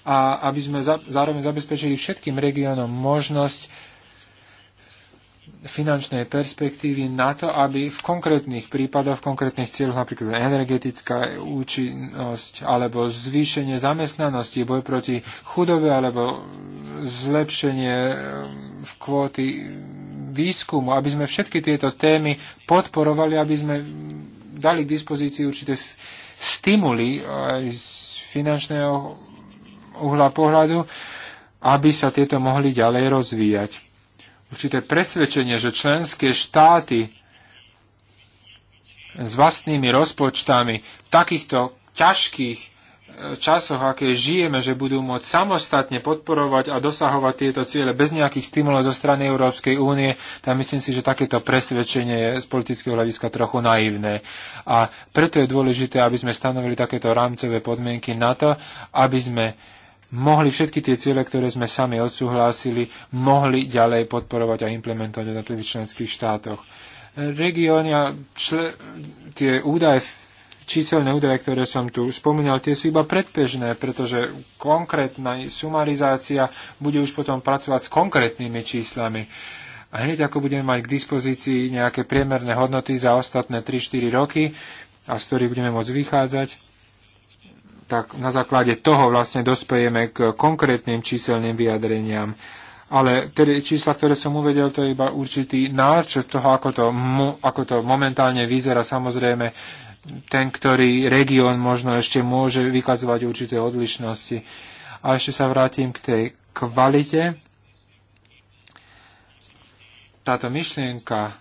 a aby sme zároveň zabezpečili všetkým regiónom možnosť finančnej perspektívy na to, aby v konkrétnych prípadoch, v konkrétnych cieľoch, napríklad energetická účinnosť alebo zvýšenie zamestnanosti, boj proti chudobe alebo zlepšenie v kvóty výskumu, aby sme všetky tieto témy podporovali, aby sme dali k dispozícii určité stimuly aj eh, z finančného uhla pohľadu, aby sa tieto mohli ďalej rozvíjať určité presvedčenie, že členské štáty s vlastnými rozpočtami v takýchto ťažkých e, časoch, aké žijeme, že budú môcť samostatne podporovať a dosahovať tieto ciele bez nejakých stimulov zo strany Európskej únie, tak myslím si, že takéto presvedčenie je z politického hľadiska trochu naivné. A preto je dôležité, aby sme stanovili takéto rámcové podmienky na to, aby sme mohli všetky tie ciele, ktoré sme sami odsúhlasili, mohli ďalej podporovať a implementovať v jednotlivých členských štátoch. Regióny a tie údaje, číselné údaje, ktoré som tu spomínal, tie sú iba predbežné, pretože konkrétna sumarizácia bude už potom pracovať s konkrétnymi číslami. A hneď ako budeme mať k dispozícii nejaké priemerné hodnoty za ostatné 3-4 roky, a z ktorých budeme môcť vychádzať, tak na základe toho vlastne dospejeme k konkrétnym číselným vyjadreniam. Ale tedy čísla, ktoré som uvedel, to je iba určitý náčrt toho, ako to, ako to momentálne vyzerá. Samozrejme, ten, ktorý región možno ešte môže vykazovať určité odlišnosti. A ešte sa vrátim k tej kvalite. Táto myšlienka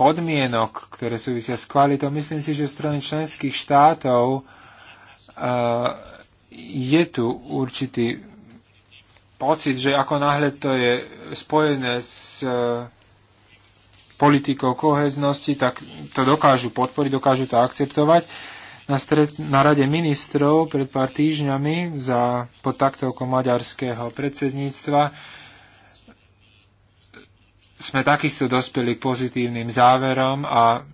podmienok, ktoré súvisia s kvalitou, myslím si, že strany členských štátov je tu určitý pocit, že ako náhle to je spojené s e, politikou koheznosti, tak to dokážu podporiť, dokážu to akceptovať. Na, stret, na rade ministrov pred pár týždňami za, pod taktovkou maďarského predsedníctva sme takisto dospeli k pozitívnym záverom a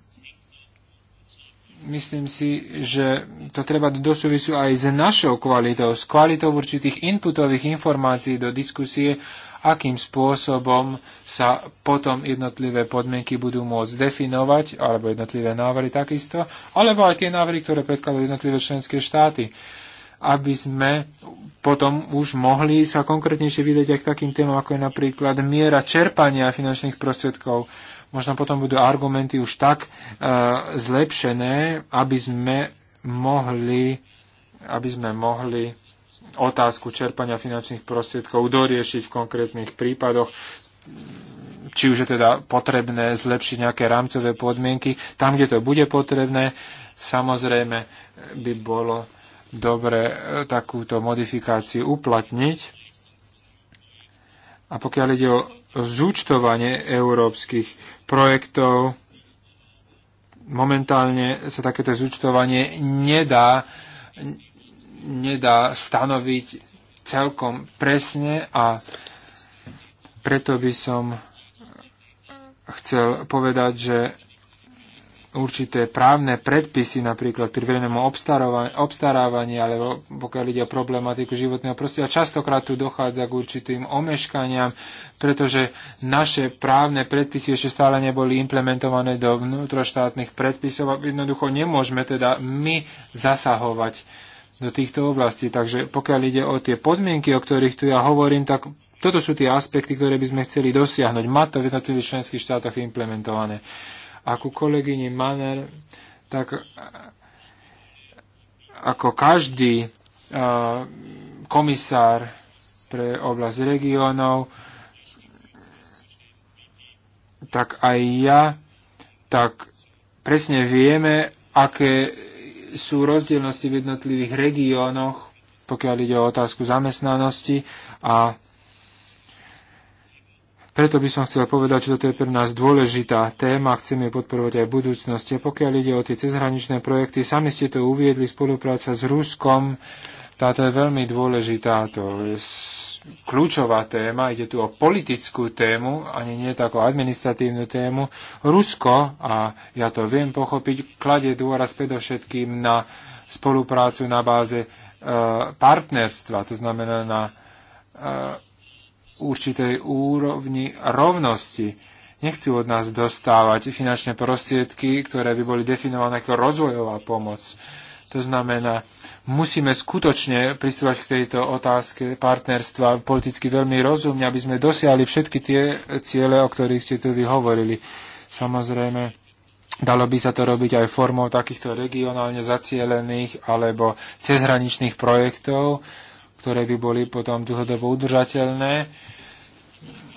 myslím si, že to treba do súvisu aj s našou kvalitou, s kvalitou určitých inputových informácií do diskusie, akým spôsobom sa potom jednotlivé podmienky budú môcť definovať, alebo jednotlivé návrhy takisto, alebo aj tie návrhy, ktoré predkladajú jednotlivé členské štáty aby sme potom už mohli sa konkrétnejšie vydať aj k takým témam, ako je napríklad miera čerpania finančných prostriedkov možno potom budú argumenty už tak uh, zlepšené, aby sme mohli, aby sme mohli otázku čerpania finančných prostriedkov doriešiť v konkrétnych prípadoch či už je teda potrebné zlepšiť nejaké rámcové podmienky. Tam, kde to bude potrebné, samozrejme by bolo dobre e, takúto modifikáciu uplatniť. A pokiaľ ide o zúčtovanie európskych projektov. Momentálne sa takéto zúčtovanie nedá, nedá stanoviť celkom presne a preto by som chcel povedať, že určité právne predpisy, napríklad pri verejnom obstarávaní, alebo pokiaľ ide o problematiku životného prostredia. Častokrát tu dochádza k určitým omeškaniam, pretože naše právne predpisy ešte stále neboli implementované do vnútroštátnych predpisov a jednoducho nemôžeme teda my zasahovať do týchto oblastí. Takže pokiaľ ide o tie podmienky, o ktorých tu ja hovorím, tak toto sú tie aspekty, ktoré by sme chceli dosiahnuť. Má to v jednotlivých členských štátoch implementované. A ku kolegyni Manner, tak e, ako každý e, komisár pre oblasť regiónov, tak aj ja, tak presne vieme, aké sú rozdielnosti v jednotlivých regiónoch, pokiaľ ide o otázku zamestnanosti a preto by som chcel povedať, že toto je pre nás dôležitá téma, chceme ju podporovať aj v budúcnosti. A pokiaľ ide o tie cezhraničné projekty, sami ste to uviedli, spolupráca s Ruskom, táto je veľmi dôležitá, to je kľúčová téma, ide tu o politickú tému, ani nie takú administratívnu tému. Rusko, a ja to viem pochopiť, kladie dôraz predovšetkým na spoluprácu na báze e, partnerstva, to znamená na e, určitej úrovni rovnosti. Nechcú od nás dostávať finančné prostriedky, ktoré by boli definované ako rozvojová pomoc. To znamená, musíme skutočne pristúvať k tejto otázke partnerstva politicky veľmi rozumne, aby sme dosiahli všetky tie ciele, o ktorých ste tu vyhovorili. Samozrejme, dalo by sa to robiť aj formou takýchto regionálne zacielených alebo cezhraničných projektov, ktoré by boli potom dlhodobo udržateľné.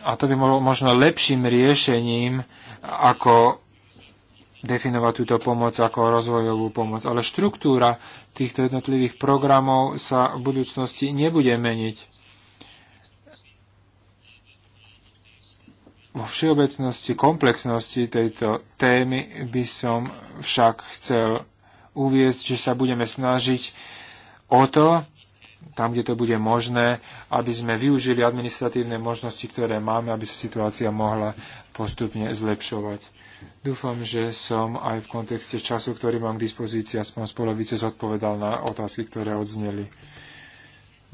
A to by bolo možno lepším riešením, ako definovať túto pomoc ako rozvojovú pomoc. Ale štruktúra týchto jednotlivých programov sa v budúcnosti nebude meniť. Vo všeobecnosti komplexnosti tejto témy by som však chcel uviezť, že sa budeme snažiť o to, tam, kde to bude možné, aby sme využili administratívne možnosti, ktoré máme, aby sa situácia mohla postupne zlepšovať. Dúfam, že som aj v kontexte času, ktorý mám k dispozícii, aspoň z polovice zodpovedal na otázky, ktoré odzneli.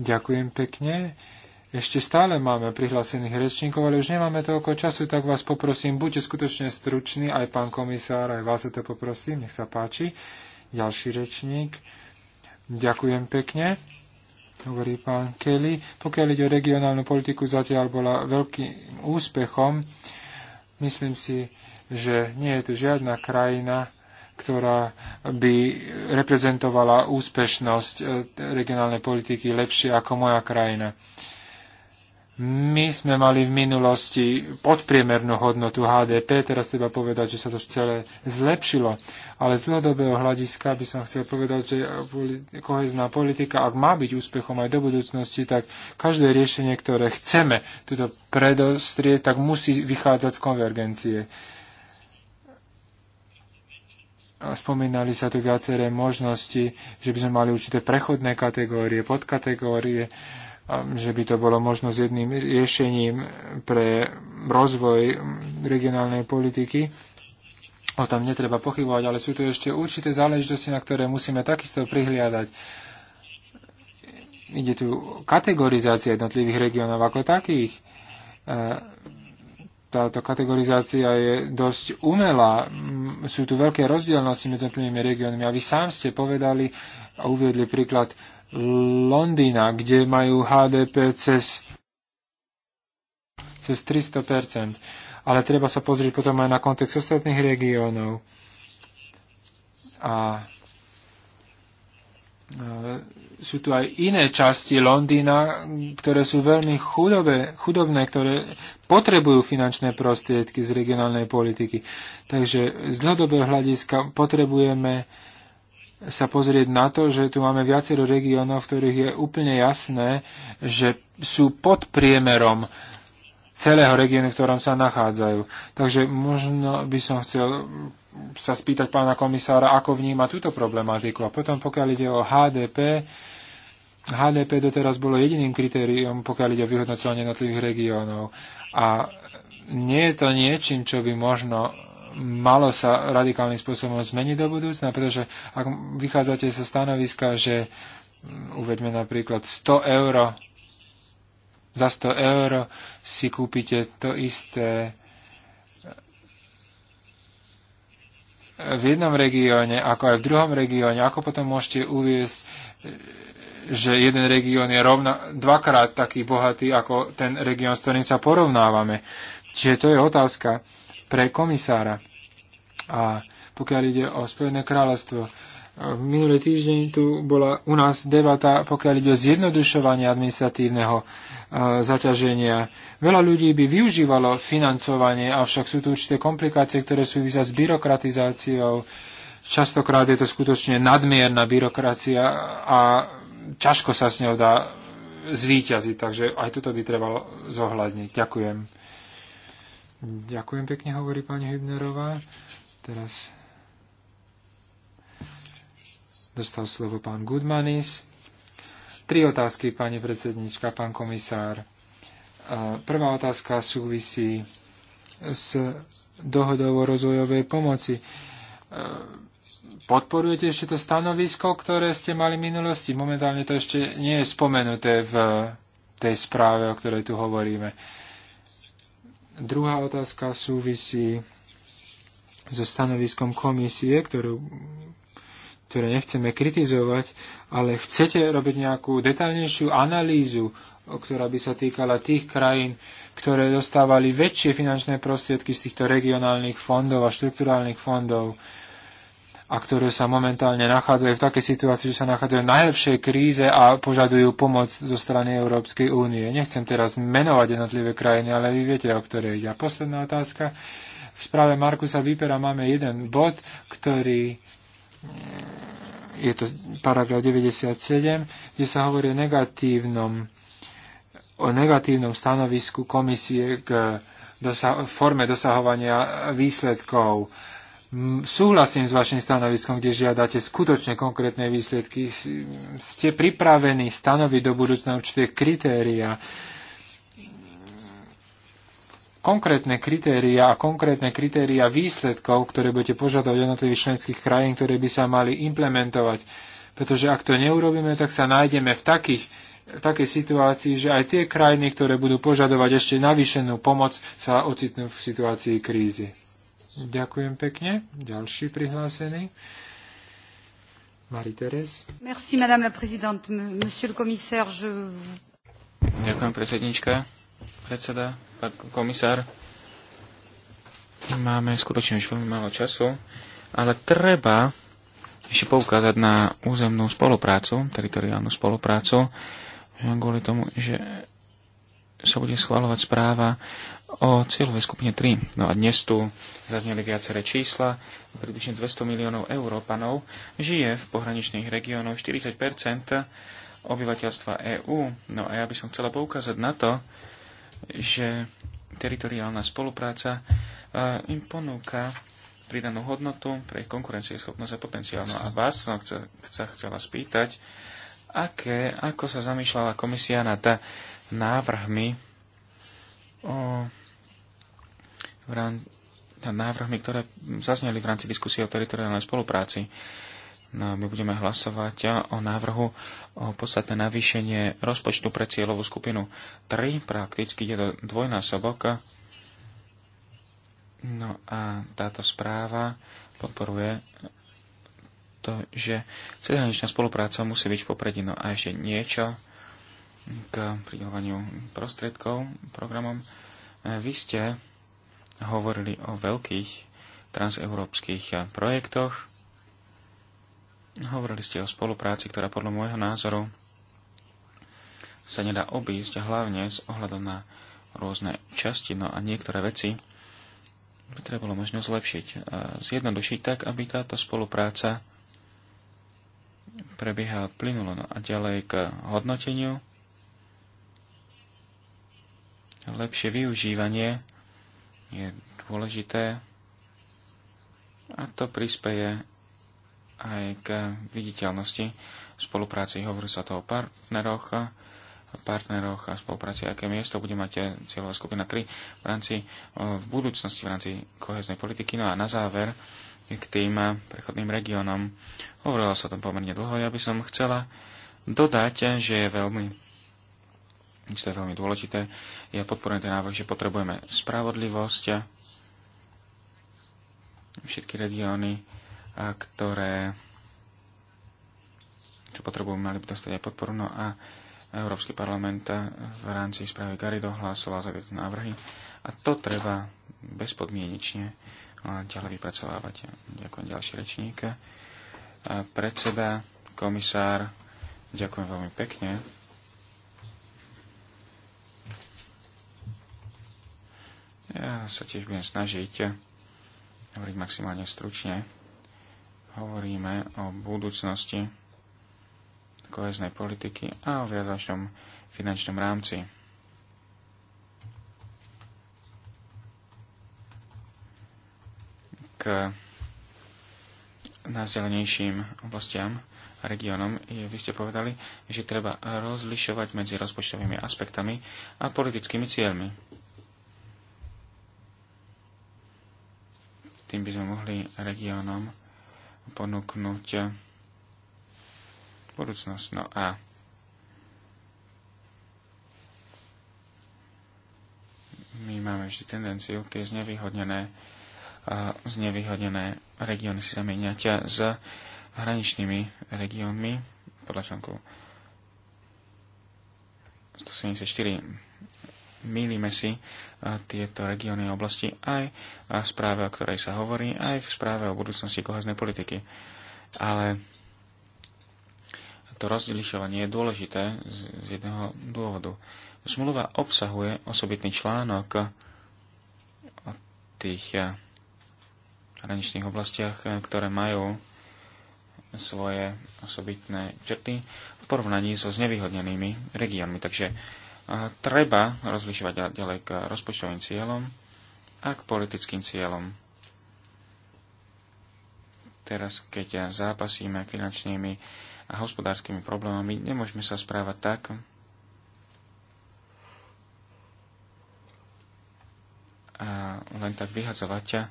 Ďakujem pekne. Ešte stále máme prihlásených rečníkov, ale už nemáme toľko času, tak vás poprosím, buďte skutočne struční, aj pán komisár, aj vás o to poprosím, nech sa páči. Ďalší rečník. Ďakujem pekne hovorí pán Kelly. Pokiaľ ide o regionálnu politiku, zatiaľ bola veľkým úspechom. Myslím si, že nie je tu žiadna krajina, ktorá by reprezentovala úspešnosť eh, regionálnej politiky lepšie ako moja krajina. My sme mali v minulosti podpriemernú hodnotu HDP, teraz treba povedať, že sa to celé zlepšilo. Ale z dlhodobého hľadiska by som chcel povedať, že kohezná politika, ak má byť úspechom aj do budúcnosti, tak každé riešenie, ktoré chceme tuto predostrieť, tak musí vychádzať z konvergencie. Spomínali sa tu viaceré možnosti, že by sme mali určité prechodné kategórie, podkategórie že by to bolo možno s jedným riešením pre rozvoj regionálnej politiky. O tom netreba pochybovať, ale sú tu ešte určité záležitosti, na ktoré musíme takisto prihliadať. Ide tu kategorizácia jednotlivých regiónov ako takých e, táto kategorizácia je dosť umelá. Sú tu veľké rozdielnosti medzi jednotlivými regiónmi. A vy sám ste povedali a uviedli príklad Londýna, kde majú HDP cez, cez 300%. Ale treba sa pozrieť potom aj na kontext ostatných regiónov. A e, sú tu aj iné časti Londýna, ktoré sú veľmi chudobé, chudobné, ktoré potrebujú finančné prostriedky z regionálnej politiky. Takže z dlhodobého hľadiska potrebujeme sa pozrieť na to, že tu máme viacero regiónov, v ktorých je úplne jasné, že sú pod priemerom celého regiónu, v ktorom sa nachádzajú. Takže možno by som chcel sa spýtať pána komisára, ako vníma túto problematiku. A potom, pokiaľ ide o HDP, HDP doteraz bolo jediným kritériom, pokiaľ ide o vyhodnocovanie jednotlivých regiónov. A nie je to niečím, čo by možno malo sa radikálnym spôsobom zmeniť do budúcna, pretože ak vychádzate zo stanoviska, že mm, uveďme napríklad 100 eur, za 100 eur si kúpite to isté eh, v jednom regióne, ako aj v druhom regióne, ako potom môžete uviesť, eh, že jeden región je rovna, dvakrát taký bohatý ako ten región, s ktorým sa porovnávame. Čiže to je otázka pre komisára. A pokiaľ ide o Spojené kráľovstvo, V minulý týždeň tu bola u nás debata, pokiaľ ide o zjednodušovanie administratívneho e, zaťaženia. Veľa ľudí by využívalo financovanie, avšak sú tu určité komplikácie, ktoré súvisia s byrokratizáciou. Častokrát je to skutočne nadmierna byrokracia a ťažko sa s ňou dá zvíťaziť, takže aj toto by trebalo zohľadniť. Ďakujem. Ďakujem pekne, hovorí pani Hübnerová. Teraz dostal slovo pán Gudmanis. Tri otázky, pani predsednička, pán komisár. Prvá otázka súvisí s dohodou o rozvojovej pomoci. Podporujete ešte to stanovisko, ktoré ste mali v minulosti? Momentálne to ešte nie je spomenuté v tej správe, o ktorej tu hovoríme. Druhá otázka súvisí so stanoviskom komisie, ktorú, ktoré nechceme kritizovať, ale chcete robiť nejakú detaľnejšiu analýzu, ktorá by sa týkala tých krajín, ktoré dostávali väčšie finančné prostriedky z týchto regionálnych fondov a štrukturálnych fondov. Uh, a ktoré sa momentálne nachádzajú v takej situácii, že sa nachádzajú v najlepšej kríze a požadujú pomoc zo strany Európskej únie. Nechcem teraz menovať jednotlivé krajiny, ale vy viete, o ktorej ide. A posledná otázka. V správe Markusa Výpera máme jeden bod, ktorý e, je to paragraf 97, kde sa hovorí o negatívnom, o negatívnom stanovisku komisie k dosa- forme dosahovania výsledkov súhlasím s vašim stanoviskom, kde žiadate skutočne konkrétne výsledky. Ste pripravení stanoviť do budúcna určité kritéria, konkrétne kritéria a konkrétne kritéria výsledkov, ktoré budete požadovať jednotlivých členských krajín, ktoré by sa mali implementovať. Pretože ak to neurobíme, tak sa nájdeme v takých v takej situácii, že aj tie krajiny, ktoré budú požadovať ešte navýšenú pomoc, sa ocitnú v situácii krízy. Ďakujem pekne. Ďalší prihlásený. marie Teres. Merci, madame la présidente. Monsieur le commissaire, je... Ďakujem, predsednička. Predseda, pán komisár. Máme skutočne už veľmi málo času, ale treba ešte poukázať na územnú spoluprácu, teritoriálnu spoluprácu, kvôli tomu, že sa bude schvalovať správa o cieľovej skupine 3. No a dnes tu zazneli viaceré čísla. Približne 200 miliónov Európanov žije v pohraničných regiónoch 40 obyvateľstva EÚ. No a ja by som chcela poukázať na to, že teritoriálna spolupráca e, im ponúka pridanú hodnotu pre ich konkurencieschopnosť a potenciál. No a vás som sa chce, chcela spýtať, aké, ako sa zamýšľala komisia nad návrhmi o návrhmi, ktoré zazneli v rámci diskusie o teritoriálnej spolupráci. No, my budeme hlasovať o návrhu o podstatné navýšenie rozpočtu pre cieľovú skupinu 3. Prakticky je to dvojnásobok. No a táto správa podporuje to, že cedraničná spolupráca musí byť v no a ešte niečo k pridelovaniu prostriedkov programom. Eh, vy ste hovorili o veľkých transeurópskych eh, projektoch. Hovorili ste o spolupráci, ktorá podľa môjho názoru sa nedá obísť, hlavne s ohľadom na rôzne časti, no a niektoré veci by teda bolo možno zlepšiť, eh, zjednodušiť tak, aby táto spolupráca prebiehala plynulo. No a ďalej k hodnoteniu lepšie využívanie je dôležité a to prispeje aj k viditeľnosti spolupráci. Hovorí sa to o partneroch, partneroch a spolupráci, aké miesto bude mať cieľová skupina 3 v rámci v budúcnosti, v rámci koheznej politiky. No a na záver k tým prechodným regiónom. Hovorilo sa o tom pomerne dlho. Ja by som chcela dodať, že je veľmi čo je veľmi dôležité. Ja podporujem ten návrh, že potrebujeme spravodlivosť všetky regióny, ktoré čo potrebujú, mali by dostať aj podporu. No a Európsky parlament v rámci správy Garido hlasoval za tieto návrhy a to treba bezpodmienečne ďalej vypracovávať. Ďakujem ďalší rečník. Predseda, komisár, ďakujem veľmi pekne. Ja sa tiež budem snažiť hovoriť maximálne stručne. Hovoríme o budúcnosti koheznej politiky a o viazačnom finančnom rámci. K najzelenejším oblastiam a regiónom, vy ste povedali, že treba rozlišovať medzi rozpočtovými aspektami a politickými cieľmi Tým by sme mohli regiónom ponúknuť budúcnosť. No a my máme vždy tendenciu tie znevýhodnené, znevýhodnené regióny si zamieňať s hraničnými regiónmi podľa článku 174 mýlime si e, tieto regióny a oblasti aj v správe, o ktorej sa hovorí, aj v správe o budúcnosti koheznej politiky. Ale to rozlišovanie je dôležité z, jedného dôvodu. Zmluva obsahuje osobitný článok o tých e, hraničných oblastiach, e, ktoré majú svoje osobitné črty v porovnaní so znevýhodnenými regiónmi. Takže treba rozlišovať ďalej k rozpočtovým cieľom a k politickým cieľom. Teraz, keď zápasíme finančnými a hospodárskymi problémami, nemôžeme sa správať tak, a len tak vyhadzovať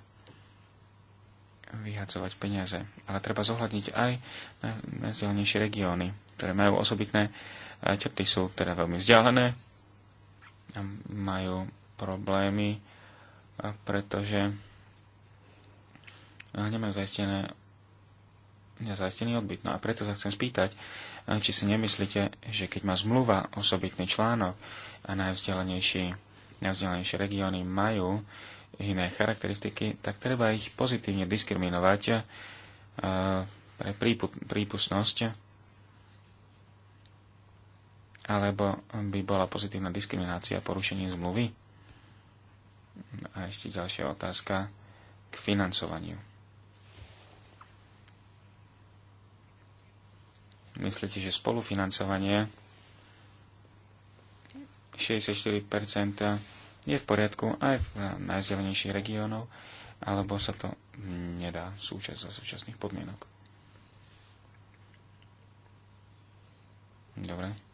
vyhadzovať peniaze. Ale treba zohľadniť aj najvzdialenejšie regióny, ktoré majú osobitné črty, sú teda veľmi vzdialené majú problémy, pretože nemajú zaistené zaistený odbyt. No a preto sa chcem spýtať, či si nemyslíte, že keď má zmluva osobitný článok a najvzdelenejšie regióny majú iné charakteristiky, tak treba ich pozitívne diskriminovať eh, pre prípustnosť alebo by bola pozitívna diskriminácia porušením zmluvy? A ešte ďalšia otázka k financovaniu. Myslíte, že spolufinancovanie 64% je v poriadku aj v najzdelenejších regiónov, alebo sa to nedá súčasť za súčasných podmienok? Dobre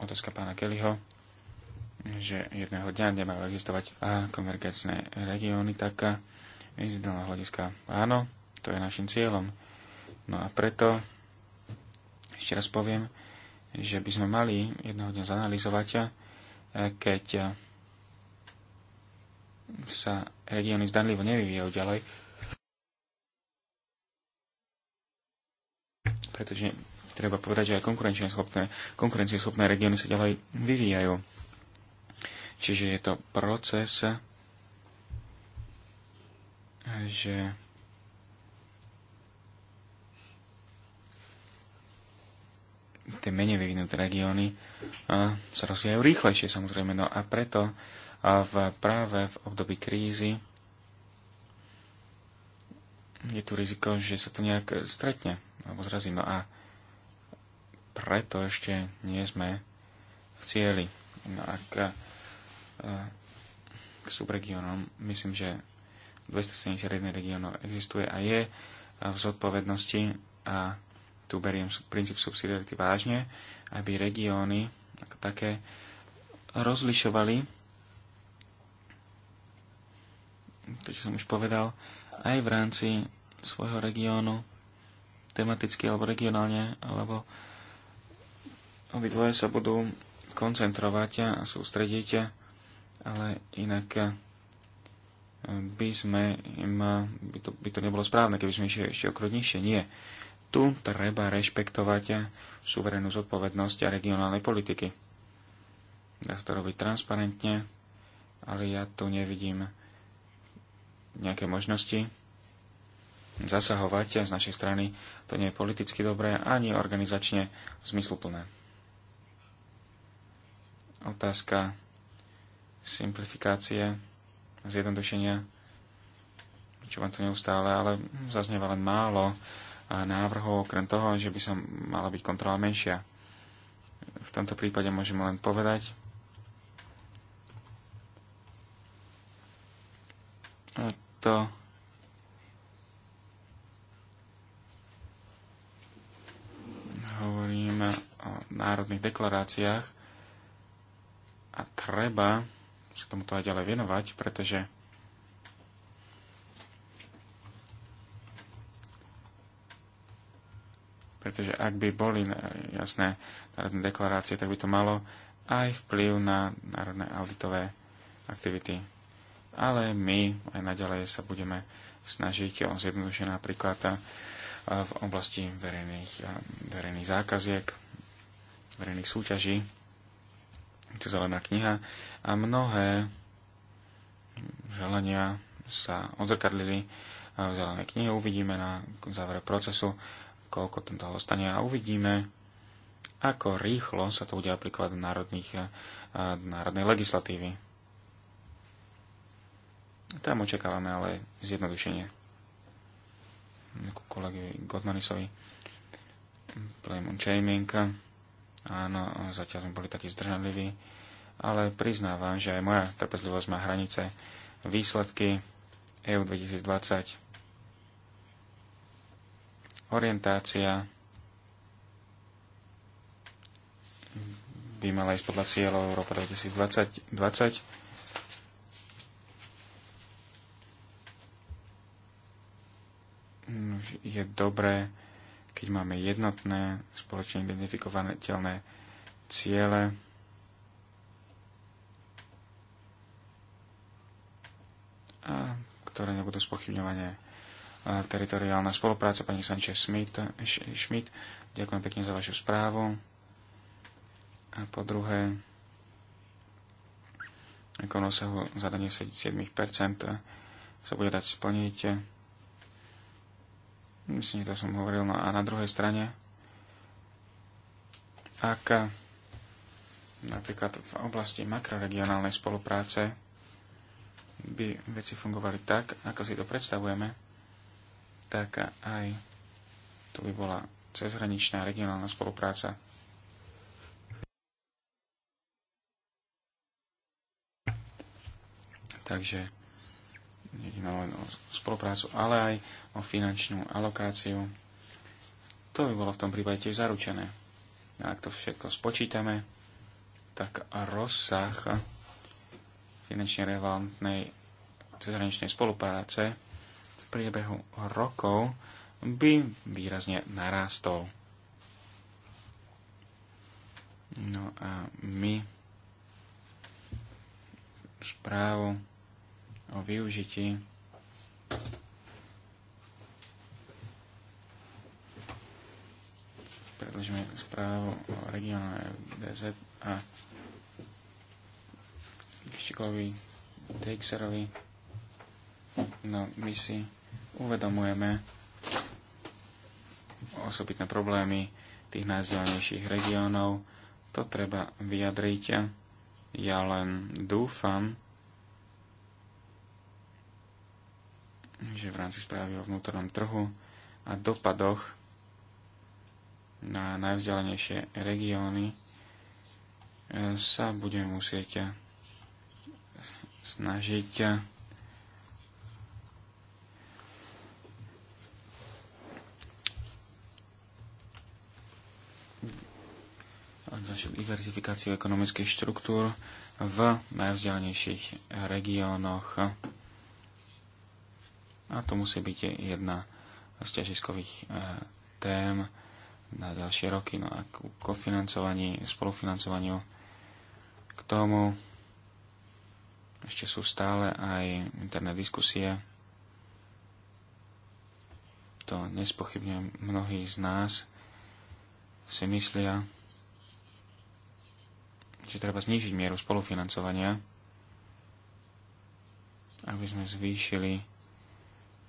otázka pána Kellyho, že jedného dňa nemajú existovať a konvergenčné regióny, tak jedného hľadiska áno, to je našim cieľom. No a preto ešte raz poviem, že by sme mali jedného dňa zanalizovať, keď sa regióny zdanlivo nevyvíjajú ďalej, pretože treba povedať, že aj konkurencieschopné, konkurencieschopné regióny sa ďalej vyvíjajú. Čiže je to proces, že tie menej vyvinuté regióny sa rozvíjajú rýchlejšie samozrejme. No a preto v, práve v období krízy je tu riziko, že sa to nejak stretne alebo zrazí. No a preto ešte nie sme v cieli. No a k, e, k subregiónom myslím, že 271 regiónov existuje a je e, v zodpovednosti a tu beriem princíp subsidiarity vážne, aby regióny ako také rozlišovali to, čo som už povedal, aj v rámci svojho regiónu tematicky alebo regionálne, alebo obidvoje sa budú koncentrovať a sústrediť, ale inak eh, by sme im, eh, by to, by to nebolo správne, keby sme išli ešte okrutnejšie. Nie. Tu treba rešpektovať eh, suverénnu zodpovednosť a regionálnej politiky. Dá sa to robiť transparentne, ale ja tu nevidím nejaké možnosti zasahovať z našej strany. To nie je politicky dobré, ani organizačne zmysluplné otázka simplifikácie, zjednodušenia, čo vám to neustále, ale zaznieva len málo eh, návrhov, okrem toho, že by som mala byť kontrola menšia. V tomto prípade môžem len povedať, eh, to hovoríme o národných deklaráciách, a treba sa tomuto aj ďalej venovať, pretože pretože ak by boli jasné národné deklarácie, tak by to malo aj vplyv na národné auditové aktivity. Ale my aj naďalej sa budeme snažiť o zjednodušenie napríklad v oblasti verejných, verejných zákaziek, verejných súťaží to zelená kniha a mnohé želania sa odzrkadlili v zelenej knihe. Uvidíme na závere procesu, koľko tam toho stane a uvidíme, ako rýchlo sa to bude aplikovať v národných, národnej legislatívy. Tam očakávame ale zjednodušenie. Ako kolegy Godmanisovi, Playmoon Chaming, Áno, zatiaľ sme boli takí zdržanliví, ale priznávam, že aj moja trpezlivosť má hranice. Výsledky EU 2020 orientácia by mala ísť podľa cieľov Európa 2020. 20. No, je dobré keď máme jednotné, spoločne identifikovateľné ciele, a ktoré nebudú spochybňované e, teritoriálna spolupráca pani Sanchez Schmidt, Ďakujem pekne za vašu správu. A po druhé, ako osahu zadanie 7% sa bude dať splniť Myslím, to som hovoril. No a na druhej strane, ak napríklad v oblasti makroregionálnej spolupráce by veci fungovali tak, ako si to predstavujeme, tak aj tu by bola cezhraničná regionálna spolupráca. Takže jedinou len o spoluprácu, ale aj o finančnú alokáciu. To by bolo v tom prípade tiež zaručené. A ak to všetko spočítame, tak rozsah finančne relevantnej cezhraničnej spolupráce v priebehu rokov by výrazne narástol. No a my správu o využití predložíme správu o regionálne DZ a Kištikovi, Teixerovi. No, my si uvedomujeme osobitné problémy tých najzdelenejších regiónov. To treba vyjadriť. Ja len dúfam, že v rámci správy o vnútornom trhu a dopadoch na najvzdialenejšie regióny e, sa budeme musieť e, snažiť našu e, diverzifikáciu ekonomických štruktúr v najvzdialenejších regiónoch. A to musí byť jedna z ťažiskových tém na ďalšie roky. No a k kofinancovaní, spolufinancovaniu k tomu ešte sú stále aj interné diskusie. To nespochybne mnohí z nás si myslia, že treba znížiť mieru spolufinancovania, aby sme zvýšili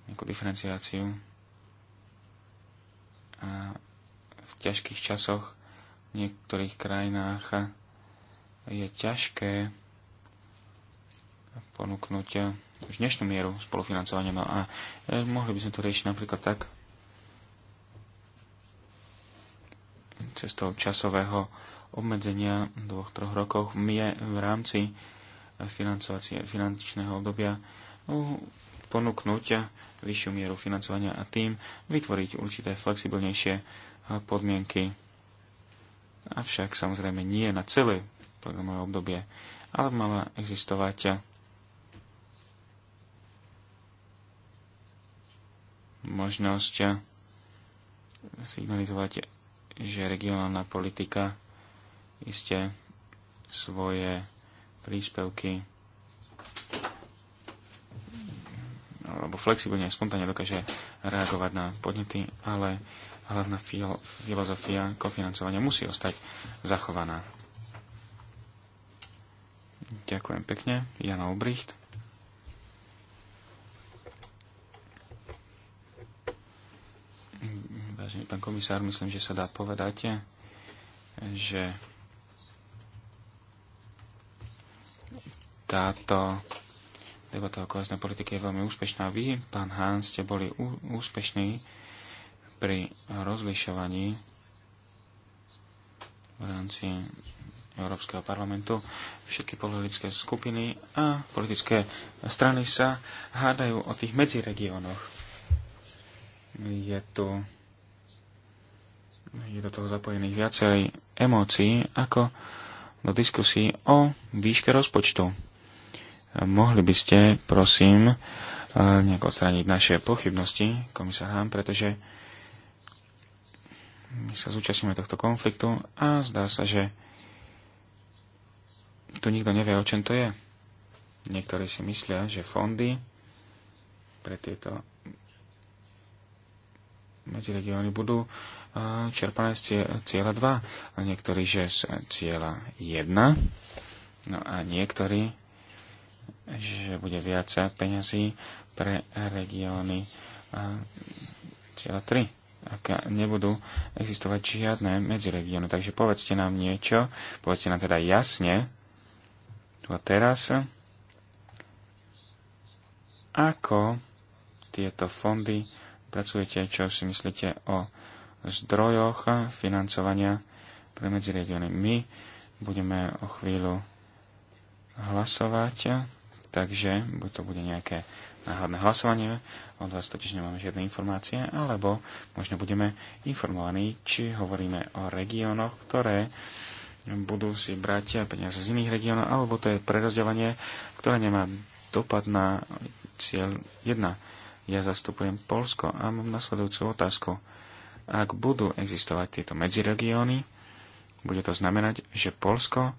nejakú diferenciáciu a v ťažkých časoch v niektorých krajinách je ťažké ponúknuť už dnešnú mieru spolufinancovania. No a e, mohli by sme to riešiť napríklad tak, cestou časového obmedzenia dvoch, troch rokov my v rámci finančného obdobia no, ponúknuť vyššiu mieru financovania a tým vytvoriť určité flexibilnejšie podmienky. Avšak samozrejme nie na celé programové obdobie, ale mala existovať možnosť signalizovať, že regionálna politika iste svoje príspevky alebo flexibilne a spontánne dokáže reagovať na podnety, ale hlavná filozofia kofinancovania musí ostať zachovaná. Ďakujem pekne. Jana Obricht. Vážený pán komisár, myslím, že sa dá povedať, že táto debata o kohezné politike je veľmi úspešná. Vy, pán Hans ste boli úspešní pri rozlišovaní v rámci Európskeho parlamentu všetky politické skupiny a politické strany sa hádajú o tých medziregiónoch. Je tu je do toho zapojených viacej emócií ako do diskusí o výške rozpočtu. Mohli by ste, prosím, nejak odstrániť naše pochybnosti, komisár Hám, pretože my sa zúčastňujeme tohto konfliktu a zdá sa, že tu nikto nevie, o čem to je. Niektorí si myslia, že fondy pre tieto medziregióny budú čerpané z cieľa 2, a niektorí, že z cieľa 1, no a niektorí, že bude viac peňazí pre regióny cieľa 3 ak nebudú existovať žiadne medziregióny. Takže povedzte nám niečo, povedzte nám teda jasne, tu a teraz, ako tieto fondy pracujete, čo si myslíte o zdrojoch financovania pre medziregióny. My budeme o chvíľu hlasovať, takže buď to bude nejaké náhodné hlasovanie, od vás totiž nemáme žiadne informácie, alebo možno budeme informovaní, či hovoríme o regiónoch, ktoré budú si brať peniaze z iných regiónov, alebo to je prerozdeľovanie, ktoré nemá dopad na cieľ 1. Ja zastupujem Polsko a mám nasledujúcu otázku. Ak budú existovať tieto medziregióny, bude to znamenať, že Polsko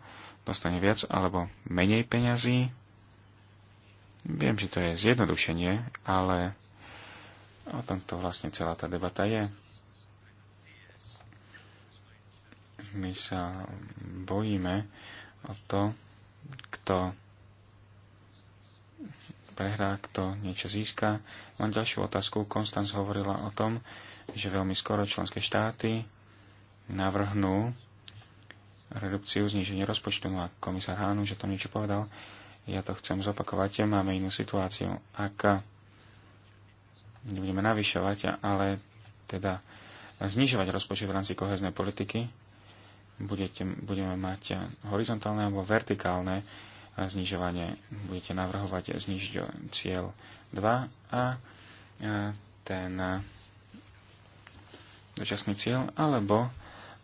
dostane viac alebo menej peňazí? Viem, že to je zjednodušenie, ale O tomto vlastne celá tá debata je. My sa bojíme o to, kto prehrá, kto niečo získa. Mám ďalšiu otázku. Konstanc hovorila o tom, že veľmi skoro členské štáty navrhnú redukciu, zniženie rozpočtu. No a komisár Hánu, že to niečo povedal, ja to chcem zopakovať. Máme inú situáciu. Ak nebudeme navyšovať, ale teda znižovať rozpočet v rámci koheznej politiky. Budete, budeme mať horizontálne alebo vertikálne znižovanie. Budete navrhovať znižiť cieľ 2 a ten dočasný cieľ, alebo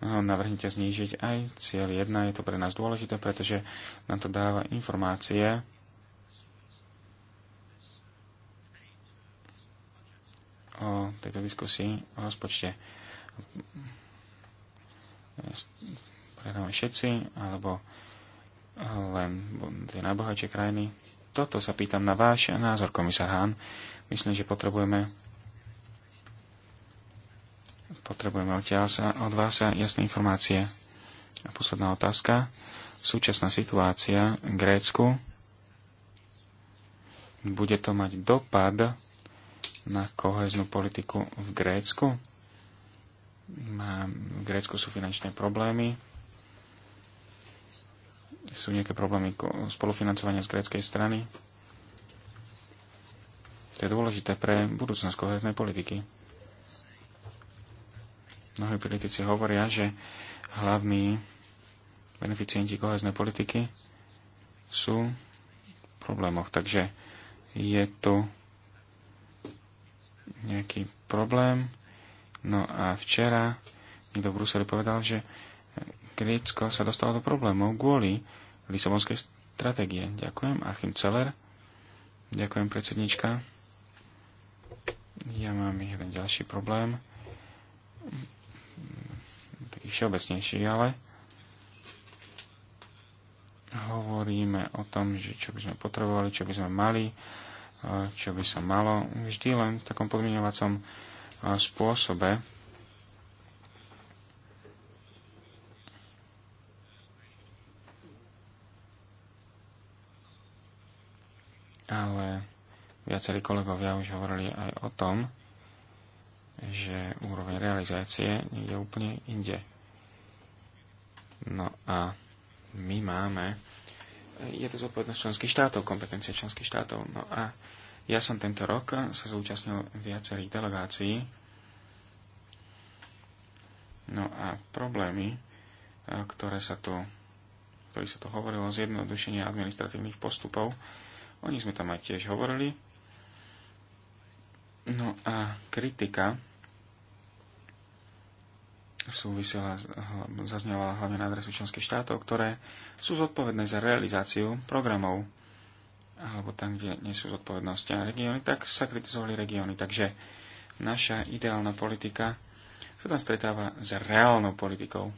navrhnite znížiť aj cieľ 1. Je to pre nás dôležité, pretože nám to dáva informácie o tejto diskusii o rozpočte. prehráme všetci, alebo len tie najbohatšie krajiny. Toto sa pýtam na váš názor, komisár Hán. Myslím, že potrebujeme potrebujeme odtiaľ sa, od vás jasné informácie. A posledná otázka. Súčasná situácia v Grécku bude to mať dopad na koheznú politiku v Grécku. Má, v Grécku sú finančné problémy. Sú nejaké problémy spolufinancovania z gréckej strany. To je dôležité pre budúcnosť koheznej politiky. Mnohí politici hovoria, že hlavní beneficienti koheznej politiky sú v problémoch. Takže je tu nejaký problém. No a včera niekto v Bruseli povedal, že Grécko sa dostalo do problémov kvôli Lisabonskej stratégie. Ďakujem, Achim Celer. Ďakujem, predsednička. Ja mám jeden ďalší problém. Taký všeobecnejší, ale hovoríme o tom, že čo by sme potrebovali, čo by sme mali čo by sa malo, vždy len v takom podmienovacom spôsobe. Ale viacerí kolegovia už hovorili aj o tom, že úroveň realizácie niekde úplne inde. No a my máme je to zodpovednosť členských štátov, kompetencia členských štátov. No a ja som tento rok sa zúčastnil viacerých delegácií. No a problémy, ktoré sa tu, ktorý sa tu hovorilo, zjednodušenie administratívnych postupov, o nich sme tam aj tiež hovorili. No a kritika súvisela, zaznela hlavne na adresu členských štátov, ktoré sú zodpovedné za realizáciu programov alebo tam, kde nie sú zodpovednosti a regióny, tak sa kritizovali regióny. Takže naša ideálna politika sa tam stretáva s reálnou politikou.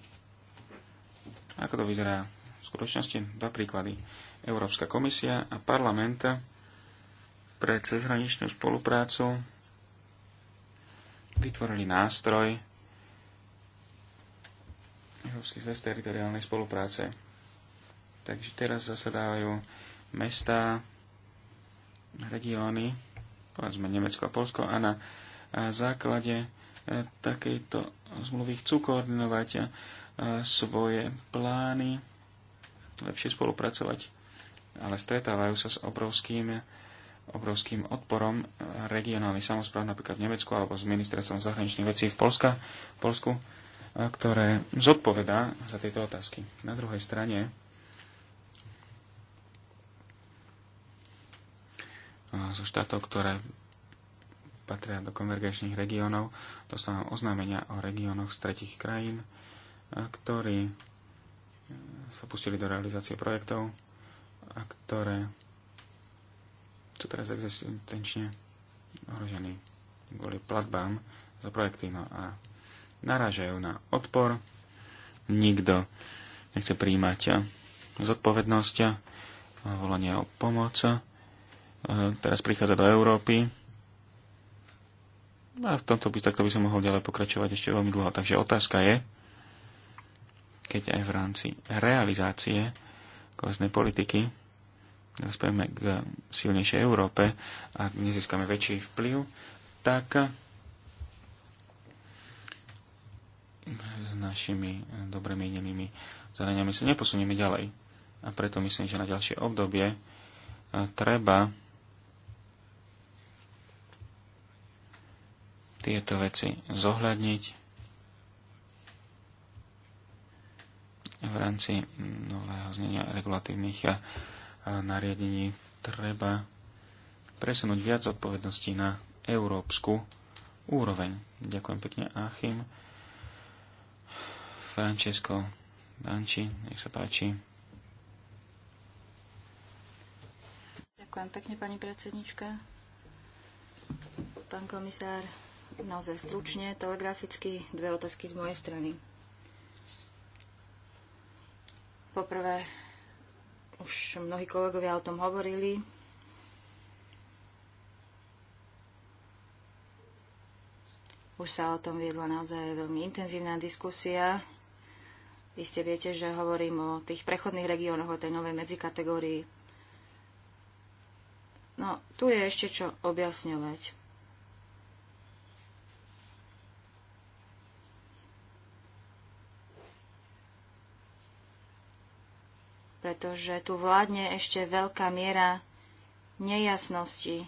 Ako to vyzerá v skutočnosti? Dva príklady. Európska komisia a parlament pre cezhraničnú spoluprácu vytvorili nástroj, Európsky zväz teritoriálnej spolupráce. Takže teraz zasadávajú mesta, regióny, povedzme Nemecko a Polsko, a na základe e, takejto zmluvy chcú koordinovať e, svoje plány, lepšie spolupracovať, ale stretávajú sa s obrovským, obrovským odporom e, regionálnych samozpráv, napríklad v Nemecku alebo s ministerstvom zahraničných vecí v Polska, Polsku ktoré zodpovedá za tieto otázky. Na druhej strane zo štátov, ktoré patria do konvergenčných regiónov, dostávam oznámenia o regiónoch z tretich krajín, ktorí sa pustili do realizácie projektov a ktoré sú teraz existenčne ohrození kvôli platbám za projekty. No a narážajú na odpor, nikto nechce príjmať zodpovednosť, volanie o pomoc. E, teraz prichádza do Európy. A v tomto by, takto by som mohol ďalej pokračovať ešte veľmi dlho. Takže otázka je, keď aj v rámci realizácie kohezné politiky dospieme k silnejšej Európe a nezískame väčší vplyv, tak s našimi dobre mienenými zadaniami sa neposunieme ďalej. A preto myslím, že na ďalšie obdobie e, treba tieto veci zohľadniť v rámci nového znenia regulatívnych e, nariadení treba presunúť viac odpovedností na európsku úroveň. Ďakujem pekne, Achim. Francesco Danči, nech sa páči. Ďakujem pekne, pani predsednička. Pán komisár, naozaj stručne, telegraficky, dve otázky z mojej strany. Poprvé, už mnohí kolegovia o tom hovorili. Už sa o tom viedla naozaj veľmi intenzívna diskusia vy ste viete, že hovorím o tých prechodných regiónoch, o tej novej medzikategórii. No, tu je ešte čo objasňovať. pretože tu vládne ešte veľká miera nejasnosti.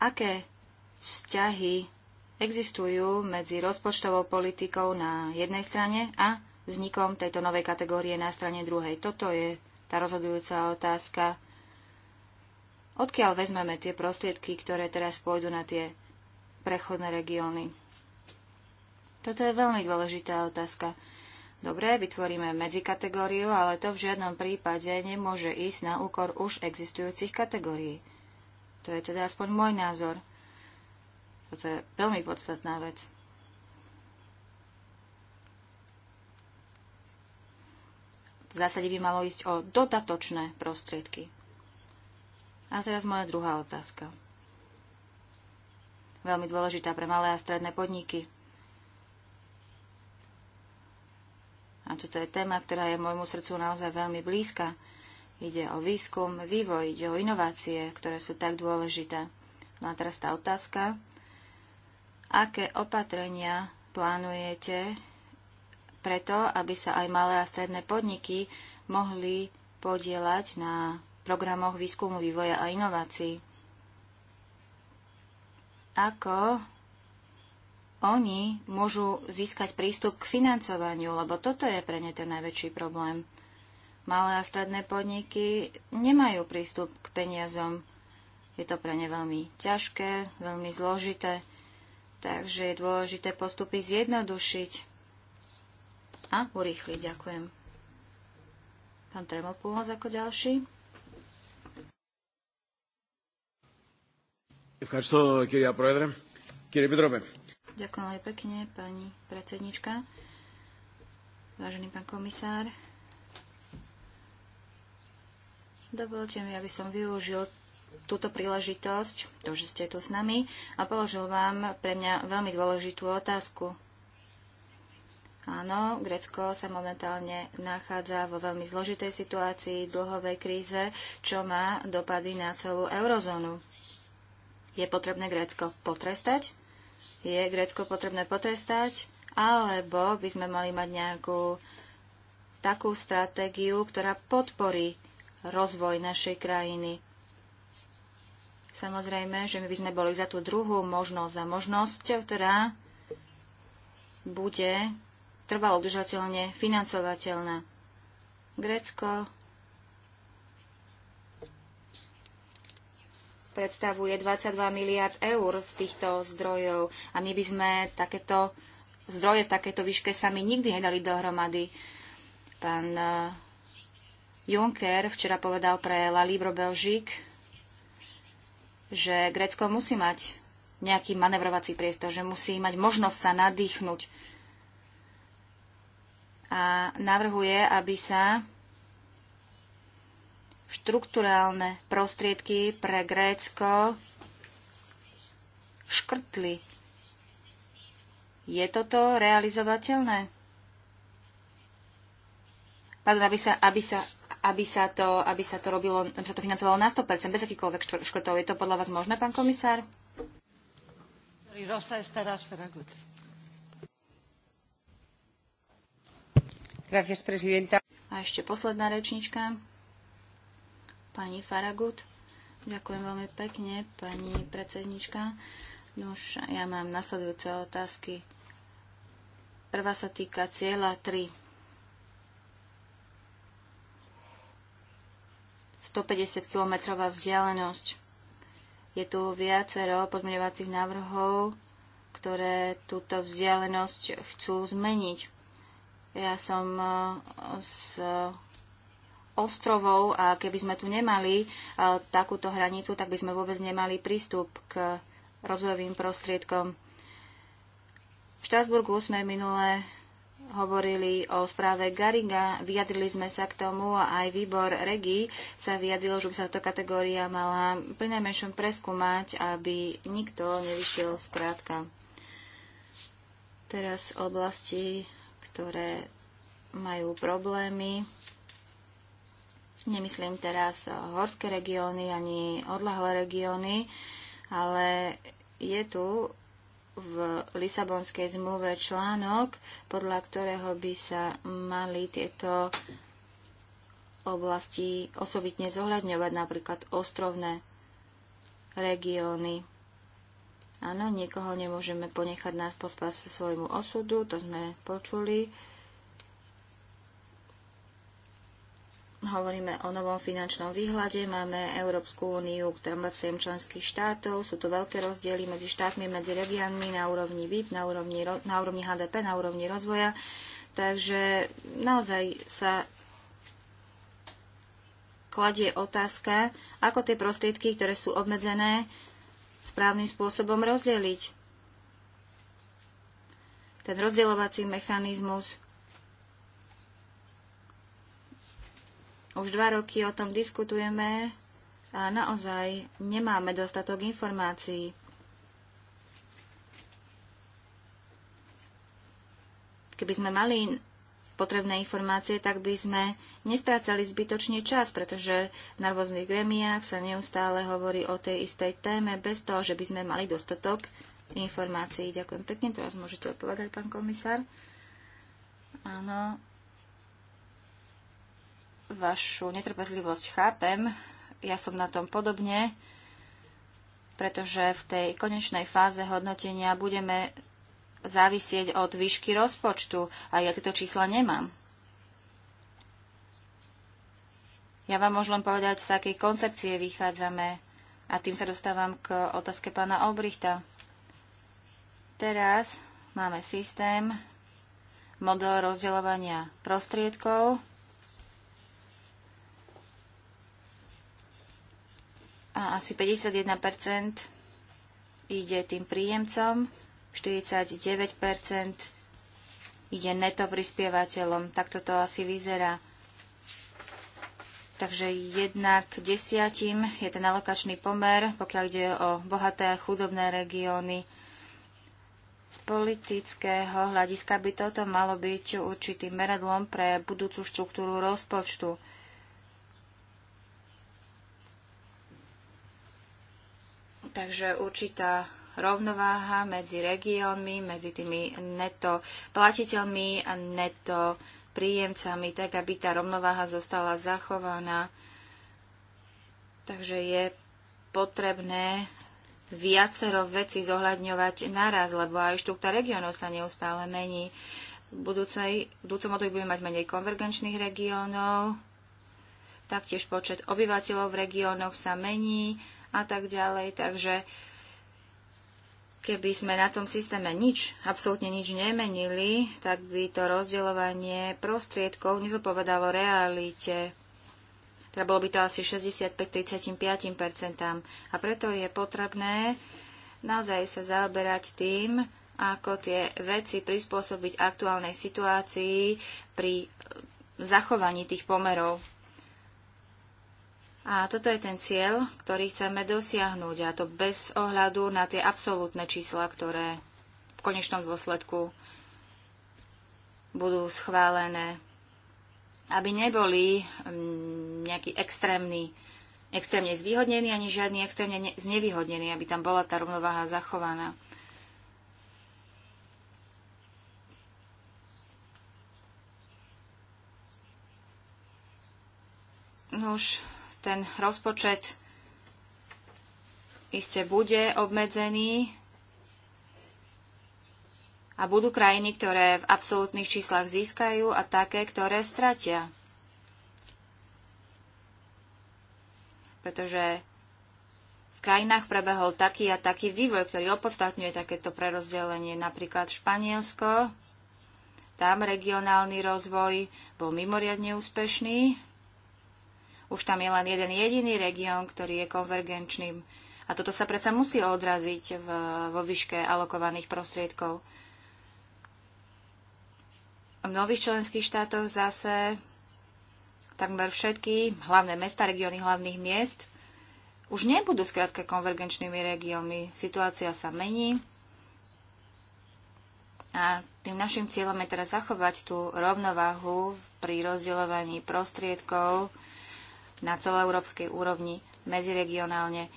Aké vzťahy existujú medzi rozpočtovou politikou na jednej strane a vznikom tejto novej kategórie na strane druhej. Toto je tá rozhodujúca otázka. Odkiaľ vezmeme tie prostriedky, ktoré teraz pôjdu na tie prechodné regióny? Toto je veľmi dôležitá otázka. Dobre, vytvoríme medzikategóriu, ale to v žiadnom prípade nemôže ísť na úkor už existujúcich kategórií. To je teda aspoň môj názor. Toto je veľmi podstatná vec. V zásade by malo ísť o dodatočné prostriedky. A teraz moja druhá otázka. Veľmi dôležitá pre malé a stredné podniky. A toto je téma, ktorá je môjmu srdcu naozaj veľmi blízka. Ide o výskum, vývoj, ide o inovácie, ktoré sú tak dôležité. No a teraz tá otázka, aké opatrenia plánujete preto, aby sa aj malé a stredné podniky mohli podielať na programoch výskumu, vývoja a inovácií. Ako oni môžu získať prístup k financovaniu, lebo toto je pre ne ten najväčší problém. Malé a stredné podniky nemajú prístup k peniazom. Je to pre ne veľmi ťažké, veľmi zložité. Takže je dôležité postupy zjednodušiť a urýchliť. Ďakujem. Pán Tremopúhoz ako ďalší. Ďakujem veľmi pekne, pani predsednička. Vážený pán komisár, dovolte mi, aby som využil túto príležitosť, to, že ste tu s nami a položil vám pre mňa veľmi dôležitú otázku. Áno, Grécko sa momentálne nachádza vo veľmi zložitej situácii, dlhovej kríze, čo má dopady na celú eurozónu. Je potrebné Grécko potrestať? Je Grécko potrebné potrestať? Alebo by sme mali mať nejakú takú stratégiu, ktorá podporí rozvoj našej krajiny. Samozrejme, že my by sme boli za tú druhú možnosť, za možnosť, ktorá bude trvalo udržateľne financovateľná. Grécko predstavuje 22 miliard eur z týchto zdrojov a my by sme takéto zdroje v takéto výške sami nikdy nedali dohromady. Pán eh, Juncker včera povedal pre La Libre Belgique, že Grécko musí mať nejaký manevrovací priestor, že musí mať možnosť sa nadýchnuť. A navrhuje, aby sa štruktúrálne prostriedky pre Grécko škrtli. Je toto realizovateľné? Pardon, aby sa, aby sa aby sa to, aby sa to, robilo, aby sa to financovalo na 100%, bez akýkoľvek škrtov. Je to podľa vás možné, pán komisár? A ešte posledná rečnička, pani Faragut. Ďakujem veľmi pekne, pani predsednička. Nož, ja mám nasledujúce otázky. Prvá sa týka cieľa 3 150-kilometrová vzdialenosť. Je tu viacero podmiňovacích návrhov, ktoré túto vzdialenosť chcú zmeniť. Ja som e, z ostrovov a keby sme tu nemali e, takúto hranicu, tak by sme vôbec nemali prístup k rozvojovým prostriedkom. V Štrasburgu sme minule hovorili o správe Garinga, vyjadrili sme sa k tomu a aj výbor Regi sa vyjadril, že by sa táto kategória mala prinajmenšom preskúmať, aby nikto nevyšiel z krátka. Teraz oblasti, ktoré majú problémy, nemyslím teraz horské regióny ani odlahlé regióny, ale je tu v Lisabonskej zmluve článok, podľa ktorého by sa mali tieto oblasti osobitne zohľadňovať, napríklad ostrovné regióny. Áno, niekoho nemôžeme ponechať na pospas svojmu osudu, to sme počuli. hovoríme o novom finančnom výhľade, máme Európsku úniu, ktorá má 7 členských štátov, sú tu veľké rozdiely medzi štátmi, medzi regiónmi na úrovni VIP, na úrovni, na úrovni HDP, na úrovni rozvoja. Takže naozaj sa kladie otázka, ako tie prostriedky, ktoré sú obmedzené, správnym spôsobom rozdeliť. Ten rozdeľovací mechanizmus Už dva roky o tom diskutujeme a naozaj nemáme dostatok informácií. Keby sme mali potrebné informácie, tak by sme nestrácali zbytočne čas, pretože na rôznych gremiách sa neustále hovorí o tej istej téme bez toho, že by sme mali dostatok informácií. Ďakujem pekne. Teraz môžete odpovedať, pán komisár. Áno, vašu netrpezlivosť chápem. Ja som na tom podobne, pretože v tej konečnej fáze hodnotenia budeme závisieť od výšky rozpočtu a ja tieto čísla nemám. Ja vám môžem len povedať, z akej koncepcie vychádzame a tým sa dostávam k otázke pána Obrichta. Teraz máme systém, model rozdeľovania prostriedkov, a asi 51% ide tým príjemcom, 49% ide neto prispievateľom. Takto to asi vyzerá. Takže jednak desiatim je ten alokačný pomer, pokiaľ ide o bohaté a chudobné regióny. Z politického hľadiska by toto malo byť určitým meradlom pre budúcu štruktúru rozpočtu. Takže určitá rovnováha medzi regiónmi, medzi tými neto platiteľmi a neto príjemcami, tak aby tá rovnováha zostala zachovaná. Takže je potrebné viacero veci zohľadňovať naraz, lebo aj štruktúra regiónov sa neustále mení. V, budúcej, v budúcom období budeme mať menej konvergenčných regiónov, taktiež počet obyvateľov v regiónoch sa mení, a tak ďalej. Takže keby sme na tom systéme nič, absolútne nič nemenili, tak by to rozdeľovanie prostriedkov nezopovedalo realite. Teda bolo by to asi 65-35%. A preto je potrebné naozaj sa zaoberať tým, ako tie veci prispôsobiť aktuálnej situácii pri zachovaní tých pomerov. A toto je ten cieľ, ktorý chceme dosiahnuť, a to bez ohľadu na tie absolútne čísla, ktoré v konečnom dôsledku budú schválené, aby neboli mm, nejaký extrémny, extrémne zvýhodnení ani žiadny extrémne znevýhodnený, aby tam bola tá rovnováha zachovaná. No už ten rozpočet iste bude obmedzený a budú krajiny, ktoré v absolútnych číslach získajú a také, ktoré stratia. Pretože v krajinách prebehol taký a taký vývoj, ktorý opodstatňuje takéto prerozdelenie. Napríklad Španielsko, tam regionálny rozvoj bol mimoriadne úspešný, už tam je len jeden jediný región, ktorý je konvergenčným. A toto sa predsa musí odraziť v, vo výške alokovaných prostriedkov. V nových členských štátoch zase takmer všetky hlavné mesta, regióny hlavných miest už nebudú skrátka konvergenčnými regiónmi. Situácia sa mení a tým našim cieľom je teraz zachovať tú rovnováhu pri rozdeľovaní prostriedkov na celoeurópskej úrovni, medziregionálne.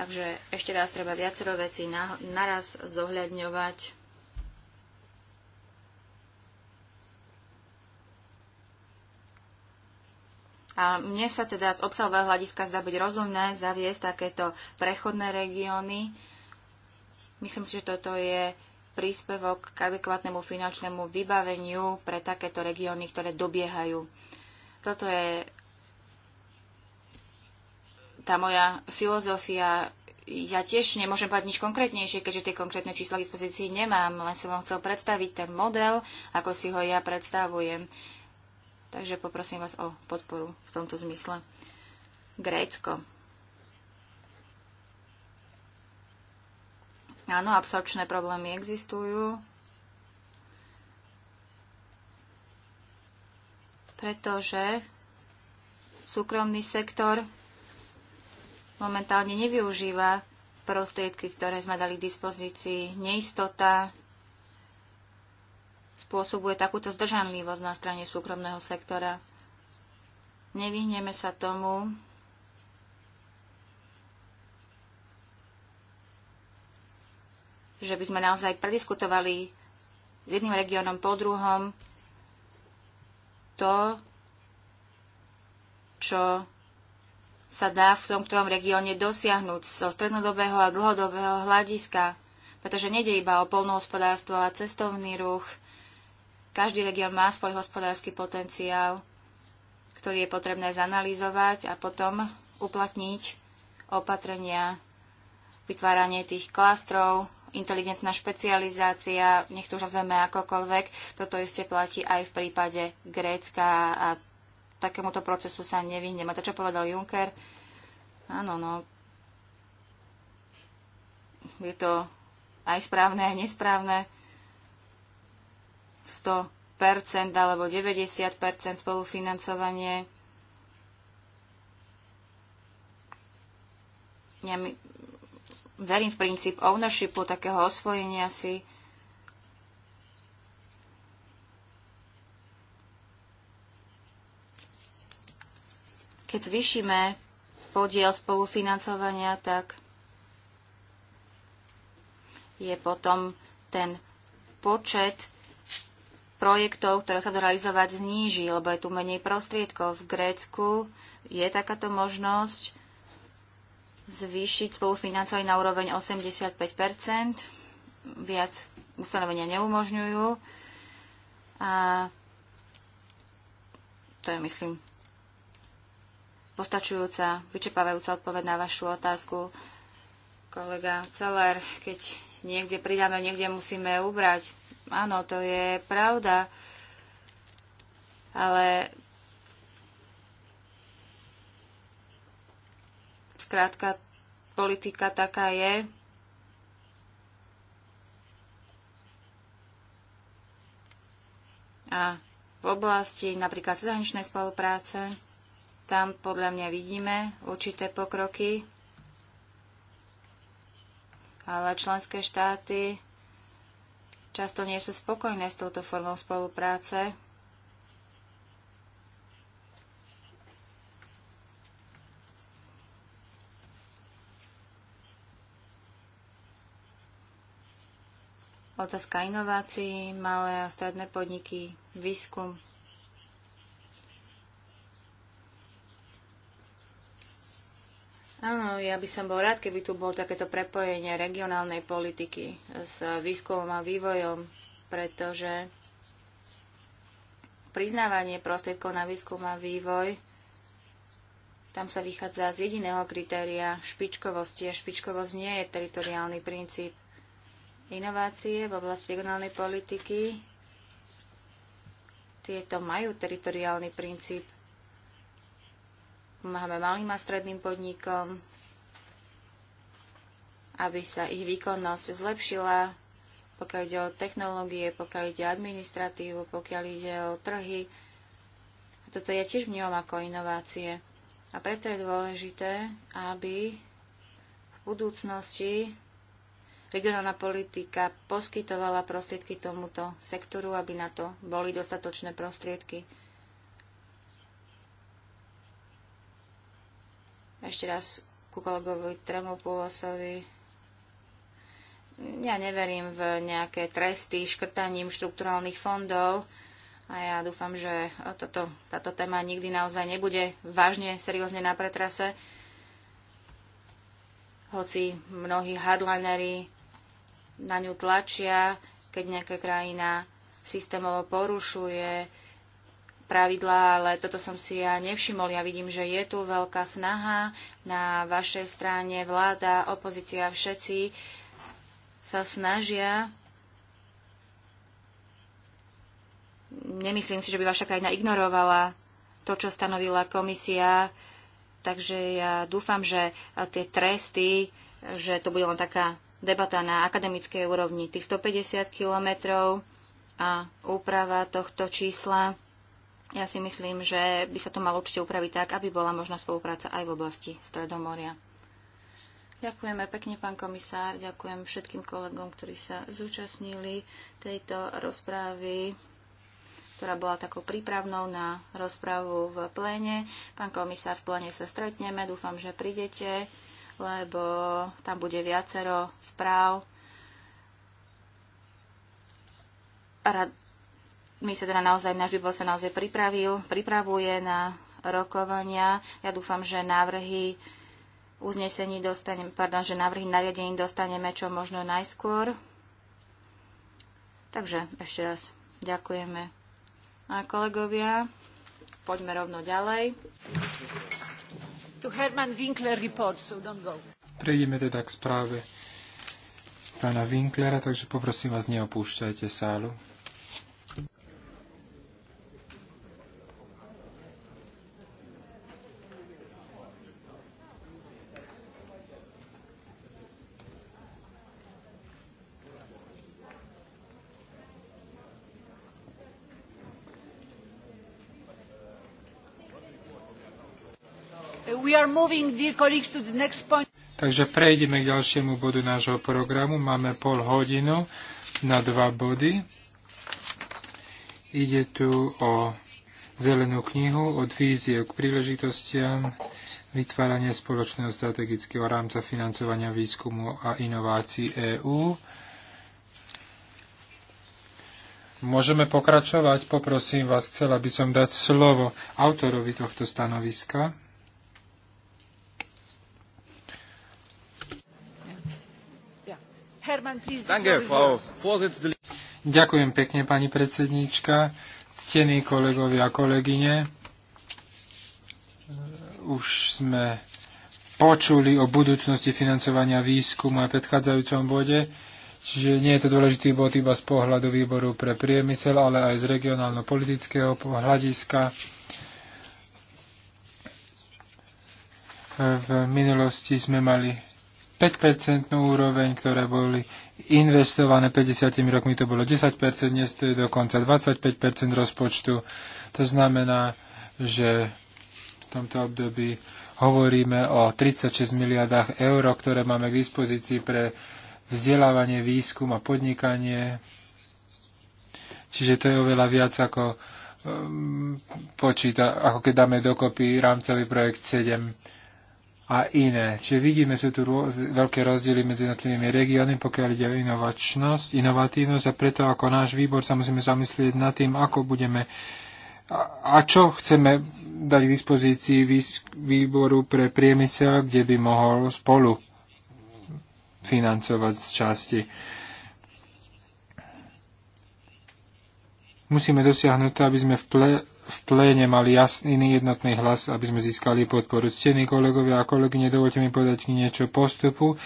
Takže ešte raz treba viacero vecí naraz zohľadňovať. A mne sa teda z obsahového hľadiska zdá byť rozumné zaviesť takéto prechodné regióny. Myslím si, že toto je príspevok k adekvátnemu finančnému vybaveniu pre takéto regióny, ktoré dobiehajú. Toto je tá moja filozofia, ja tiež nemôžem povedať nič konkrétnejšie, keďže tie konkrétne čísla k dispozícii nemám, len som vám chcel predstaviť ten model, ako si ho ja predstavujem. Takže poprosím vás o podporu v tomto zmysle. Grécko. Áno, absorpčné problémy existujú, pretože súkromný sektor momentálne nevyužíva prostriedky, ktoré sme dali k dispozícii. Neistota spôsobuje takúto zdržanlivosť na strane súkromného sektora. Nevyhneme sa tomu, že by sme naozaj prediskutovali s jedným regiónom po druhom to, čo sa dá v tom ktorom regióne dosiahnuť zo strednodobého a dlhodobého hľadiska, pretože nejde iba o polnohospodárstvo a cestovný ruch. Každý región má svoj hospodársky potenciál, ktorý je potrebné zanalýzovať a potom uplatniť opatrenia, vytváranie tých klastrov, inteligentná špecializácia, nech to už nazveme akokoľvek, toto isté platí aj v prípade Grécka a takémuto procesu sa nevyhneme. To, čo povedal Juncker, áno, no, je to aj správne, aj nesprávne. 100% alebo 90% spolufinancovanie. Ja my, verím v princíp ownershipu, takého osvojenia si Keď zvýšime podiel spolufinancovania, tak je potom ten počet projektov, ktoré sa realizovať zníži, lebo je tu menej prostriedkov. V Grécku je takáto možnosť zvýšiť spolufinancovanie na úroveň 85 viac ustanovenia neumožňujú. A to je, myslím, postačujúca, vyčerpávajúca odpoveď na vašu otázku. Kolega Celer, keď niekde pridáme, niekde musíme ubrať. Áno, to je pravda, ale zkrátka politika taká je, a v oblasti napríklad zahraničnej spolupráce tam podľa mňa vidíme určité pokroky, ale členské štáty často nie sú spokojné s touto formou spolupráce. Otázka inovácií, malé a stredné podniky, výskum, Áno, ja by som bol rád, keby tu bolo takéto prepojenie regionálnej politiky s výskumom a vývojom, pretože priznávanie prostriedkov na výskum a vývoj, tam sa vychádza z jediného kritéria špičkovosti a špičkovosť nie je teritoriálny princíp. Inovácie v oblasti regionálnej politiky tieto majú teritoriálny princíp pomáhame malým a stredným podnikom, aby sa ich výkonnosť zlepšila, pokiaľ ide o technológie, pokiaľ ide o administratívu, pokiaľ ide o trhy. A toto ja tiež vnímam ako inovácie. A preto je dôležité, aby v budúcnosti regionálna politika poskytovala prostriedky tomuto sektoru, aby na to boli dostatočné prostriedky. Ešte raz ku kolegovi Tremopulosovi. Ja neverím v nejaké tresty škrtaním štrukturálnych fondov a ja dúfam, že toto, táto téma nikdy naozaj nebude vážne, seriózne na pretrase. Hoci mnohí hardlinery na ňu tlačia, keď nejaká krajina systémovo porušuje pravidlá, ale toto som si ja nevšimol. Ja vidím, že je tu veľká snaha na vašej strane, vláda, opozícia, všetci sa snažia. Nemyslím si, že by vaša krajina ignorovala to, čo stanovila komisia. Takže ja dúfam, že tie tresty, že to bude len taká debata na akademickej úrovni. Tých 150 kilometrov a úprava tohto čísla ja si myslím, že by sa to malo určite upraviť tak, aby bola možná spolupráca aj v oblasti Stredomoria. Ďakujeme pekne, pán komisár. Ďakujem všetkým kolegom, ktorí sa zúčastnili tejto rozprávy, ktorá bola takou prípravnou na rozpravu v pléne. Pán komisár, v pléne sa stretneme. Dúfam, že prídete, lebo tam bude viacero správ. Rad my sa teda naozaj, náš výbor sa naozaj pripravil, pripravuje na rokovania. Ja dúfam, že návrhy uznesení dostaneme, pardon, že návrhy nariadení dostaneme čo možno najskôr. Takže ešte raz ďakujeme. A kolegovia, poďme rovno ďalej. To Herman Winkler report, so don't go. Prejdeme teda k správe pána Winklera, takže poprosím vás, neopúšťajte sálu. Moving, colleagues, to the next point. Takže prejdeme k ďalšiemu bodu nášho programu. Máme pol hodinu na dva body. Ide tu o zelenú knihu od vízie k príležitostiam vytváranie spoločného strategického rámca financovania výskumu a inovácií EÚ. Môžeme pokračovať. Poprosím vás, chcela by som dať slovo autorovi tohto stanoviska. Ďakujem pekne, pani predsedníčka, ctení kolegovia a kolegyne. Už sme počuli o budúcnosti financovania výskumu aj v predchádzajúcom bode, čiže nie je to dôležitý bod iba z pohľadu výboru pre priemysel, ale aj z regionálno-politického hľadiska. V minulosti sme mali 5-percentnú úroveň, ktoré boli investované 50 rokmi, to bolo 10%, dnes to je dokonca 25% rozpočtu. To znamená, že v tomto období hovoríme o 36 miliardách eur, ktoré máme k dispozícii pre vzdelávanie, výskum a podnikanie. Čiže to je oveľa viac ako um, počíta, ako keď dáme dokopy rámcový projekt 7 a iné. Čiže vidíme, sú tu rôz, veľké rozdiely medzi jednotlivými regiónmi, pokiaľ ide o inovačnosť, inovatívnosť a preto ako náš výbor sa musíme zamyslieť nad tým, ako budeme a, a čo chceme dať k dispozícii výboru pre priemysel, kde by mohol spolu financovať z časti. Musíme dosiahnuť to, aby sme v, ple, v pléne mali jasný jednotný hlas, aby sme získali podporu. Ctení kolegovia a kolegyne, dovolte mi povedať niečo postupu.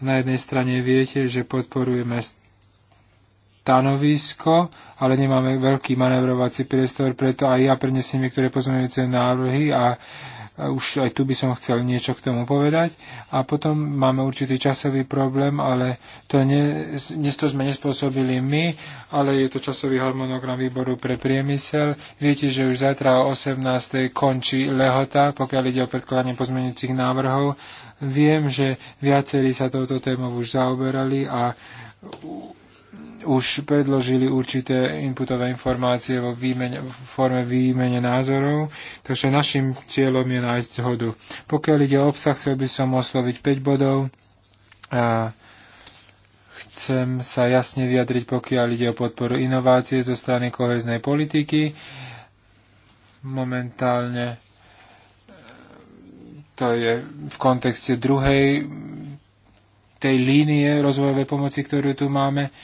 Na jednej strane viete, že podporujeme stanovisko, ale nemáme veľký manevrovací priestor, preto aj ja prenesiem niektoré pozmeňujúce návrhy a už aj tu by som chcel niečo k tomu povedať. A potom máme určitý časový problém, ale to, ne, dnes to sme nespôsobili my, ale je to časový harmonogram výboru pre priemysel. Viete, že už zajtra o 18. končí lehota, pokiaľ ide o predkladanie pozmeňujúcich návrhov. Viem, že viacerí sa touto témou už zaoberali a už predložili určité inputové informácie vo výmene, v forme výmene názorov, takže našim cieľom je nájsť zhodu. Pokiaľ ide o obsah, chcel by som osloviť 5 bodov. A chcem sa jasne vyjadriť, pokiaľ ide o podporu inovácie zo strany koheznej politiky. Momentálne e, to je v kontexte druhej tej línie rozvojovej pomoci, ktorú tu máme.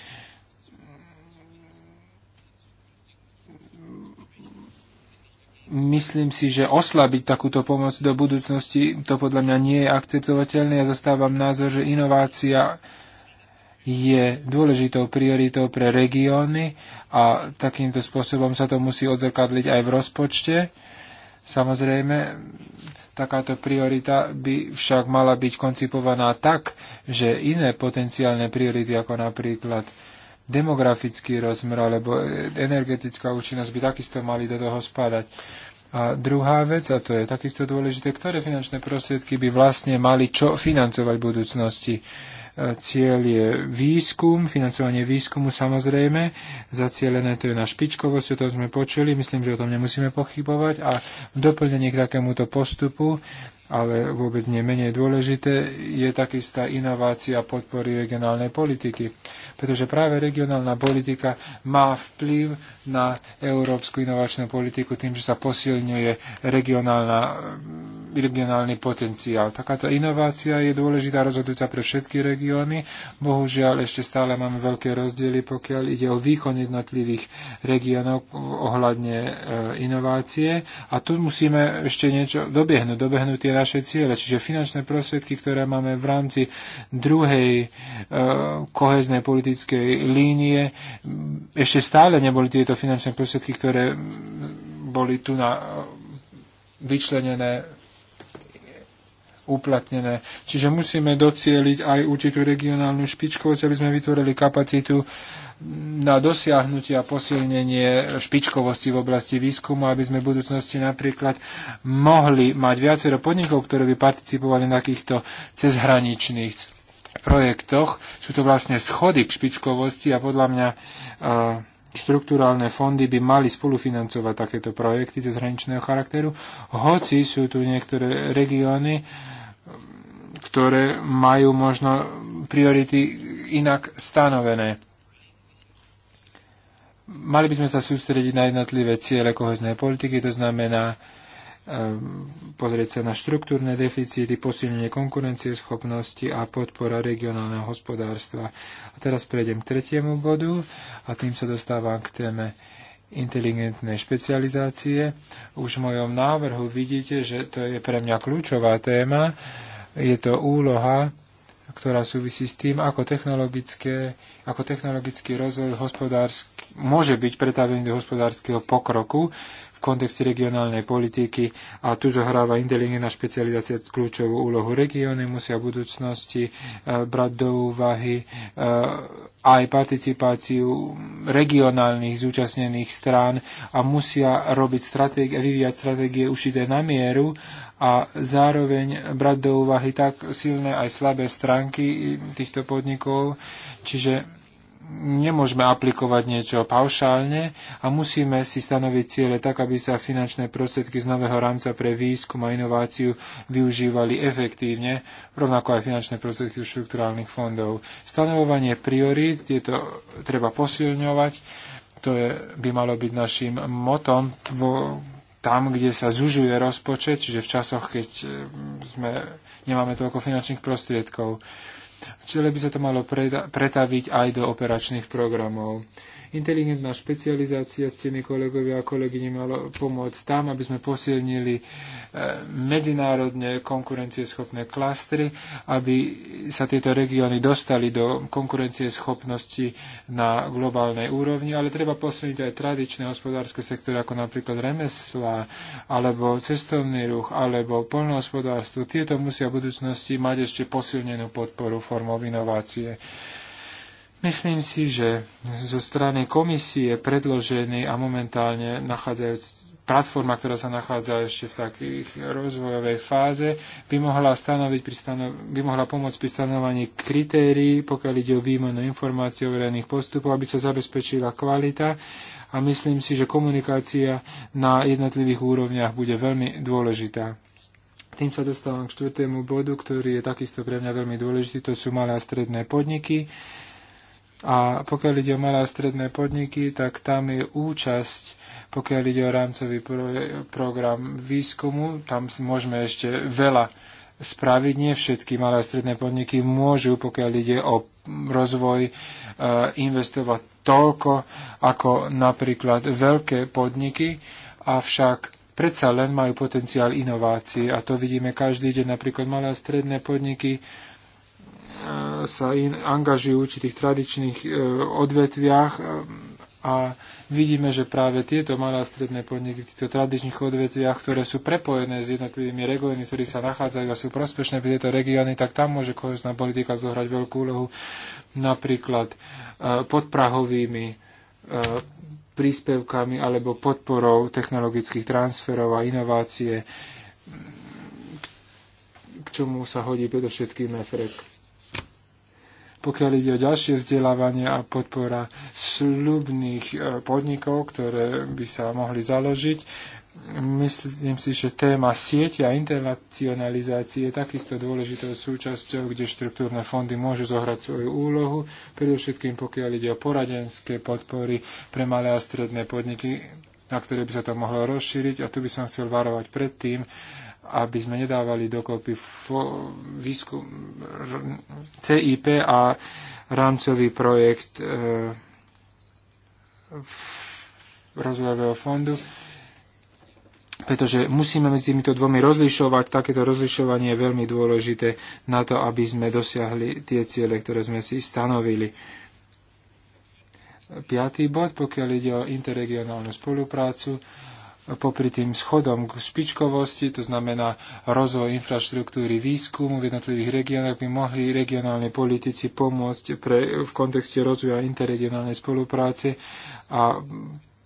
myslím si, že oslabiť takúto pomoc do budúcnosti, to podľa mňa nie je akceptovateľné. Ja zastávam názor, že inovácia je dôležitou prioritou pre regióny a takýmto spôsobom sa to musí odzrkadliť aj v rozpočte. Samozrejme, takáto priorita by však mala byť koncipovaná tak, že iné potenciálne priority, ako napríklad demografický rozmer alebo e, energetická účinnosť by takisto mali do toho spadať. A druhá vec, a to je takisto dôležité, ktoré finančné prostriedky by vlastne mali čo financovať v budúcnosti. E, cieľ je výskum, financovanie výskumu samozrejme, zacielené to je na špičkovosť, o tom sme počuli, myslím, že o tom nemusíme pochybovať a doplnenie k takémuto postupu ale vôbec nie menej dôležité, je takistá inovácia podpory regionálnej politiky pretože práve regionálna politika má vplyv na európsku inovačnú politiku tým, že sa posilňuje regionálny potenciál. Takáto inovácia je dôležitá rozhodujúca pre všetky regióny. Bohužiaľ, ešte stále máme veľké rozdiely, pokiaľ ide o výkon jednotlivých regiónov ohľadne e, inovácie. A tu musíme ešte niečo dobiehnúť, dobehnúť tie naše ciele, čiže finančné prostriedky, ktoré máme v rámci druhej e, koheznej politiky diplomatickej línie. Ešte stále neboli tieto finančné prostriedky, ktoré boli tu na vyčlenené uplatnené. Čiže musíme docieliť aj určitú regionálnu špičkovosť, aby sme vytvorili kapacitu na dosiahnutie a posilnenie špičkovosti v oblasti výskumu, aby sme v budúcnosti napríklad mohli mať viacero podnikov, ktoré by participovali na takýchto cezhraničných projektoch. Sú to vlastne schody k špičkovosti a podľa mňa e, štruktúrálne fondy by mali spolufinancovať takéto projekty cez hraničného charakteru, hoci sú tu niektoré regióny, ktoré majú možno priority inak stanovené. Mali by sme sa sústrediť na jednotlivé ciele kohezné politiky, to znamená Ehm, pozrieť sa na štruktúrne deficity, posilnenie konkurencieschopnosti a podpora regionálneho hospodárstva. A teraz prejdem k tretiemu bodu a tým sa dostávam k téme inteligentnej špecializácie. Už v mojom návrhu vidíte, že to je pre mňa kľúčová téma. Je to úloha, ktorá súvisí s tým, ako, technologické, ako technologický rozvoj môže byť pretavený do hospodárskeho pokroku kontexte regionálnej politiky a tu zohráva inteligentná špecializácia kľúčovú úlohu. Regióny musia v budúcnosti e, brať do úvahy e, aj participáciu regionálnych zúčastnených strán a musia robiť stratégie, vyvíjať stratégie ušité na mieru a zároveň brať do úvahy tak silné aj slabé stránky týchto podnikov, čiže nemôžeme aplikovať niečo paušálne a musíme si stanoviť ciele tak, aby sa finančné prostriedky z nového rámca pre výskum a inováciu využívali efektívne, rovnako aj finančné prostriedky z štruktúrálnych fondov. Stanovovanie priorít, tieto treba posilňovať, to je, by malo byť našim motom vo, tam, kde sa zužuje rozpočet, čiže v časoch, keď eh, sme, nemáme toľko finančných prostriedkov. Čiže by sa to malo pretaviť aj do operačných programov. Inteligentná špecializácia s tými kolegovia a kolegyne malo pomôcť tam, aby sme posilnili e, medzinárodne konkurencieschopné klastry, aby sa tieto regióny dostali do konkurencieschopnosti na globálnej úrovni, ale treba posilniť aj tradičné hospodárske sektory, ako napríklad remeslá, alebo cestovný ruch, alebo poľnohospodárstvo. Tieto musia v budúcnosti mať ešte posilnenú podporu formou inovácie. Myslím si, že zo strany komisie predložený a momentálne nachádzajú platforma, ktorá sa nachádza ešte v takých rozvojovej fáze, by mohla, stanoviť pri stano- by mohla pomôcť pri stanovaní kritérií, pokiaľ ide o výmenu informácií o verejných postupov, aby sa zabezpečila kvalita a myslím si, že komunikácia na jednotlivých úrovniach bude veľmi dôležitá. Tým sa dostávam k štvrtému bodu, ktorý je takisto pre mňa veľmi dôležitý, to sú malé a stredné podniky. A pokiaľ ide o malé a stredné podniky, tak tam je účasť, pokiaľ ide o rámcový pro- program výskumu, tam môžeme ešte veľa spraviť. Nie všetky malé a stredné podniky môžu, pokiaľ ide o rozvoj, e, investovať toľko ako napríklad veľké podniky, avšak predsa len majú potenciál inovácií. A to vidíme každý deň. Napríklad malé a stredné podniky sa in, angažujú v určitých tradičných e, odvetviach e, a vidíme, že práve tieto malé a stredné podniky v týchto tradičných odvetviach, ktoré sú prepojené s jednotlivými regiónmi, ktorí sa nachádzajú a sú prospešné pre tieto regióny, tak tam môže kohezná politika zohrať veľkú úlohu napríklad e, podprahovými e, príspevkami alebo podporou technologických transferov a inovácie, k čomu sa hodí predovšetkým EFREK. Pokiaľ ide o ďalšie vzdelávanie a podpora slubných e, podnikov, ktoré by sa mohli založiť, myslím si, že téma siete a internacionalizácie je takisto dôležitou súčasťou, kde štruktúrne fondy môžu zohrať svoju úlohu, predovšetkým pokiaľ ide o poradenské podpory pre malé a stredné podniky, na ktoré by sa to mohlo rozšíriť. A tu by som chcel varovať pred tým, aby sme nedávali dokopy výskum CIP a rámcový projekt e, rozvojového fondu, pretože musíme medzi týmito dvomi rozlišovať. Takéto rozlišovanie je veľmi dôležité na to, aby sme dosiahli tie ciele, ktoré sme si stanovili. Piatý bod, pokiaľ ide o interregionálnu spoluprácu, popri tým schodom k špičkovosti, to znamená rozvoj infraštruktúry výskumu v jednotlivých regiónoch, by mohli regionálni politici pomôcť pre, v kontexte rozvoja interregionálnej spolupráce a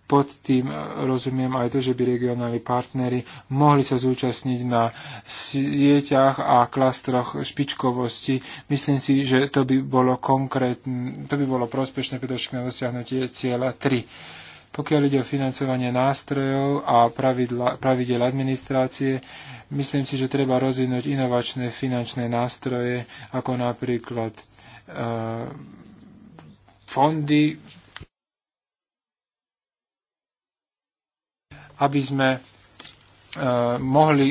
pod tým rozumiem aj to, že by regionálni partnery mohli sa zúčastniť na sieťach a klastroch špičkovosti. Myslím si, že to by bolo konkrétne, to by bolo prospešné pre na dosiahnutie cieľa 3 pokiaľ ide o financovanie nástrojov a pravidla, pravidel administrácie, myslím si, že treba rozvinúť inovačné finančné nástroje, ako napríklad e, fondy, aby sme e, mohli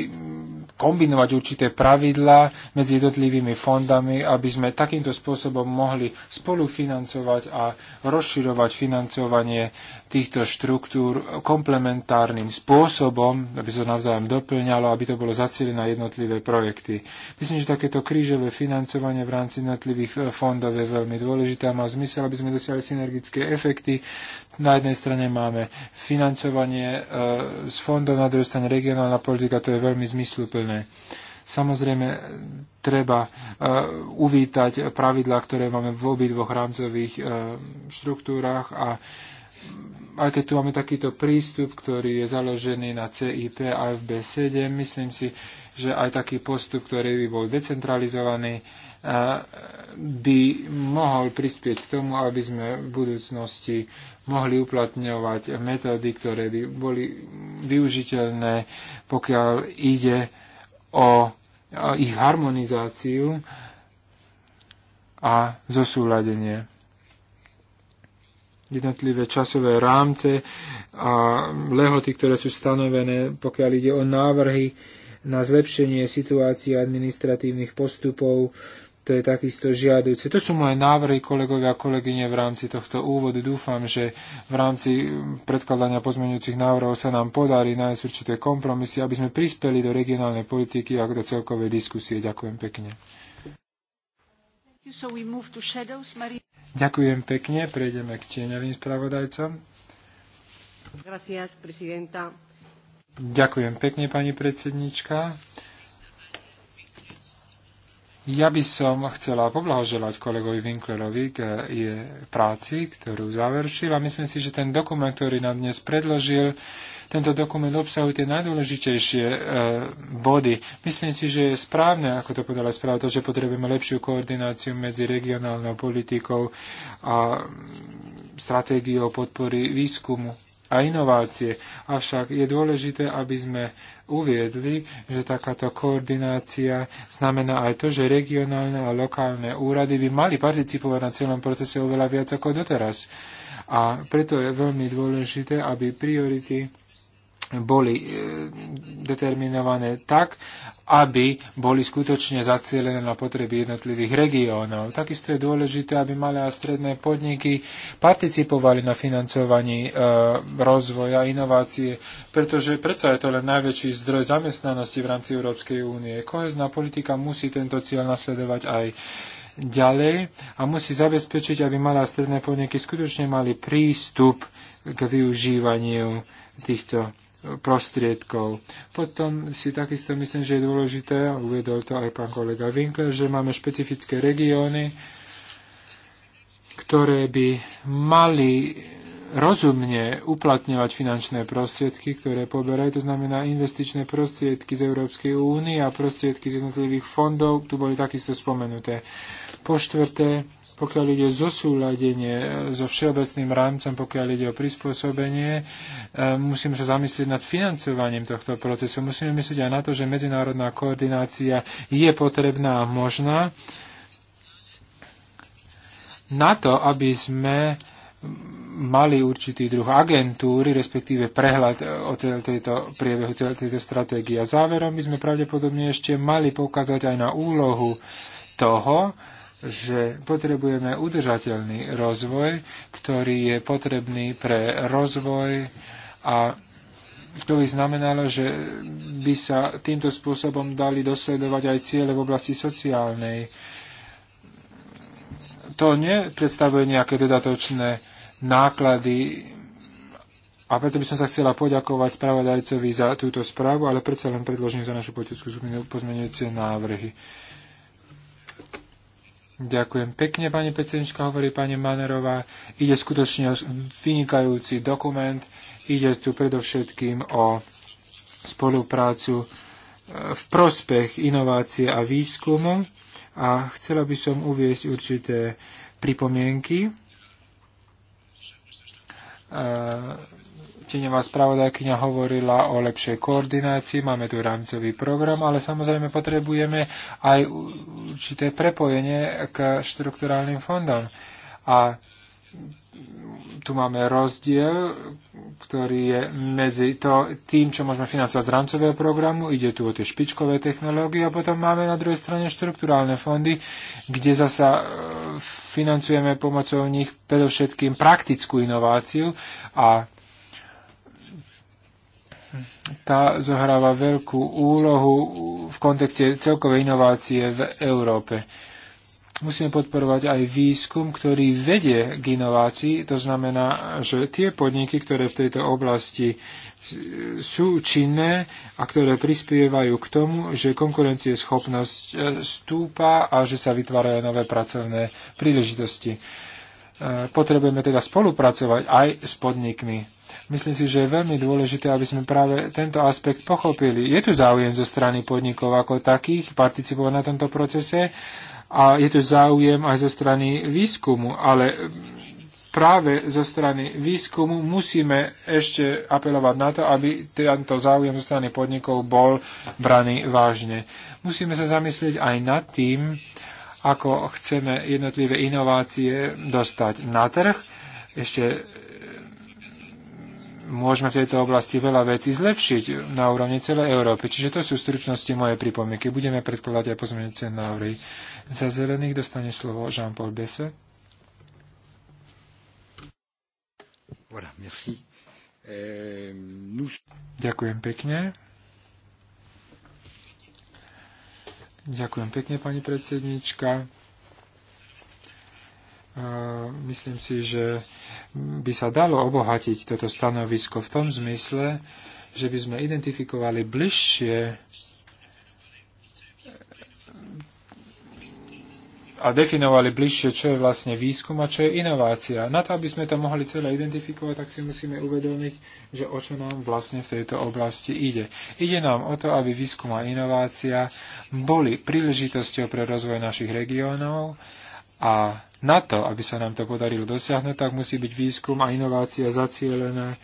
kombinovať určité pravidlá medzi jednotlivými fondami, aby sme takýmto spôsobom mohli spolufinancovať a rozširovať financovanie týchto štruktúr komplementárnym spôsobom, aby sa navzájom doplňalo, aby to bolo zacielené na jednotlivé projekty. Myslím, že takéto krížové financovanie v rámci jednotlivých e, fondov je veľmi dôležité a má zmysel, aby sme dosiahli synergické efekty. Na jednej strane máme financovanie e, z fondov, na druhej strane regionálna politika, to je veľmi zmysluplné samozrejme treba e, uvítať pravidlá, ktoré máme v obidvoch rámcových štruktúrach a aj keď tu máme takýto prístup, ktorý je založený na CIP a FB7, myslím si, že aj taký postup, ktorý by bol decentralizovaný, e, by mohol prispieť k tomu, aby sme v budúcnosti mohli uplatňovať metódy, ktoré by boli využiteľné, pokiaľ ide o ich harmonizáciu a zosúladenie jednotlivé časové rámce a lehoty, ktoré sú stanovené, pokiaľ ide o návrhy na zlepšenie situácie administratívnych postupov. To je takisto žiaduce. To sú moje návrhy, kolegovia a kolegyne, v rámci tohto úvodu. Dúfam, že v rámci predkladania pozmeňujúcich návrhov sa nám podarí nájsť určité kompromisy, aby sme prispeli do regionálnej politiky a do celkovej diskusie. Ďakujem pekne. So shadows, Ďakujem pekne. Prejdeme k tieňovým spravodajcom. Gracias, Ďakujem pekne, pani predsednička. Ja by som chcela poblahoželať kolegovi Winklerovi k je práci, ktorú završil a myslím si, že ten dokument, ktorý nám dnes predložil, tento dokument obsahuje tie najdôležitejšie e, body. Myslím si, že je správne, ako to podala správa, to, že potrebujeme lepšiu koordináciu medzi regionálnou politikou a stratégiou podpory výskumu a inovácie. Avšak je dôležité, aby sme uviedli, že takáto koordinácia znamená aj to, že regionálne a lokálne úrady by mali participovať na celom procese oveľa viac ako doteraz. A preto je veľmi dôležité, aby priority boli e, determinované tak, aby boli skutočne zacielené na potreby jednotlivých regiónov. Takisto je dôležité, aby malé a stredné podniky participovali na financovaní e, rozvoja, inovácie, pretože predsa je to len najväčší zdroj zamestnanosti v rámci Európskej únie. Kohezná politika musí tento cieľ nasledovať aj ďalej a musí zabezpečiť, aby malé a stredné podniky skutočne mali prístup k využívaniu týchto prostriedkov. Potom si takisto myslím, že je dôležité, a uvedol to aj pán kolega Winkler, že máme špecifické regióny, ktoré by mali rozumne uplatňovať finančné prostriedky, ktoré poberajú, to znamená investičné prostriedky z Európskej únie a prostriedky z jednotlivých fondov, tu boli takisto spomenuté. Po štvrté, pokiaľ ide o zosúladenie e, so všeobecným rámcom, pokiaľ ide o prispôsobenie, e, musíme sa zamyslieť nad financovaním tohto procesu. Musíme myslieť aj na to, že medzinárodná koordinácia je potrebná a možná na to, aby sme mali určitý druh agentúry, respektíve prehľad e, o tejto priebehu tejto stratégie. A záverom by sme pravdepodobne ešte mali poukázať aj na úlohu toho, že potrebujeme udržateľný rozvoj, ktorý je potrebný pre rozvoj a to by znamenalo, že by sa týmto spôsobom dali dosledovať aj ciele v oblasti sociálnej. To nepredstavuje nejaké dodatočné náklady a preto by som sa chcela poďakovať spravodajcovi za túto správu, ale predsa len predložím za našu politickú skupinu pozmenujúce návrhy. Ďakujem pekne, pani predsednička, hovorí pani Manerová. Ide skutočne o vynikajúci dokument. Ide tu predovšetkým o spoluprácu e, v prospech inovácie a výskumu. A chcela by som uviesť určité pripomienky. E, Tenová spravodajkyňa hovorila o lepšej koordinácii, máme tu rámcový program, ale samozrejme potrebujeme aj určité prepojenie k štrukturálnym fondom. A tu máme rozdiel, ktorý je medzi to, tým, čo môžeme financovať z rámcového programu, ide tu o tie špičkové technológie a potom máme na druhej strane štrukturálne fondy, kde zasa e, financujeme pomocou nich predovšetkým praktickú inováciu a tá zohráva veľkú úlohu v kontexte celkovej inovácie v Európe. Musíme podporovať aj výskum, ktorý vedie k inovácii. To znamená, že tie podniky, ktoré v tejto oblasti sú činné a ktoré prispievajú k tomu, že konkurencieschopnosť e, stúpa a že sa vytvárajú nové pracovné príležitosti. E, potrebujeme teda spolupracovať aj s podnikmi Myslím si, že je veľmi dôležité, aby sme práve tento aspekt pochopili. Je tu záujem zo strany podnikov ako takých participovať na tomto procese a je tu záujem aj zo strany výskumu, ale práve zo strany výskumu musíme ešte apelovať na to, aby tento záujem zo strany podnikov bol braný vážne. Musíme sa zamyslieť aj nad tým, ako chceme jednotlivé inovácie dostať na trh. Ešte môžeme v tejto oblasti veľa vecí zlepšiť na úrovni celej Európy. Čiže to sú v stručnosti moje pripomienky. Budeme predkladať aj pozmeňujúce návrhy. Za zelených dostane slovo Jean-Paul Besse. Voilà, merci. E, nous... Ďakujem pekne. Ďakujem pekne, pani predsednička myslím si, že by sa dalo obohatiť toto stanovisko v tom zmysle, že by sme identifikovali bližšie a definovali bližšie, čo je vlastne výskum a čo je inovácia. Na to, aby sme to mohli celé identifikovať, tak si musíme uvedomiť, že o čo nám vlastne v tejto oblasti ide. Ide nám o to, aby výskum a inovácia boli príležitosťou pre rozvoj našich regiónov a na to, aby sa nám to podarilo dosiahnuť, tak musí byť výskum a inovácia zacielené,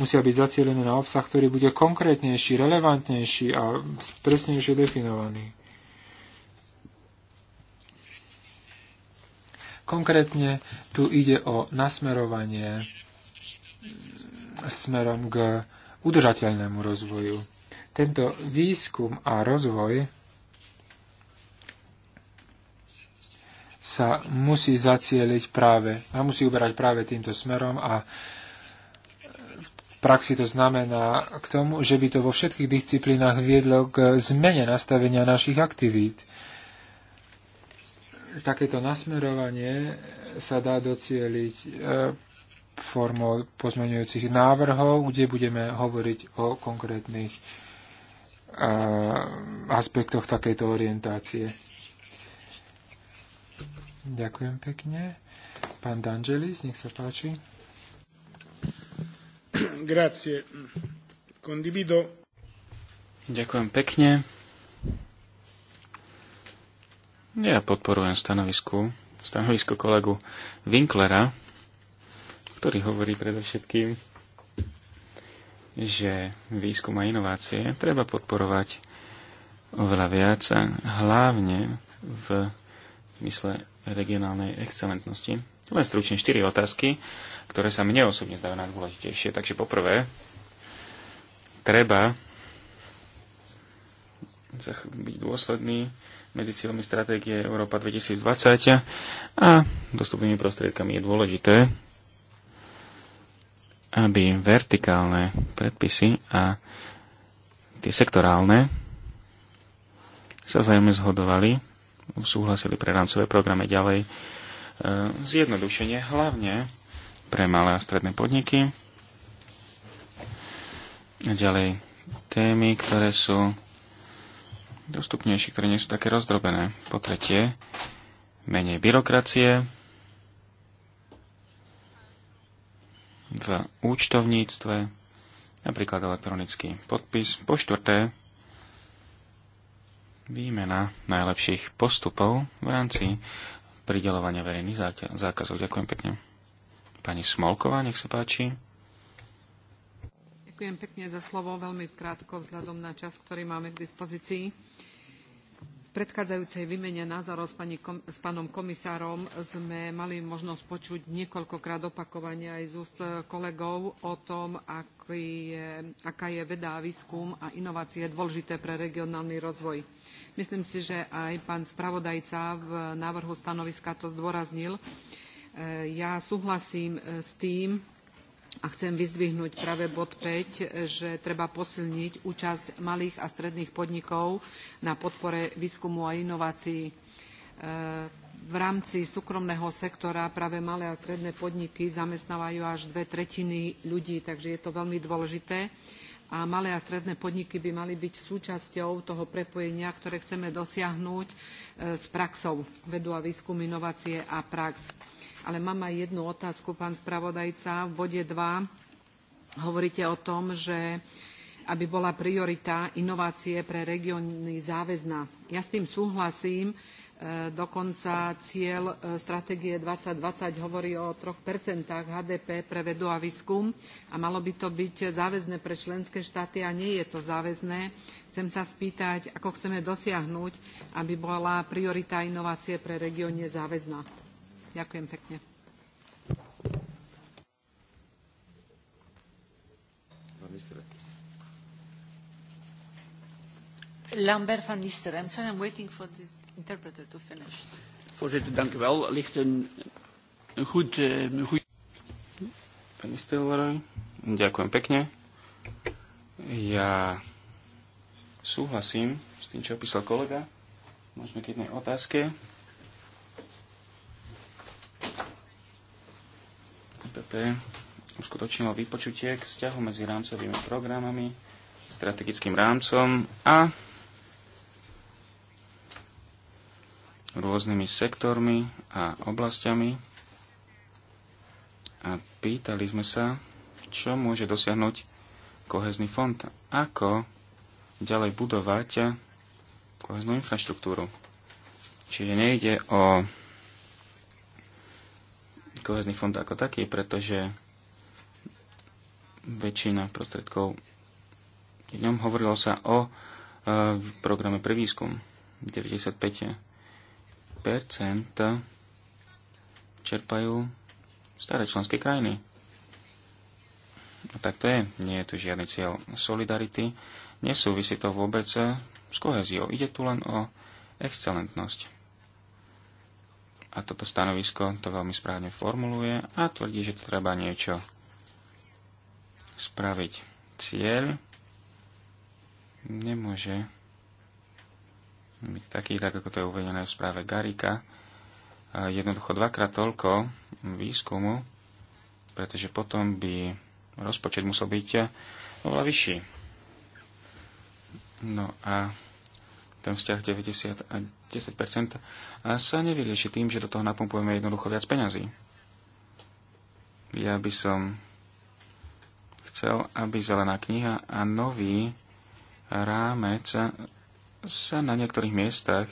musia byť zacielené na obsah, ktorý bude konkrétnejší, relevantnejší a presnejšie definovaný. Konkrétne tu ide o nasmerovanie smerom k udržateľnému rozvoju. Tento výskum a rozvoj sa musí zacieliť práve a musí uberať práve týmto smerom a v praxi to znamená k tomu, že by to vo všetkých disciplínach viedlo k zmene nastavenia našich aktivít. Takéto nasmerovanie sa dá docieliť e, formou pozmeňujúcich návrhov, kde budeme hovoriť o konkrétnych e, aspektoch takejto orientácie. Ďakujem pekne. Pán D'Angelis, nech sa páči. Grazie. Condivido. Ďakujem pekne. Ja podporujem stanovisku, stanovisko kolegu Winklera, ktorý hovorí predovšetkým, že výskum a inovácie treba podporovať oveľa viac, hlavne v mysle regionálnej excelentnosti. Len stručne štyri otázky, ktoré sa mne osobne zdajú najdôležitejšie. Takže poprvé, treba byť dôsledný medzi cieľmi stratégie Európa 2020 a dostupnými prostriedkami je dôležité, aby vertikálne predpisy a tie sektorálne sa vzájomne zhodovali súhlasili pre rámcové programy ďalej. E, zjednodušenie hlavne pre malé a stredné podniky. Ďalej témy, ktoré sú dostupnejšie, ktoré nie sú také rozdrobené. Po tretie, menej byrokracie v účtovníctve, napríklad elektronický podpis. Po štvrté, výmena najlepších postupov v rámci pridelovania verejných zákazov. Ďakujem pekne. Pani Smolková, nech sa páči. Ďakujem pekne za slovo, veľmi krátko vzhľadom na čas, ktorý máme k dispozícii. V predchádzajúcej výmene názorov s, pani, s pánom komisárom sme mali možnosť počuť niekoľkokrát opakovania aj z úst kolegov o tom, aký je, aká je veda a výskum a inovácie dôležité pre regionálny rozvoj Myslím si, že aj pán spravodajca v návrhu stanoviska to zdôraznil. E, ja súhlasím e, s tým, a chcem vyzdvihnúť práve bod 5, e, že treba posilniť účasť malých a stredných podnikov na podpore výskumu a inovácií. V rámci súkromného sektora práve malé a stredné podniky zamestnávajú až dve tretiny ľudí, takže je to veľmi dôležité a malé a stredné podniky by mali byť súčasťou toho prepojenia, ktoré chceme dosiahnuť e, s praxou vedu a výskum, inovácie a prax. Ale mám aj jednu otázku, pán spravodajca. V bode 2 hovoríte o tom, že aby bola priorita inovácie pre regióny záväzná. Ja s tým súhlasím, E, dokonca cieľ e, stratégie 2020 hovorí o 3 HDP pre vedu a výskum a malo by to byť záväzné pre členské štáty a nie je to záväzné. Chcem sa spýtať, ako chceme dosiahnuť, aby bola priorita inovácie pre regióne záväzná. Ďakujem pekne. Lambert van Nistelrooy. I'm sorry, I'm waiting for the interpreter to finish. Voorzitter, dank u wel. Er Ligt een, een goed... Eh, een goed... Pani Stelroy, ďakujem pekne. Ja súhlasím s tým, čo opísal kolega. Možno k jednej otázke. PP uskutočnilo vypočutie k vzťahu medzi rámcovými programami, strategickým rámcom a rôznymi sektormi a oblastiami a pýtali sme sa, čo môže dosiahnuť kohezný fond, ako ďalej budovať koheznú infraštruktúru. Čiže nejde o kohezný fond ako taký, pretože väčšina prostredkov v ňom hovorilo sa o e, v programe pre výskum 95 čerpajú staré členské krajiny. A tak to je. Nie je tu žiadny cieľ solidarity. Nesúvisí to vôbec s koheziou. Ide tu len o excelentnosť. A toto stanovisko to veľmi správne formuluje a tvrdí, že to treba niečo spraviť. Cieľ nemôže taký, tak ako to je uvedené v správe Garika, jednoducho dvakrát toľko výskumu, pretože potom by rozpočet musel byť oveľa vyšší. No a ten vzťah 90 a 10 sa nevyrieši tým, že do toho napumpujeme jednoducho viac peňazí. Ja by som chcel, aby zelená kniha a nový rámec sa na niektorých miestach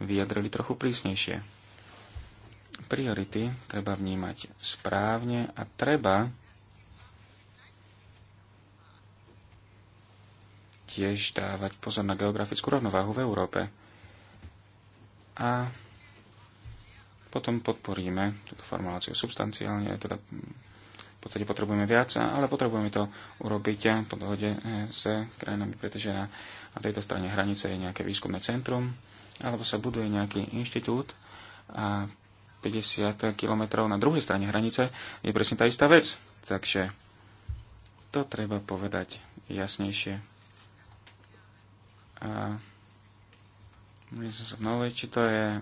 vyjadrili trochu prísnejšie. Priority treba vnímať správne a treba tiež dávať pozor na geografickú rovnováhu v Európe. A potom podporíme túto formuláciu substanciálne, teda v podstate potrebujeme viac, ale potrebujeme to urobiť po dohode s krajinami, pretože na na tejto strane hranice je nejaké výskumné centrum, alebo sa buduje nejaký inštitút a 50 kilometrov na druhej strane hranice je presne tá istá vec. Takže to treba povedať jasnejšie. A myslím sa v či to je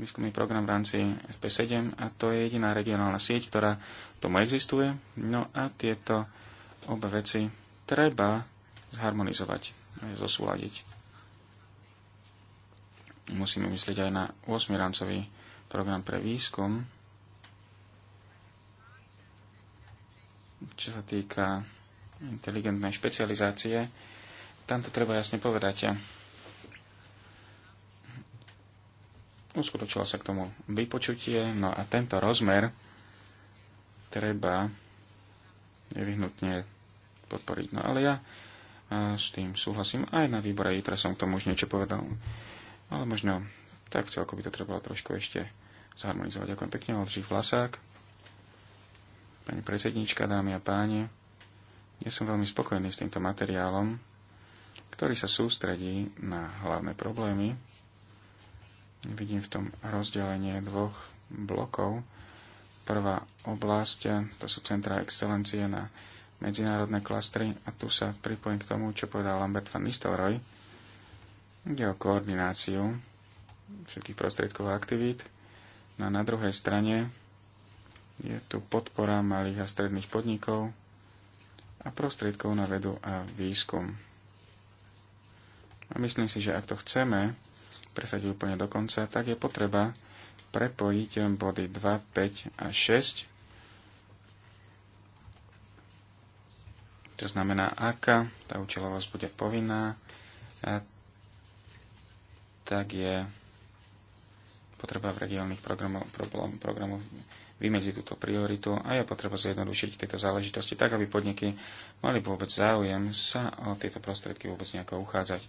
výskumný program v rámci FP7 a to je jediná regionálna sieť, ktorá tomu existuje. No a tieto obe veci treba zharmonizovať, eh, zosúľadiť. Musíme myslieť aj na 8. rámcový program pre výskum, čo sa týka inteligentnej špecializácie. Tam to treba jasne povedať. Eh. Uskutočilo sa k tomu vypočutie, no a tento rozmer treba nevyhnutne podporiť. No ale ja a s tým súhlasím. Aj na výbore ITRA som k tomu už niečo povedal. Ale možno tak celko by to trebalo trošku ešte zharmonizovať. Ďakujem pekne, Oldřich Vlasák. Pani predsednička, dámy a páni. Ja som veľmi spokojný s týmto materiálom, ktorý sa sústredí na hlavné problémy. Vidím v tom rozdelenie dvoch blokov. Prvá oblasť, to sú centra excelencie na medzinárodné klastry a tu sa pripojím k tomu, čo povedal Lambert van Nistelrooy, ide o koordináciu všetkých prostriedkov a aktivít. No a na druhej strane je tu podpora malých a stredných podnikov a prostriedkov na vedu a výskum. A myslím si, že ak to chceme presadiť úplne do konca, tak je potreba prepojiť body 2, 5 a 6 To znamená, aká tá účelovosť bude povinná, eh, tak je potreba v regiálnych programoch, programoch vymedziť túto prioritu a je potreba zjednodušiť tieto záležitosti tak, aby podniky mali vôbec záujem sa o tieto prostriedky vôbec nejako uchádzať.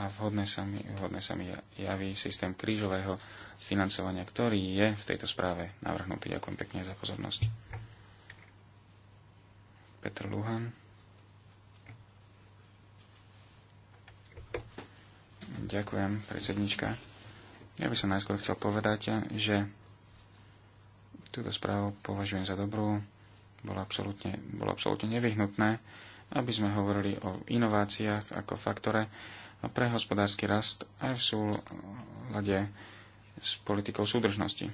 A vhodné sa mi, vhodné sa mi javí systém krížového financovania, ktorý je v tejto správe navrhnutý. Ďakujem pekne za pozornosť. Petr Luhan. Ďakujem, predsednička. Ja by som najskôr chcel povedať, že túto správu považujem za dobrú. Bolo absolútne, bolo absolútne nevyhnutné, aby sme hovorili o inováciách ako faktore pre hospodársky rast aj v súlade s politikou súdržnosti.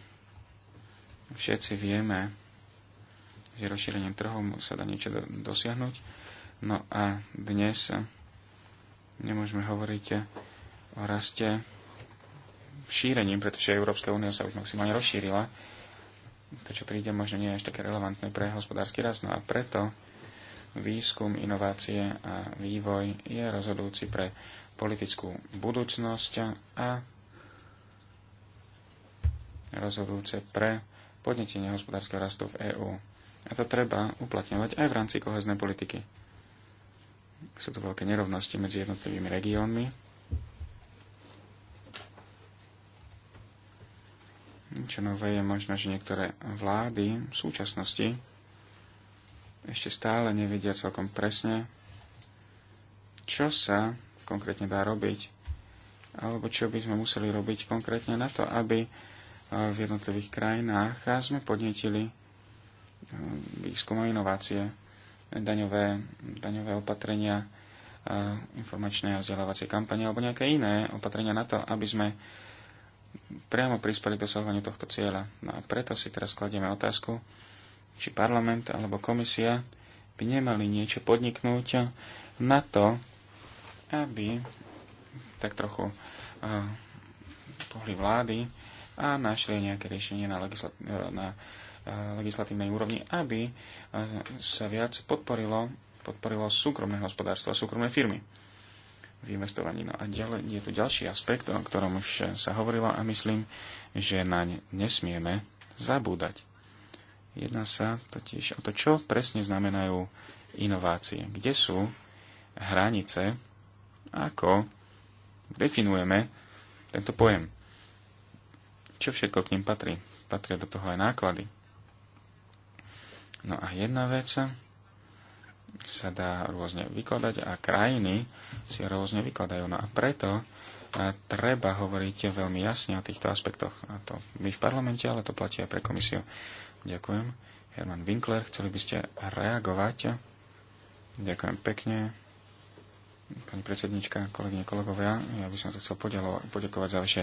Všetci vieme, že rozšírením trhom sa dá niečo dosiahnuť. No a dnes nemôžeme hovoriť o raste šírením, pretože Európska únia sa už maximálne rozšírila. To, čo príde, možno nie je až také relevantné pre hospodársky rast. No a preto výskum, inovácie a vývoj je rozhodujúci pre politickú budúcnosť a rozhodujúce pre podnetenie hospodárskeho rastu v EÚ. A to treba uplatňovať aj v rámci koheznej politiky. Sú tu veľké nerovnosti medzi jednotlivými regiónmi. Čo nové je možno, že niektoré vlády v súčasnosti ešte stále nevedia celkom presne, čo sa konkrétne dá robiť, alebo čo by sme museli robiť konkrétne na to, aby v jednotlivých krajinách sme podnetili Eh, výskum a inovácie, daňové, daňové opatrenia, eh, informačné a vzdelávacie kampane alebo nejaké iné opatrenia na to, aby sme priamo prispeli k dosahovaniu tohto cieľa. No a preto si teraz kladieme otázku, či parlament alebo komisia by nemali niečo podniknúť na to, aby tak trochu eh, pohli vlády a našli nejaké riešenie na, legislat- na Eh, legislatívnej úrovni, aby eh, sa viac podporilo, podporilo súkromné hospodárstvo a súkromné firmy v investovaní. No a ďalej je tu ďalší aspekt, o ktorom už sa hovorilo a myslím, že naň nesmieme zabúdať. Jedná sa totiž o to, čo presne znamenajú inovácie. Kde sú hranice, ako definujeme tento pojem. Čo všetko k ním patrí? Patria do toho aj náklady. No a jedna vec sa dá rôzne vykladať a krajiny si rôzne vykladajú. No a preto a e, treba hovoriť veľmi jasne o týchto aspektoch. A to my v parlamente, ale to platí aj pre komisiu. Ďakujem. Herman Winkler, chceli by ste reagovať? Ďakujem pekne. Pani predsednička, kolegyne, kolegovia, ja by som sa chcel podiakovať za vaše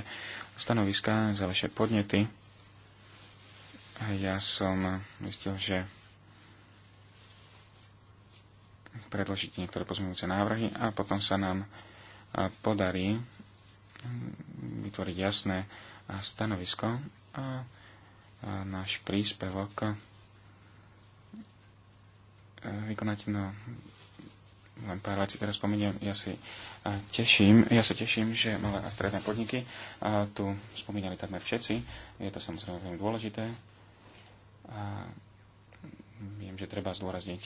stanoviska, za vaše podnety. Ja som myslel, že predložiť niektoré pozmeňujúce návrhy a potom sa nám podarí vytvoriť jasné stanovisko a náš príspevok vykonať no, len pár vecí teraz spomeniem, ja si teším, ja sa teším, že malé a stredné podniky a tu spomínali takmer všetci, je to samozrejme veľmi dôležité a viem, že treba zdôrazniť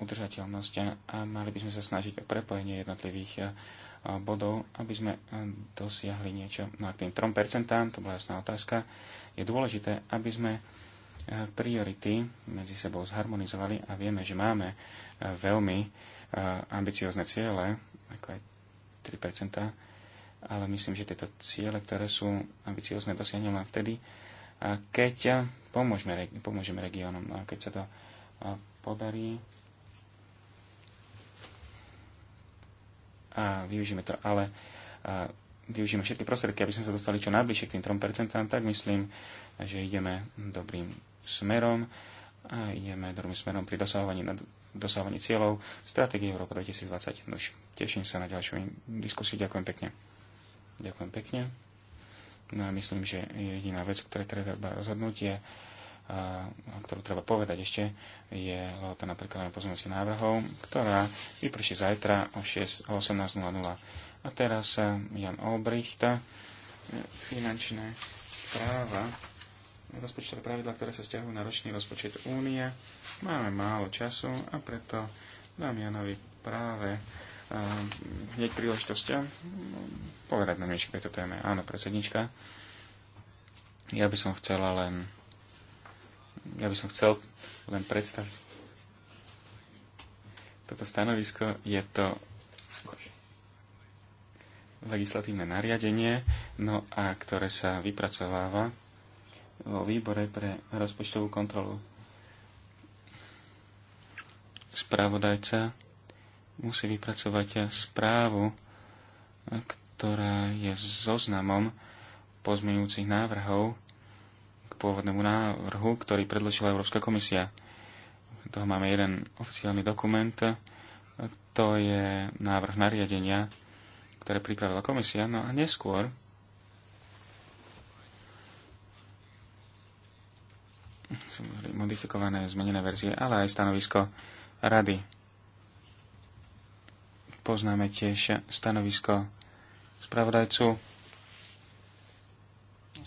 udržateľnosť a mali by sme sa snažiť o prepojenie jednotlivých e, bodov, aby sme e, dosiahli niečo. No a k tým 3%, to bola jasná otázka, je dôležité, aby sme e, priority medzi sebou zharmonizovali a vieme, že máme veľmi ambiciozne ciele, ako aj 3%, ale myslím, že tieto ciele, ktoré sú ambiciozne, dosiahneme len vtedy, keď pomôžeme, pomôžeme regiónom. No a keď sa to podarí, a využijeme to, ale a využijeme všetky prostriedky, aby sme sa dostali čo najbližšie k tým 3%, tak myslím, že ideme dobrým smerom a ideme dobrým smerom pri dosahovaní, na dosahovaní cieľov stratégie Európa 2020. Nož, teším sa na ďalšiu diskusiu. Ďakujem pekne. Ďakujem pekne. No a myslím, že jediná vec, ktorá treba rozhodnúť, je ktorú treba povedať ešte, je lehota na prekladanie pozornosti návrhov, ktorá vyprší zajtra o, 18.00. A teraz e, Jan Olbricht, e, finančné práva, rozpočtové pravidla, ktoré sa vzťahujú na ročný rozpočet únie. Máme málo času a preto dám Janovi práve e, hneď príležitosť povedať na niečo k tejto téme. Áno, predsednička. Ja by som chcela len ja by som chcel len predstaviť. Toto stanovisko je to legislatívne nariadenie, no a ktoré sa vypracováva vo výbore pre rozpočtovú kontrolu. Spravodajca musí vypracovať správu, ktorá je zoznamom pozmeňujúcich návrhov, pôvodnému návrhu, ktorý predložila Európska komisia. Toho máme jeden oficiálny dokument. To je návrh nariadenia, ktoré pripravila komisia. No a neskôr sú modifikované, zmenené verzie, ale aj stanovisko rady. Poznáme tiež stanovisko spravodajcu,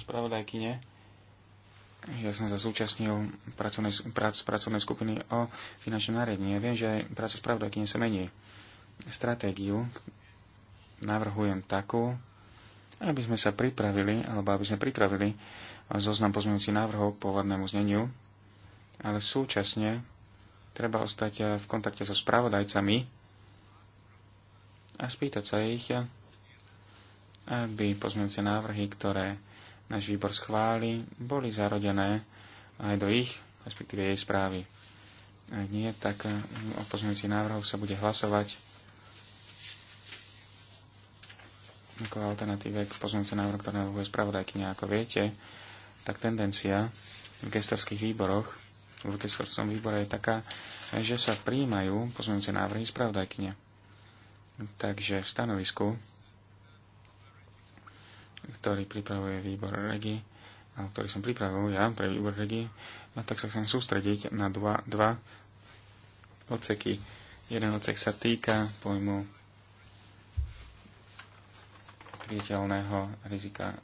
spravodajkyne ja som sa zúčastnil pracovnej, prác, pracovnej skupiny o finančnom nariadení. Ja viem, že aj práca spravodajkyne sa mení. Stratégiu navrhujem takú, aby sme sa pripravili, alebo aby sme pripravili zoznam pozmeňujúcich návrhov pôvodnému zneniu, ale súčasne treba ostať v kontakte so spravodajcami a spýtať sa ich, aby pozmeňujúce návrhy, ktoré náš výbor schváli, boli zarodené aj do ich, respektíve jej správy. Ak nie, tak eh, o pozmeňujúcich návrhoch sa bude hlasovať ako alternatíve k pozmeňujúcich návrhoch, ktoré navrhuje spravodajkynia. Ako viete, tak tendencia v gestorských výboroch, v gestorskom výbore je taká, že sa príjmajú pozmeňujúce návrhy spravodajkyne. Takže v stanovisku ktorý pripravuje výbor regi, ktorý som pripravil ja pre výbor regi, a tak sa chcem sústrediť na dva, dva odseky. Jeden odsek sa týka pojmu priateľného rizika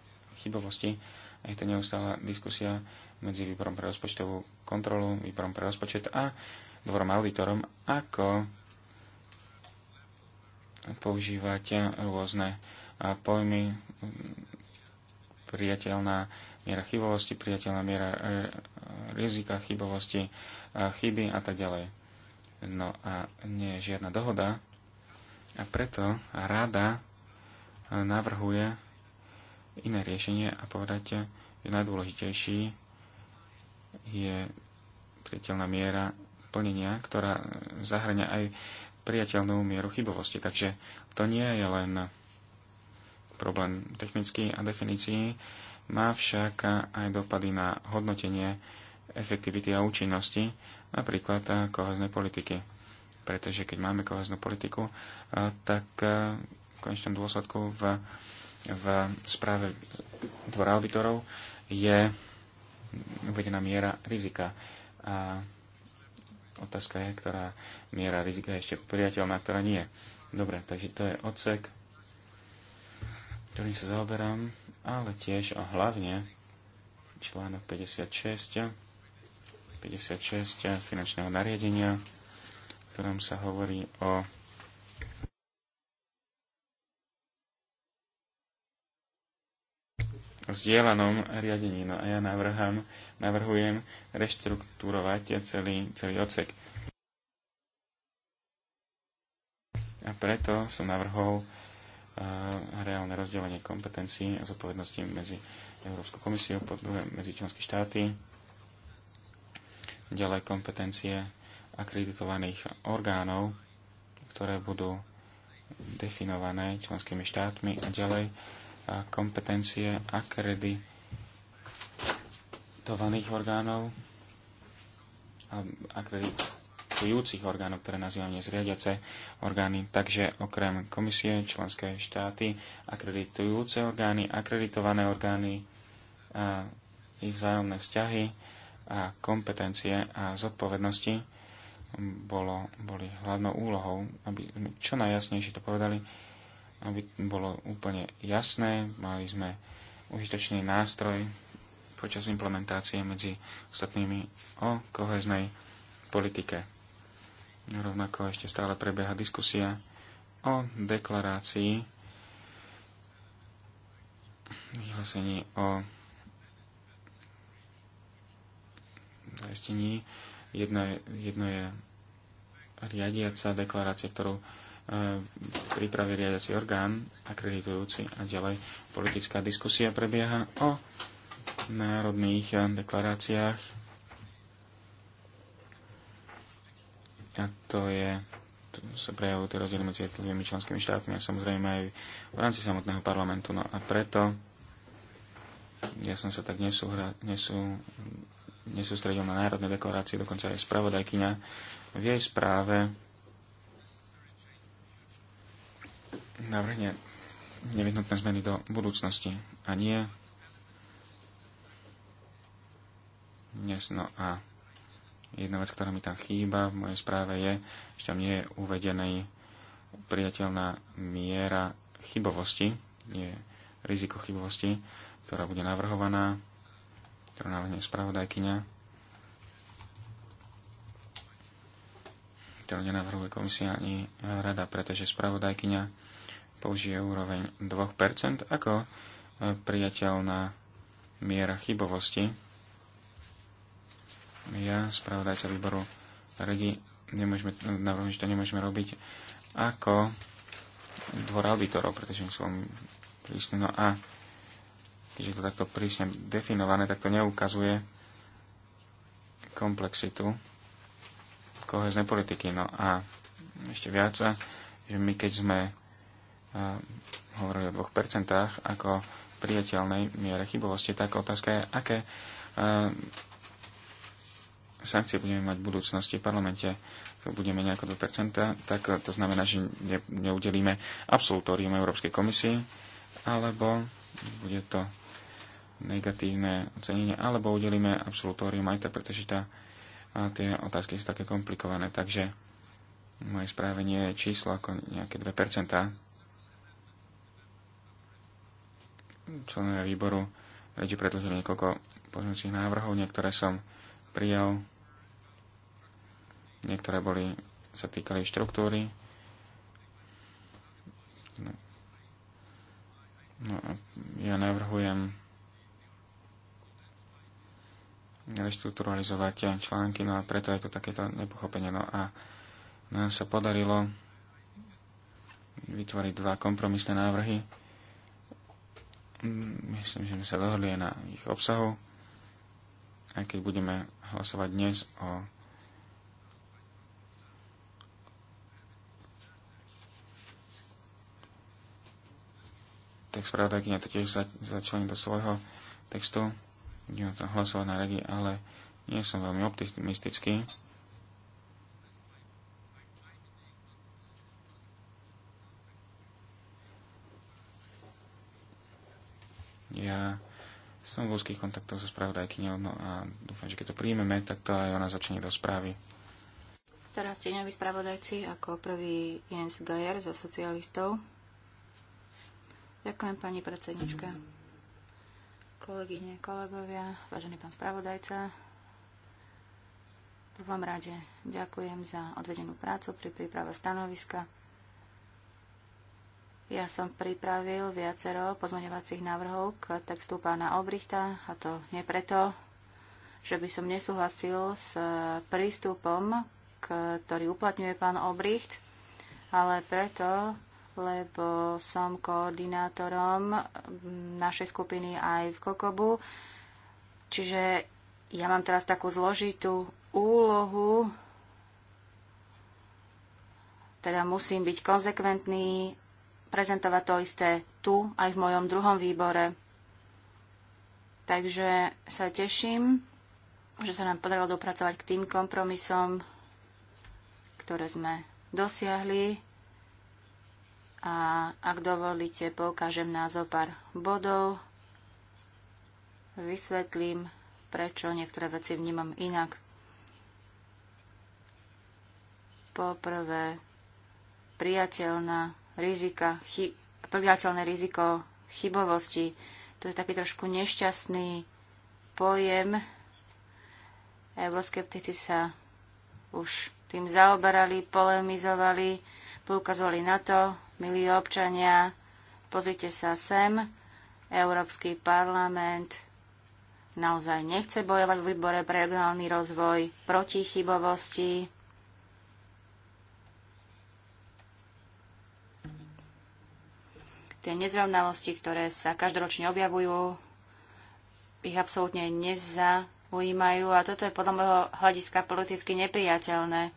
chybovosti. A je to neustála diskusia medzi výborom pre rozpočtovú kontrolu, výborom pre rozpočet a dvorom auditorom, ako používať rôzne a pojmy priateľná miera chybovosti, priateľná miera e, rizika chybovosti, e, chyby a tak ďalej. No a nie je žiadna dohoda a preto rada e, navrhuje iné riešenie a povedať, že najdôležitejší je priateľná miera plnenia, ktorá zahrania aj priateľnú mieru chybovosti. Takže to nie je len Problém technický a definícií má však aj dopady na hodnotenie efektivity a účinnosti, napríklad eh, koheznej politiky. Pretože keď máme koheznú politiku, eh, tak eh, v konečnom dôsledku v, v správe dvora auditorov je uvedená miera rizika. A otázka je, ktorá miera rizika je ešte priateľná, ktorá nie. Dobre, takže to je odsek ktorým sa zaoberám, ale tiež a hlavne článok 56, 56 finančného nariadenia, v ktorom sa hovorí o vzdielanom riadení. No a ja navrhám, navrhujem reštruktúrovať celý, celý odsek. A preto som navrhol reálne rozdelenie kompetencií a zodpovednosti medzi Európskou komisiou, po druhé medzi členské štáty, ďalej kompetencie akreditovaných orgánov, ktoré budú definované členskými štátmi a ďalej kompetencie akreditovaných orgánov a akreditovaných riadiacich orgánov, ktoré nazývame dnes riadiace orgány. Takže okrem komisie, členské štáty, akreditujúce orgány, akreditované orgány, a ich vzájomné vzťahy a kompetencie a zodpovednosti bolo, boli hlavnou úlohou, aby čo najjasnejšie to povedali, aby bolo úplne jasné. Mali sme užitočný nástroj počas implementácie medzi ostatnými o koheznej politike. Rovnako ešte stále prebieha diskusia o deklarácii vyhlásení o zaistení. Jedno je, jedno je riadiaca deklarácia, ktorú e, pripraví riadiaci orgán akreditujúci a ďalej politická diskusia prebieha o národných e, deklaráciách A to je, tu sa prejavujú tie rozdiely medzi jednotlivými členskými štátmi a samozrejme aj v rámci samotného parlamentu. No a preto ja som sa tak nesúhra, nesú, nesústredil na národné deklarácie, dokonca aj spravodajkyňa v jej správe navrhne nevyhnutné zmeny do budúcnosti a nie dnes. No a Jedna vec, ktorá mi tam chýba v mojej správe je, že tam nie je uvedený priateľná miera chybovosti, je riziko chybovosti, ktorá bude navrhovaná, ktorú navrhne spravodajkyňa. ktorú nenavrhuje komisia ani rada, pretože spravodajkyňa použije úroveň 2% ako priateľná miera chybovosti ja, spravodajca výboru regi, nemôžeme, navrhujem, že to nemôžeme robiť ako dvor auditorov, pretože sú prísne. No a keďže to takto prísne definované, tak to neukazuje komplexitu koheznej politiky. No a ešte viac, že my keď sme uh, hovorili o 2% ako priateľnej miere chybovosti, tak otázka je, aké uh, sankcie budeme mať v budúcnosti v parlamente, to budeme nejako 2%, tak to znamená, že ne, neudelíme absolutórium Európskej komisii, alebo bude to negatívne ocenenie, alebo udelíme absolutórium aj tak, pretože tá, a tie otázky sú také komplikované. Takže moje správe nie je číslo ako nejaké 2%. Členovia výboru radi predložili niekoľko pozmeňujúcich návrhov, niektoré som prijal. Niektoré boli, sa týkali štruktúry. No. No ja navrhujem reštrukturalizovať články, no a preto je to takéto nepochopenie. No a nám sa podarilo vytvoriť dva kompromisné návrhy. Myslím, že sme sa dohodli aj na ich obsahu, aj keď budeme hlasovať dnes o tak spravodajkynia to tiež za, začlení do svojho textu. Budeme to hlasovať na regi, ale nie som veľmi optimistický. Ja som v úzkých kontaktoch so spravodajkyňou no a dúfam, že keď to príjmeme, tak to aj ona začne do správy. Teraz tieňoví spravodajci ako prvý Jens Geier za socialistov. Ďakujem pani predsednička. Kolegyne, kolegovia, vážený pán spravodajca, v prvom rade ďakujem za odvedenú prácu pri príprave stanoviska ja som pripravil viacero pozmeňovacích návrhov k textu pána Obrichta, a to nie preto, že by som nesúhlasil s prístupom, ktorý uplatňuje pán Obricht, ale preto, lebo som koordinátorom našej skupiny aj v Kokobu. Čiže ja mám teraz takú zložitú úlohu, teda musím byť konzekventný prezentovať to isté tu, aj v mojom druhom výbore. Takže sa teším, že sa nám podarilo dopracovať k tým kompromisom, ktoré sme dosiahli. A ak dovolíte, poukážem na zo pár bodov. Vysvetlím, prečo niektoré veci vnímam inak. Poprvé, priateľná rizika, chy, predvidateľné riziko chybovosti. To je taký trošku nešťastný pojem. Euroskeptici sa už tým zaoberali, polemizovali, poukazovali na to, milí občania, pozrite sa sem, Európsky parlament naozaj nechce bojovať v výbore pre regionálny rozvoj proti chybovosti Tie nezrovnalosti, ktoré sa každoročne objavujú, ich absolútne nezaujímajú a toto je podľa môjho hľadiska politicky nepriateľné.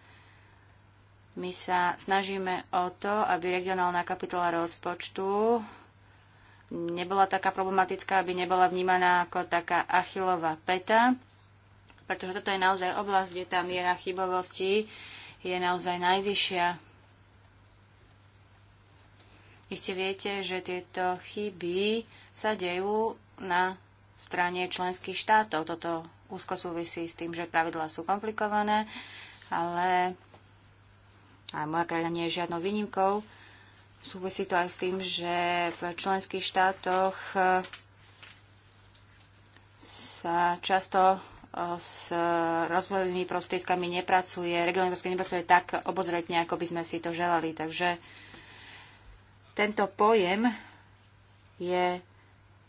My sa snažíme o to, aby regionálna kapitola rozpočtu nebola taká problematická, aby nebola vnímaná ako taká achilová peta, pretože toto je naozaj oblasť, kde tá miera chybovosti je naozaj najvyššia. Iste viete, že tieto chyby sa dejú na strane členských štátov. Toto úzko súvisí s tým, že pravidlá sú komplikované, ale aj moja krajina nie je žiadnou výnimkou. Súvisí to aj s tým, že v členských štátoch eh, sa často eh, s rozvojovými prostriedkami nepracuje, regionálne nepracuje tak obozretne, ako by sme si to želali. Takže tento pojem je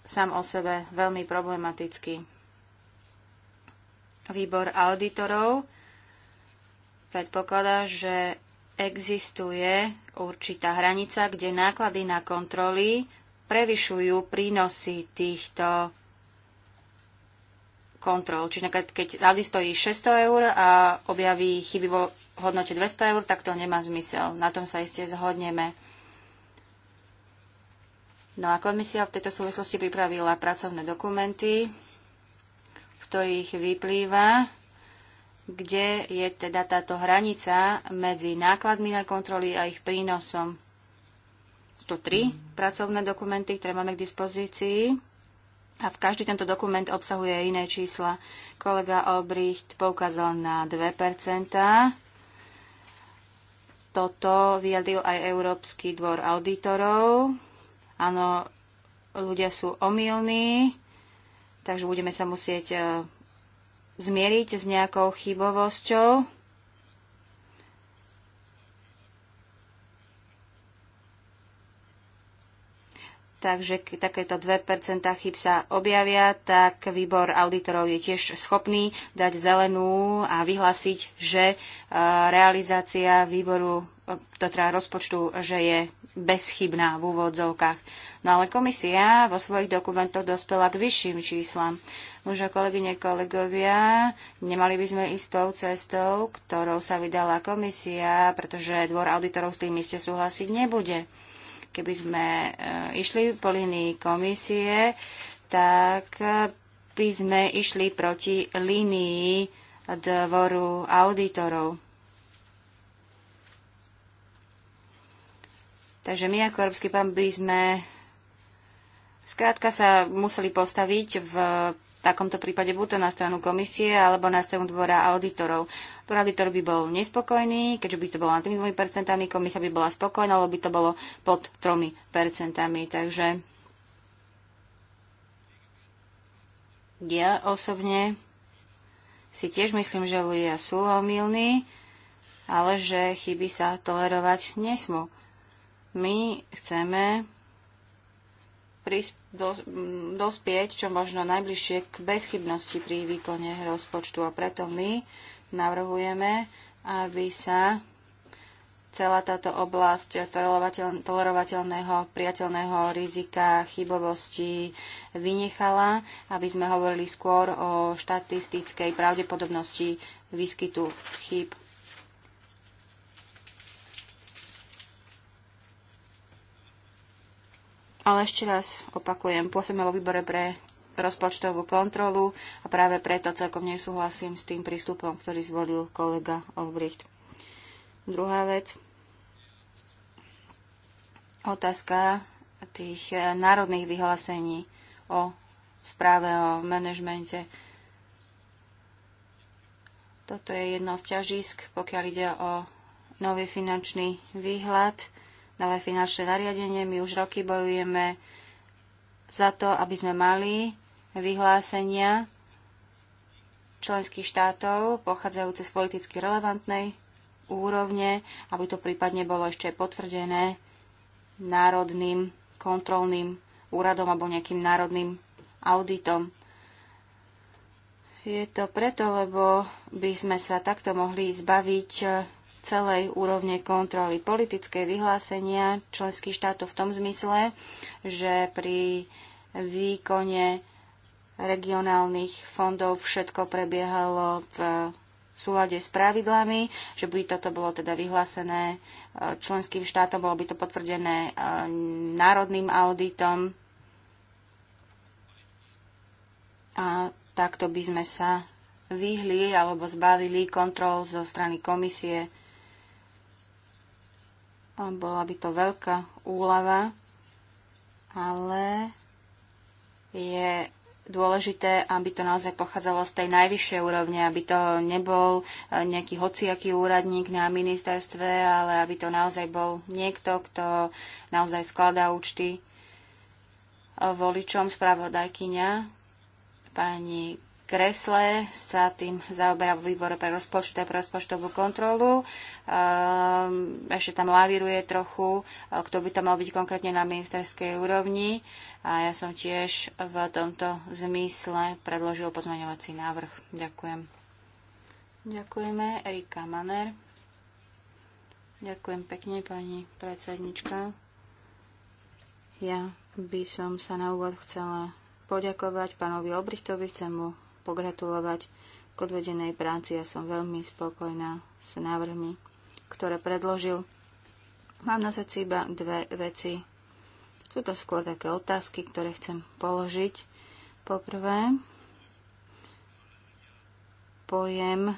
sám o sebe veľmi problematický. Výbor auditorov predpokladá, že existuje určitá hranica, kde náklady na kontroly prevyšujú prínosy týchto kontrol. Čiže keď audit stojí 600 eur a objaví chyby vo hodnote 200 eur, tak to nemá zmysel. Na tom sa iste zhodneme. No a komisia v tejto súvislosti pripravila pracovné dokumenty, z ktorých vyplýva, kde je teda táto hranica medzi nákladmi na kontroly a ich prínosom. Sú to tri pracovné dokumenty, ktoré máme k dispozícii. A v každý tento dokument obsahuje iné čísla. Kolega Obricht poukázal na 2 Toto vyjadil aj Európsky dvor auditorov Áno, ľudia sú omylní, takže budeme sa musieť e, zmieriť s nejakou chybovosťou. Takže keď takéto 2% chyb sa objavia, tak výbor auditorov je tiež schopný dať zelenú a vyhlásiť, že e, realizácia výboru, to e, teda rozpočtu, že je bezchybná v úvodzovkách. No ale komisia vo svojich dokumentoch dospela k vyšším číslam. Už kolegyne, kolegovia, nemali by sme ísť tou cestou, ktorou sa vydala komisia, pretože dvor auditorov s tým iste súhlasiť nebude. Keby sme e, išli po línii komisie, tak e, by sme išli proti línii dvoru auditorov. Takže my ako Európsky pán by sme skrátka sa museli postaviť v takomto prípade buď to na stranu komisie alebo na stranu dvora auditorov. Dvor auditor by bol nespokojný, keďže by to bolo nad 3 percentami, komisia by bola spokojná, lebo by to bolo pod 3 percentami. Takže ja osobne si tiež myslím, že ľudia sú omilní, ale že chyby sa tolerovať nesmú. My chceme mm, dospieť čo možno najbližšie k bezchybnosti pri výkone rozpočtu a preto my navrhujeme, aby sa celá táto oblasť tolerovateľného, priateľného rizika, chybovosti vynechala, aby sme hovorili skôr o štatistickej pravdepodobnosti výskytu chyb Ale ešte raz opakujem, pôsobíme vo výbore pre rozpočtovú kontrolu a práve preto celkom nesúhlasím s tým prístupom, ktorý zvolil kolega Olbricht. Druhá vec. Otázka tých eh, národných vyhlásení o správe o manažmente. Toto je jedno z ťažisk, pokiaľ ide o nový finančný výhľad nové finančné nariadenie. My už roky bojujeme za to, aby sme mali vyhlásenia členských štátov pochádzajúce z politicky relevantnej úrovne, aby to prípadne bolo ešte potvrdené národným kontrolným úradom alebo nejakým národným auditom. Je to preto, lebo by sme sa takto mohli zbaviť celej úrovne kontroly. Politické vyhlásenia členských štátov v tom zmysle, že pri výkone regionálnych fondov všetko prebiehalo v súlade s pravidlami, že by toto bolo teda vyhlásené e, členským štátom, bolo by to potvrdené e, národným auditom. A takto by sme sa vyhli alebo zbavili kontrol zo strany komisie bola by to veľká úlava, ale je dôležité, aby to naozaj pochádzalo z tej najvyššej úrovne, aby to nebol e, nejaký hociaký úradník na ministerstve, ale aby to naozaj bol niekto, kto naozaj skladá účty voličom spravodajkyňa pani kresle sa tým zaoberá výbor výbore pre rozpočtu a pre rozpočtovú kontrolu. Ehm, ešte tam lavíruje trochu, eh, kto by to mal byť konkrétne na ministerskej úrovni. A ja som tiež v tomto zmysle predložil pozmaňovací návrh. Ďakujem. Ďakujeme. Erika Maner. Ďakujem pekne, pani predsednička. Ja by som sa na úvod chcela poďakovať pánovi Obrichtovi, chcem mu pogratulovať k odvedenej práci. Ja som veľmi spokojná s návrhmi, ktoré predložil. Mám na srdci iba dve veci. Sú to skôr také otázky, ktoré chcem položiť. Poprvé, pojem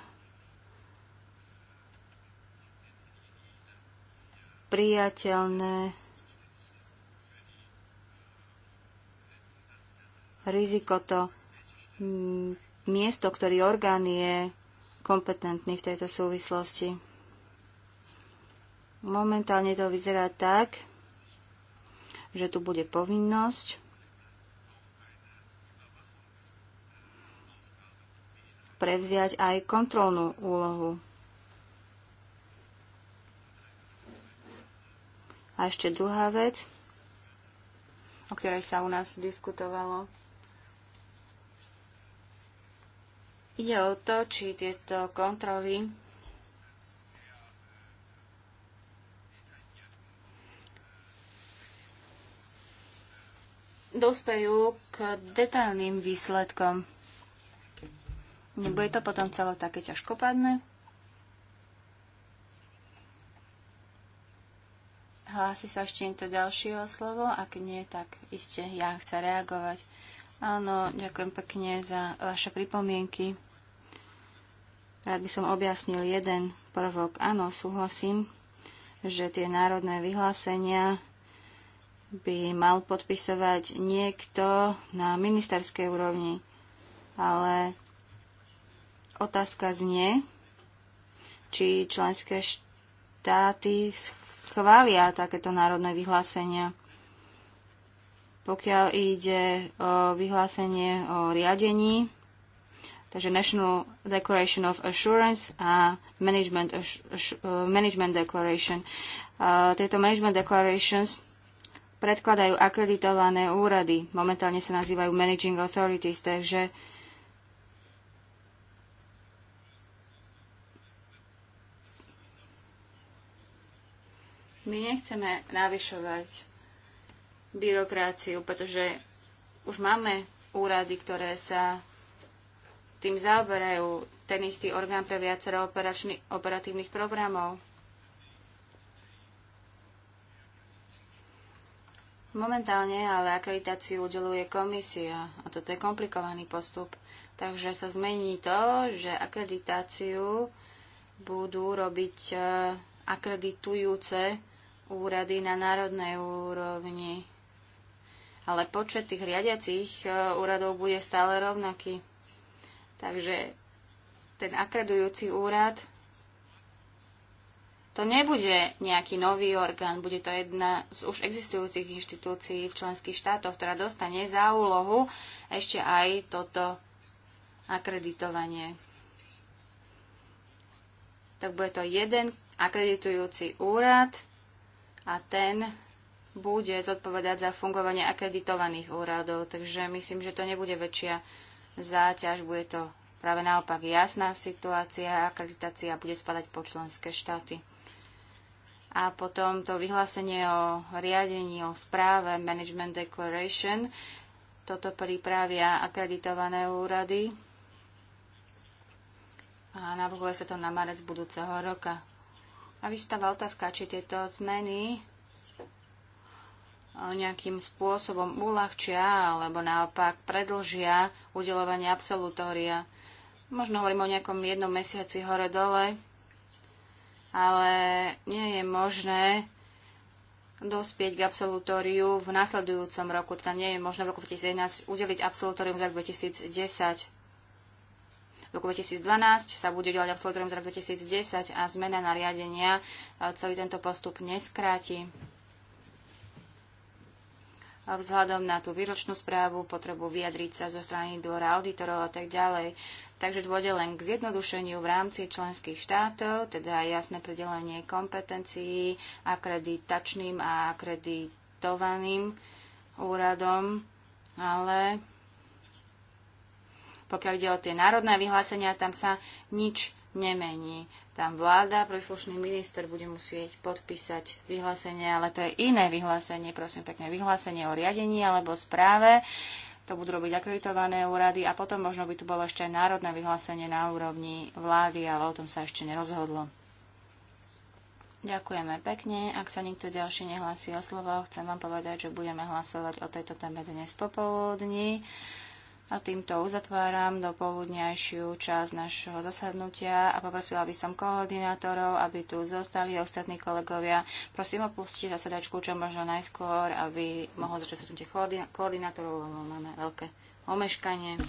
priateľné riziko to miesto, ktorý orgán je kompetentný v tejto súvislosti. Momentálne to vyzerá tak, že tu bude povinnosť prevziať aj kontrolnú úlohu. A ešte druhá vec, o ktorej sa u nás diskutovalo. Ide o to, či tieto kontroly dospejú k detailným výsledkom. Nebude to potom celé také ťažkopadné? Hlási sa ešte niekto ďalšie slovo? Ak nie, tak iste ja chcem reagovať. Áno, ďakujem pekne za vaše pripomienky. Rád by som objasnil jeden prvok. Áno, súhlasím, že tie národné vyhlásenia by mal podpisovať niekto na ministerskej úrovni. Ale otázka znie, či členské štáty schvália takéto národné vyhlásenia. Pokiaľ ide o vyhlásenie o riadení, takže National Declaration of Assurance a Management, Assur- uh, Management Declaration. Uh, tieto Management Declarations predkladajú akreditované úrady. Momentálne sa nazývajú Managing Authorities, takže my nechceme navyšovať byrokraciu, pretože už máme úrady, ktoré sa tým zaoberajú ten istý orgán pre viacero operatívnych programov. Momentálne ale akreditáciu udeluje komisia a toto je komplikovaný postup. Takže sa zmení to, že akreditáciu budú robiť e, akreditujúce úrady na národnej úrovni. Ale počet tých riadiacich e, úradov bude stále rovnaký. Takže ten akredujúci úrad to nebude nejaký nový orgán, bude to jedna z už existujúcich inštitúcií v členských štátoch, ktorá dostane za úlohu ešte aj toto akreditovanie. Tak bude to jeden akreditujúci úrad a ten bude zodpovedať za fungovanie akreditovaných úradov. Takže myslím, že to nebude väčšia záťaž, bude to práve naopak jasná situácia a akreditácia bude spadať po členské štáty. A potom to vyhlásenie o riadení, o správe, Management Declaration, toto pripravia akreditované úrady a navrhuje sa to na marec budúceho roka. A vystáva otázka, či tieto zmeny nejakým spôsobom uľahčia alebo naopak predlžia udelovanie absolutória. Možno hovorím o nejakom jednom mesiaci hore-dole, ale nie je možné dospieť k absolutóriu v nasledujúcom roku. Teda nie je možné v roku 2011 udeliť absolutórium za rok 2010. V roku 2012 sa bude udelať absolutórium za rok 2010 a zmena nariadenia celý tento postup neskráti vzhľadom na tú výročnú správu, potrebu vyjadriť sa zo strany dvora auditorov a tak ďalej. Takže dôjde len k zjednodušeniu v rámci členských štátov, teda jasné predelenie kompetencií akreditačným a akreditovaným úradom, ale pokiaľ ide o tie národné vyhlásenia, tam sa nič nemení. Tam vláda, príslušný minister bude musieť podpísať vyhlásenie, ale to je iné vyhlásenie, prosím pekne, vyhlásenie o riadení alebo správe. To budú robiť akreditované úrady a potom možno by tu bolo ešte aj národné vyhlásenie na úrovni vlády, ale o tom sa ešte nerozhodlo. Ďakujeme pekne. Ak sa nikto ďalší nehlasí o slovo, chcem vám povedať, že budeme hlasovať o tejto téme dnes popoludní. A týmto uzatváram do poludňajšiu časť našho zasadnutia a poprosila by som koordinátorov, aby tu zostali ostatní kolegovia. Prosím opustiť zasadačku čo možno najskôr, aby mohol začať zasadnutie koordinátorov, lebo máme veľké omeškanie.